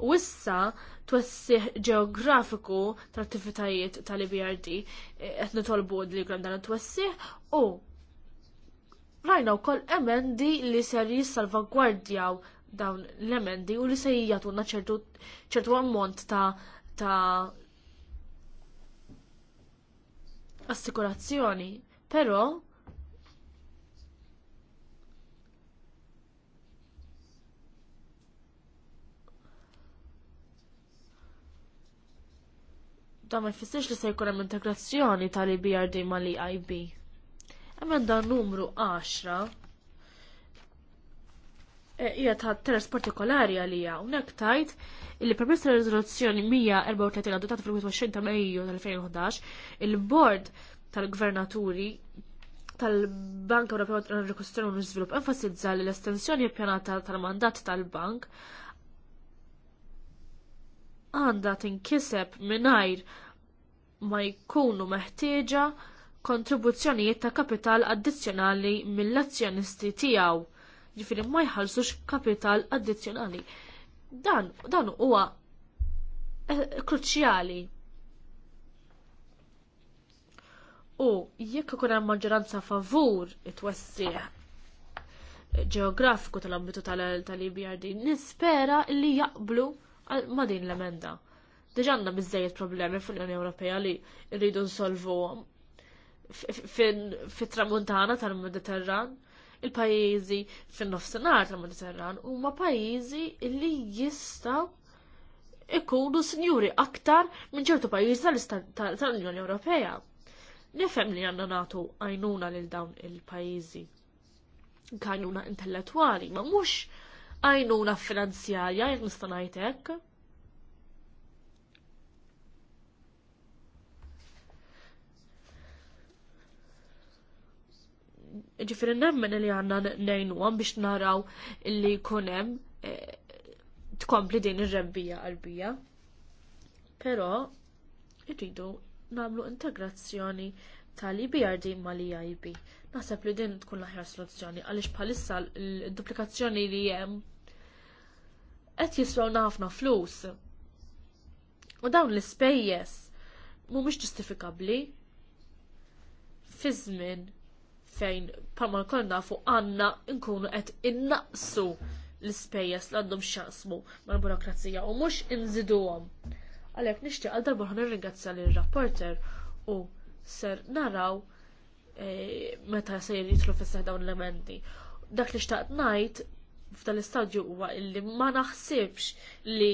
U issa twessih ġeografiku tal-attivitajiet tal-IBRD eh, qed nitolbu li jkun dan twessih u rajna wkoll emendi li ser jissalvagwardjaw dawn l-emendi u li se jagħtuna ċertu, ċertu ammont ta', ta assikurazzjoni, però da ma jfissirx li se jkun hemm integrazzjoni tal-IBRD mal-EIB. dan numru 10 Eh, hija ta' teres partikolari għalija unek tajt li permess ta' rezoluzzjoni 134 adottat fil x20 ta' Mejju tal-2011 il-Bord tal-Gvernaturi tal-Bank Ewropew tal-Rikostruzzjoni u Żvilupp enfasizza li l-estensjoni pjanata tal-mandat tal-bank għandha tinkiseb mingħajr ma jkunu meħtieġa kontribuzzjonijiet ta' kapital addizzjonali mill-azzjonisti tiegħu ġifiri ma jħallsux kapital addizzjonali. Dan, dan huwa eh, kruċjali. U jekk ikun hemm maġġoranza favur it-twessieħ ġeografiku tal-ambitu tal-IBRD, nispera li jaqblu ma' din l-emenda. Diġa għandna bizzejiet problemi fil-Unjoni Ewropea li rridu nsolvuhom fit-tramuntana tal-Mediterran il-pajjiżi fin-nofsinhar ta' mediterran huma pajjiżi li jistgħu ikunu sinjuri aktar minn ċertu pajjiżi tal-Unjoni Ewropea. Nifhem li għandna nagħtu għajnuna lil dawn il-pajjiżi. Għajnuna intellettwali, ma mhux għajnuna finanzjarja, jek nista' ngħid hekk. ġifiri nemmen li għanna nejnu għan biex naraw li kunem eh, tkompli din ir-rebbija qalbija. Però irridu namlu integrazzjoni tal-IBRD ma li IB. Naħseb li din tkun l-aħjar soluzzjoni għaliex bħalissa l-duplikazzjoni li hemm qed jiswawna ħafna flus. U dawn l-ispejjeż mhumiex ġustifikabbli fi żmien fejn palma nkoll nafu għanna nkunu qed innaqsu l-ispejjeż li għandhom x'jaqsmu mal-burokrazija u mhux inżiduhom. Għalhekk nixtieq għal darba nirringrazzja lir rapporter u ser naraw e, meta se jitlu fis-seħ dawn l-elementi. Dak li xtaqt ngħid f'dan l-istadju huwa illi ma naħsibx li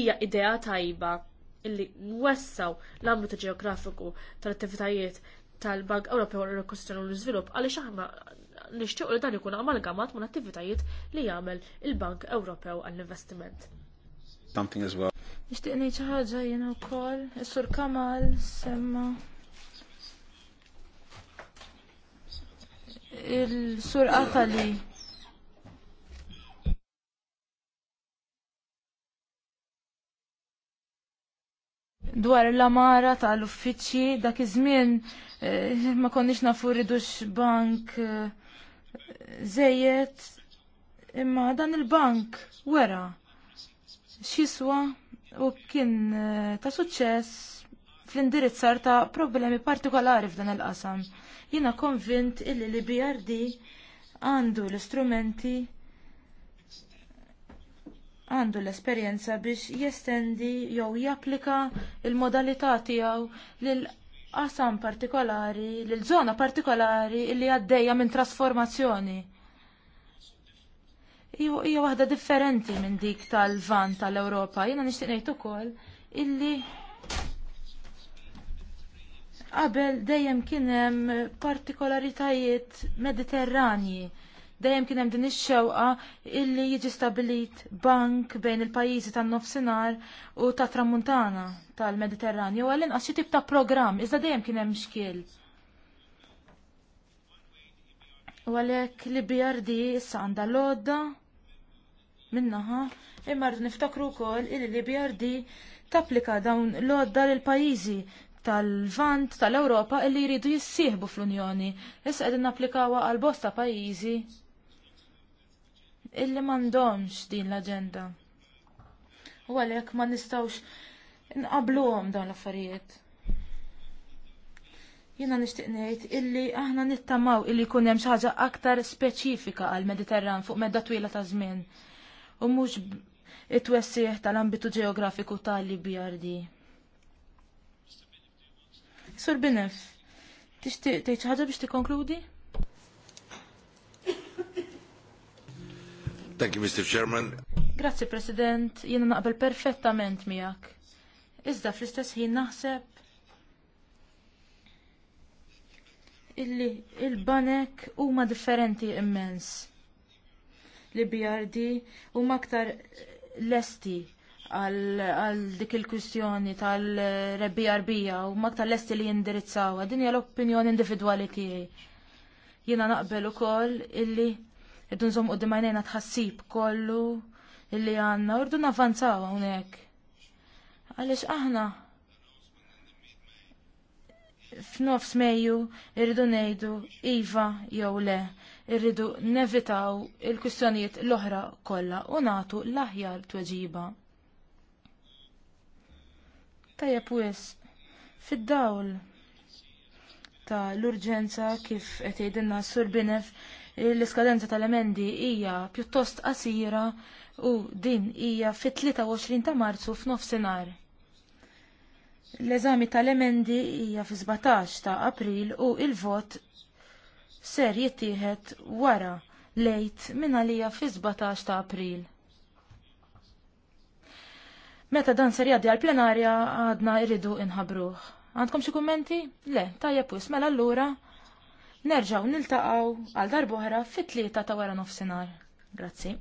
hija idea tajba illi nwessaw l-ambitu ġeografiku tal-attivitajiet tal-Bank Ewropew għal rekostruzzjoni u l-iżvilupp għaliex aħna nixtieq li dan ikun amalgamat minn attivitajiet li jagħmel il-Bank Ewropew għall-investiment. Something as well. Nixtieq ngħid xi ħaġa jiena wkoll, is-Sur Kamal semma il-sur Atali. dwar l-amara tal-uffiċċji dak iż-żmien Eh, ma konniex nafu ridux bank eh, zejet imma dan il-bank wera xiswa u kien eh, ta' suċċess fl-indirizzar ta' problemi partikolari f'dan il-qasam. Jiena konvint illi li BRD għandu l-istrumenti għandu l-esperjenza biex jestendi jew japplika l modalità tiegħu lil qasam partikolari, l-żona partikolari li għaddejja minn trasformazzjoni. Hija waħda differenti minn dik tal vant tal-Ewropa. Jiena nixtieq ngħid ukoll illi qabel dejjem kien hemm partikolaritajiet mediterranji dejjem kien hemm din ix-xewqa illi jiġi stabilit bank bejn il-pajjiżi tan-nofsinhar u ta' tramuntana tal-Mediterranju għal inqas xi tip ta' programm iżda dejjem kien hemm xkiel. U għalhekk li BRD issa għandha lodda minnaħa imma rridu niftakru wkoll illi li BRD tapplika dawn lodda lil pajjiżi tal-vant tal-Ewropa illi jridu jissieħbu fl-Unjoni. Issa qegħdin napplikawa għal bosta pajjiżi illi m'għandhomx din l-aġenda. U għalhekk ma nistgħux għom dawn l-affarijiet. Jiena nixtieq ngħid illi aħna nittamaw illi jkun hemm xi ħaġa aktar speċifika għall mediterran fuq medda twila ta' żmien u mhux it-twessieħ tal-ambitu ġeografiku tal-IBRD. Sur Binef, tixtieq tgħid xi ħaġa biex tikkonkludi? Thank you, Mr. Chairman. Grazzi, President. Jiena naqbel perfettament miegħek. Iżda fl-istess ħin naħseb illi il-banek huma differenti immens. Li BRD huma aktar lesti għal dik il-kwistjoni tal-rebbi u u maktar lesti li jindirizzawa. Din hija l-opinjoni individwali tiegħi. Jiena naqbel ukoll illi Irdu nżomm u dimajnejna tħassib kollu illi għanna, urdu navanzaw hawnhekk. Għaliex aħna f'nofs Mejju irridu ngħidu iva jew le, irridu nevitaw il-kwistjonijiet l-oħra kollha u nagħtu l-aħjar tweġiba. Tajja wis, fid-dawl ta' l-urġenza kif qed jgħidilna Sur Binef l-iskadenza tal-emendi hija pjuttost qasira u din hija fit-23 ta' Marzu f'nofsinhar. L-eżami tal-emendi hija fi 17 ta' April u il-vot ser jittieħed wara lejt minn għalija fi 17 ta' April. Meta dan ser jgħaddi għal-plenarja għadna irridu inħabruh. Għandkom xi kummenti? Le, tajja pus, mela allura Nerġaw niltaqgħu għal darbohra fit-tlieta ta' wara nofsinhar. Grazzi.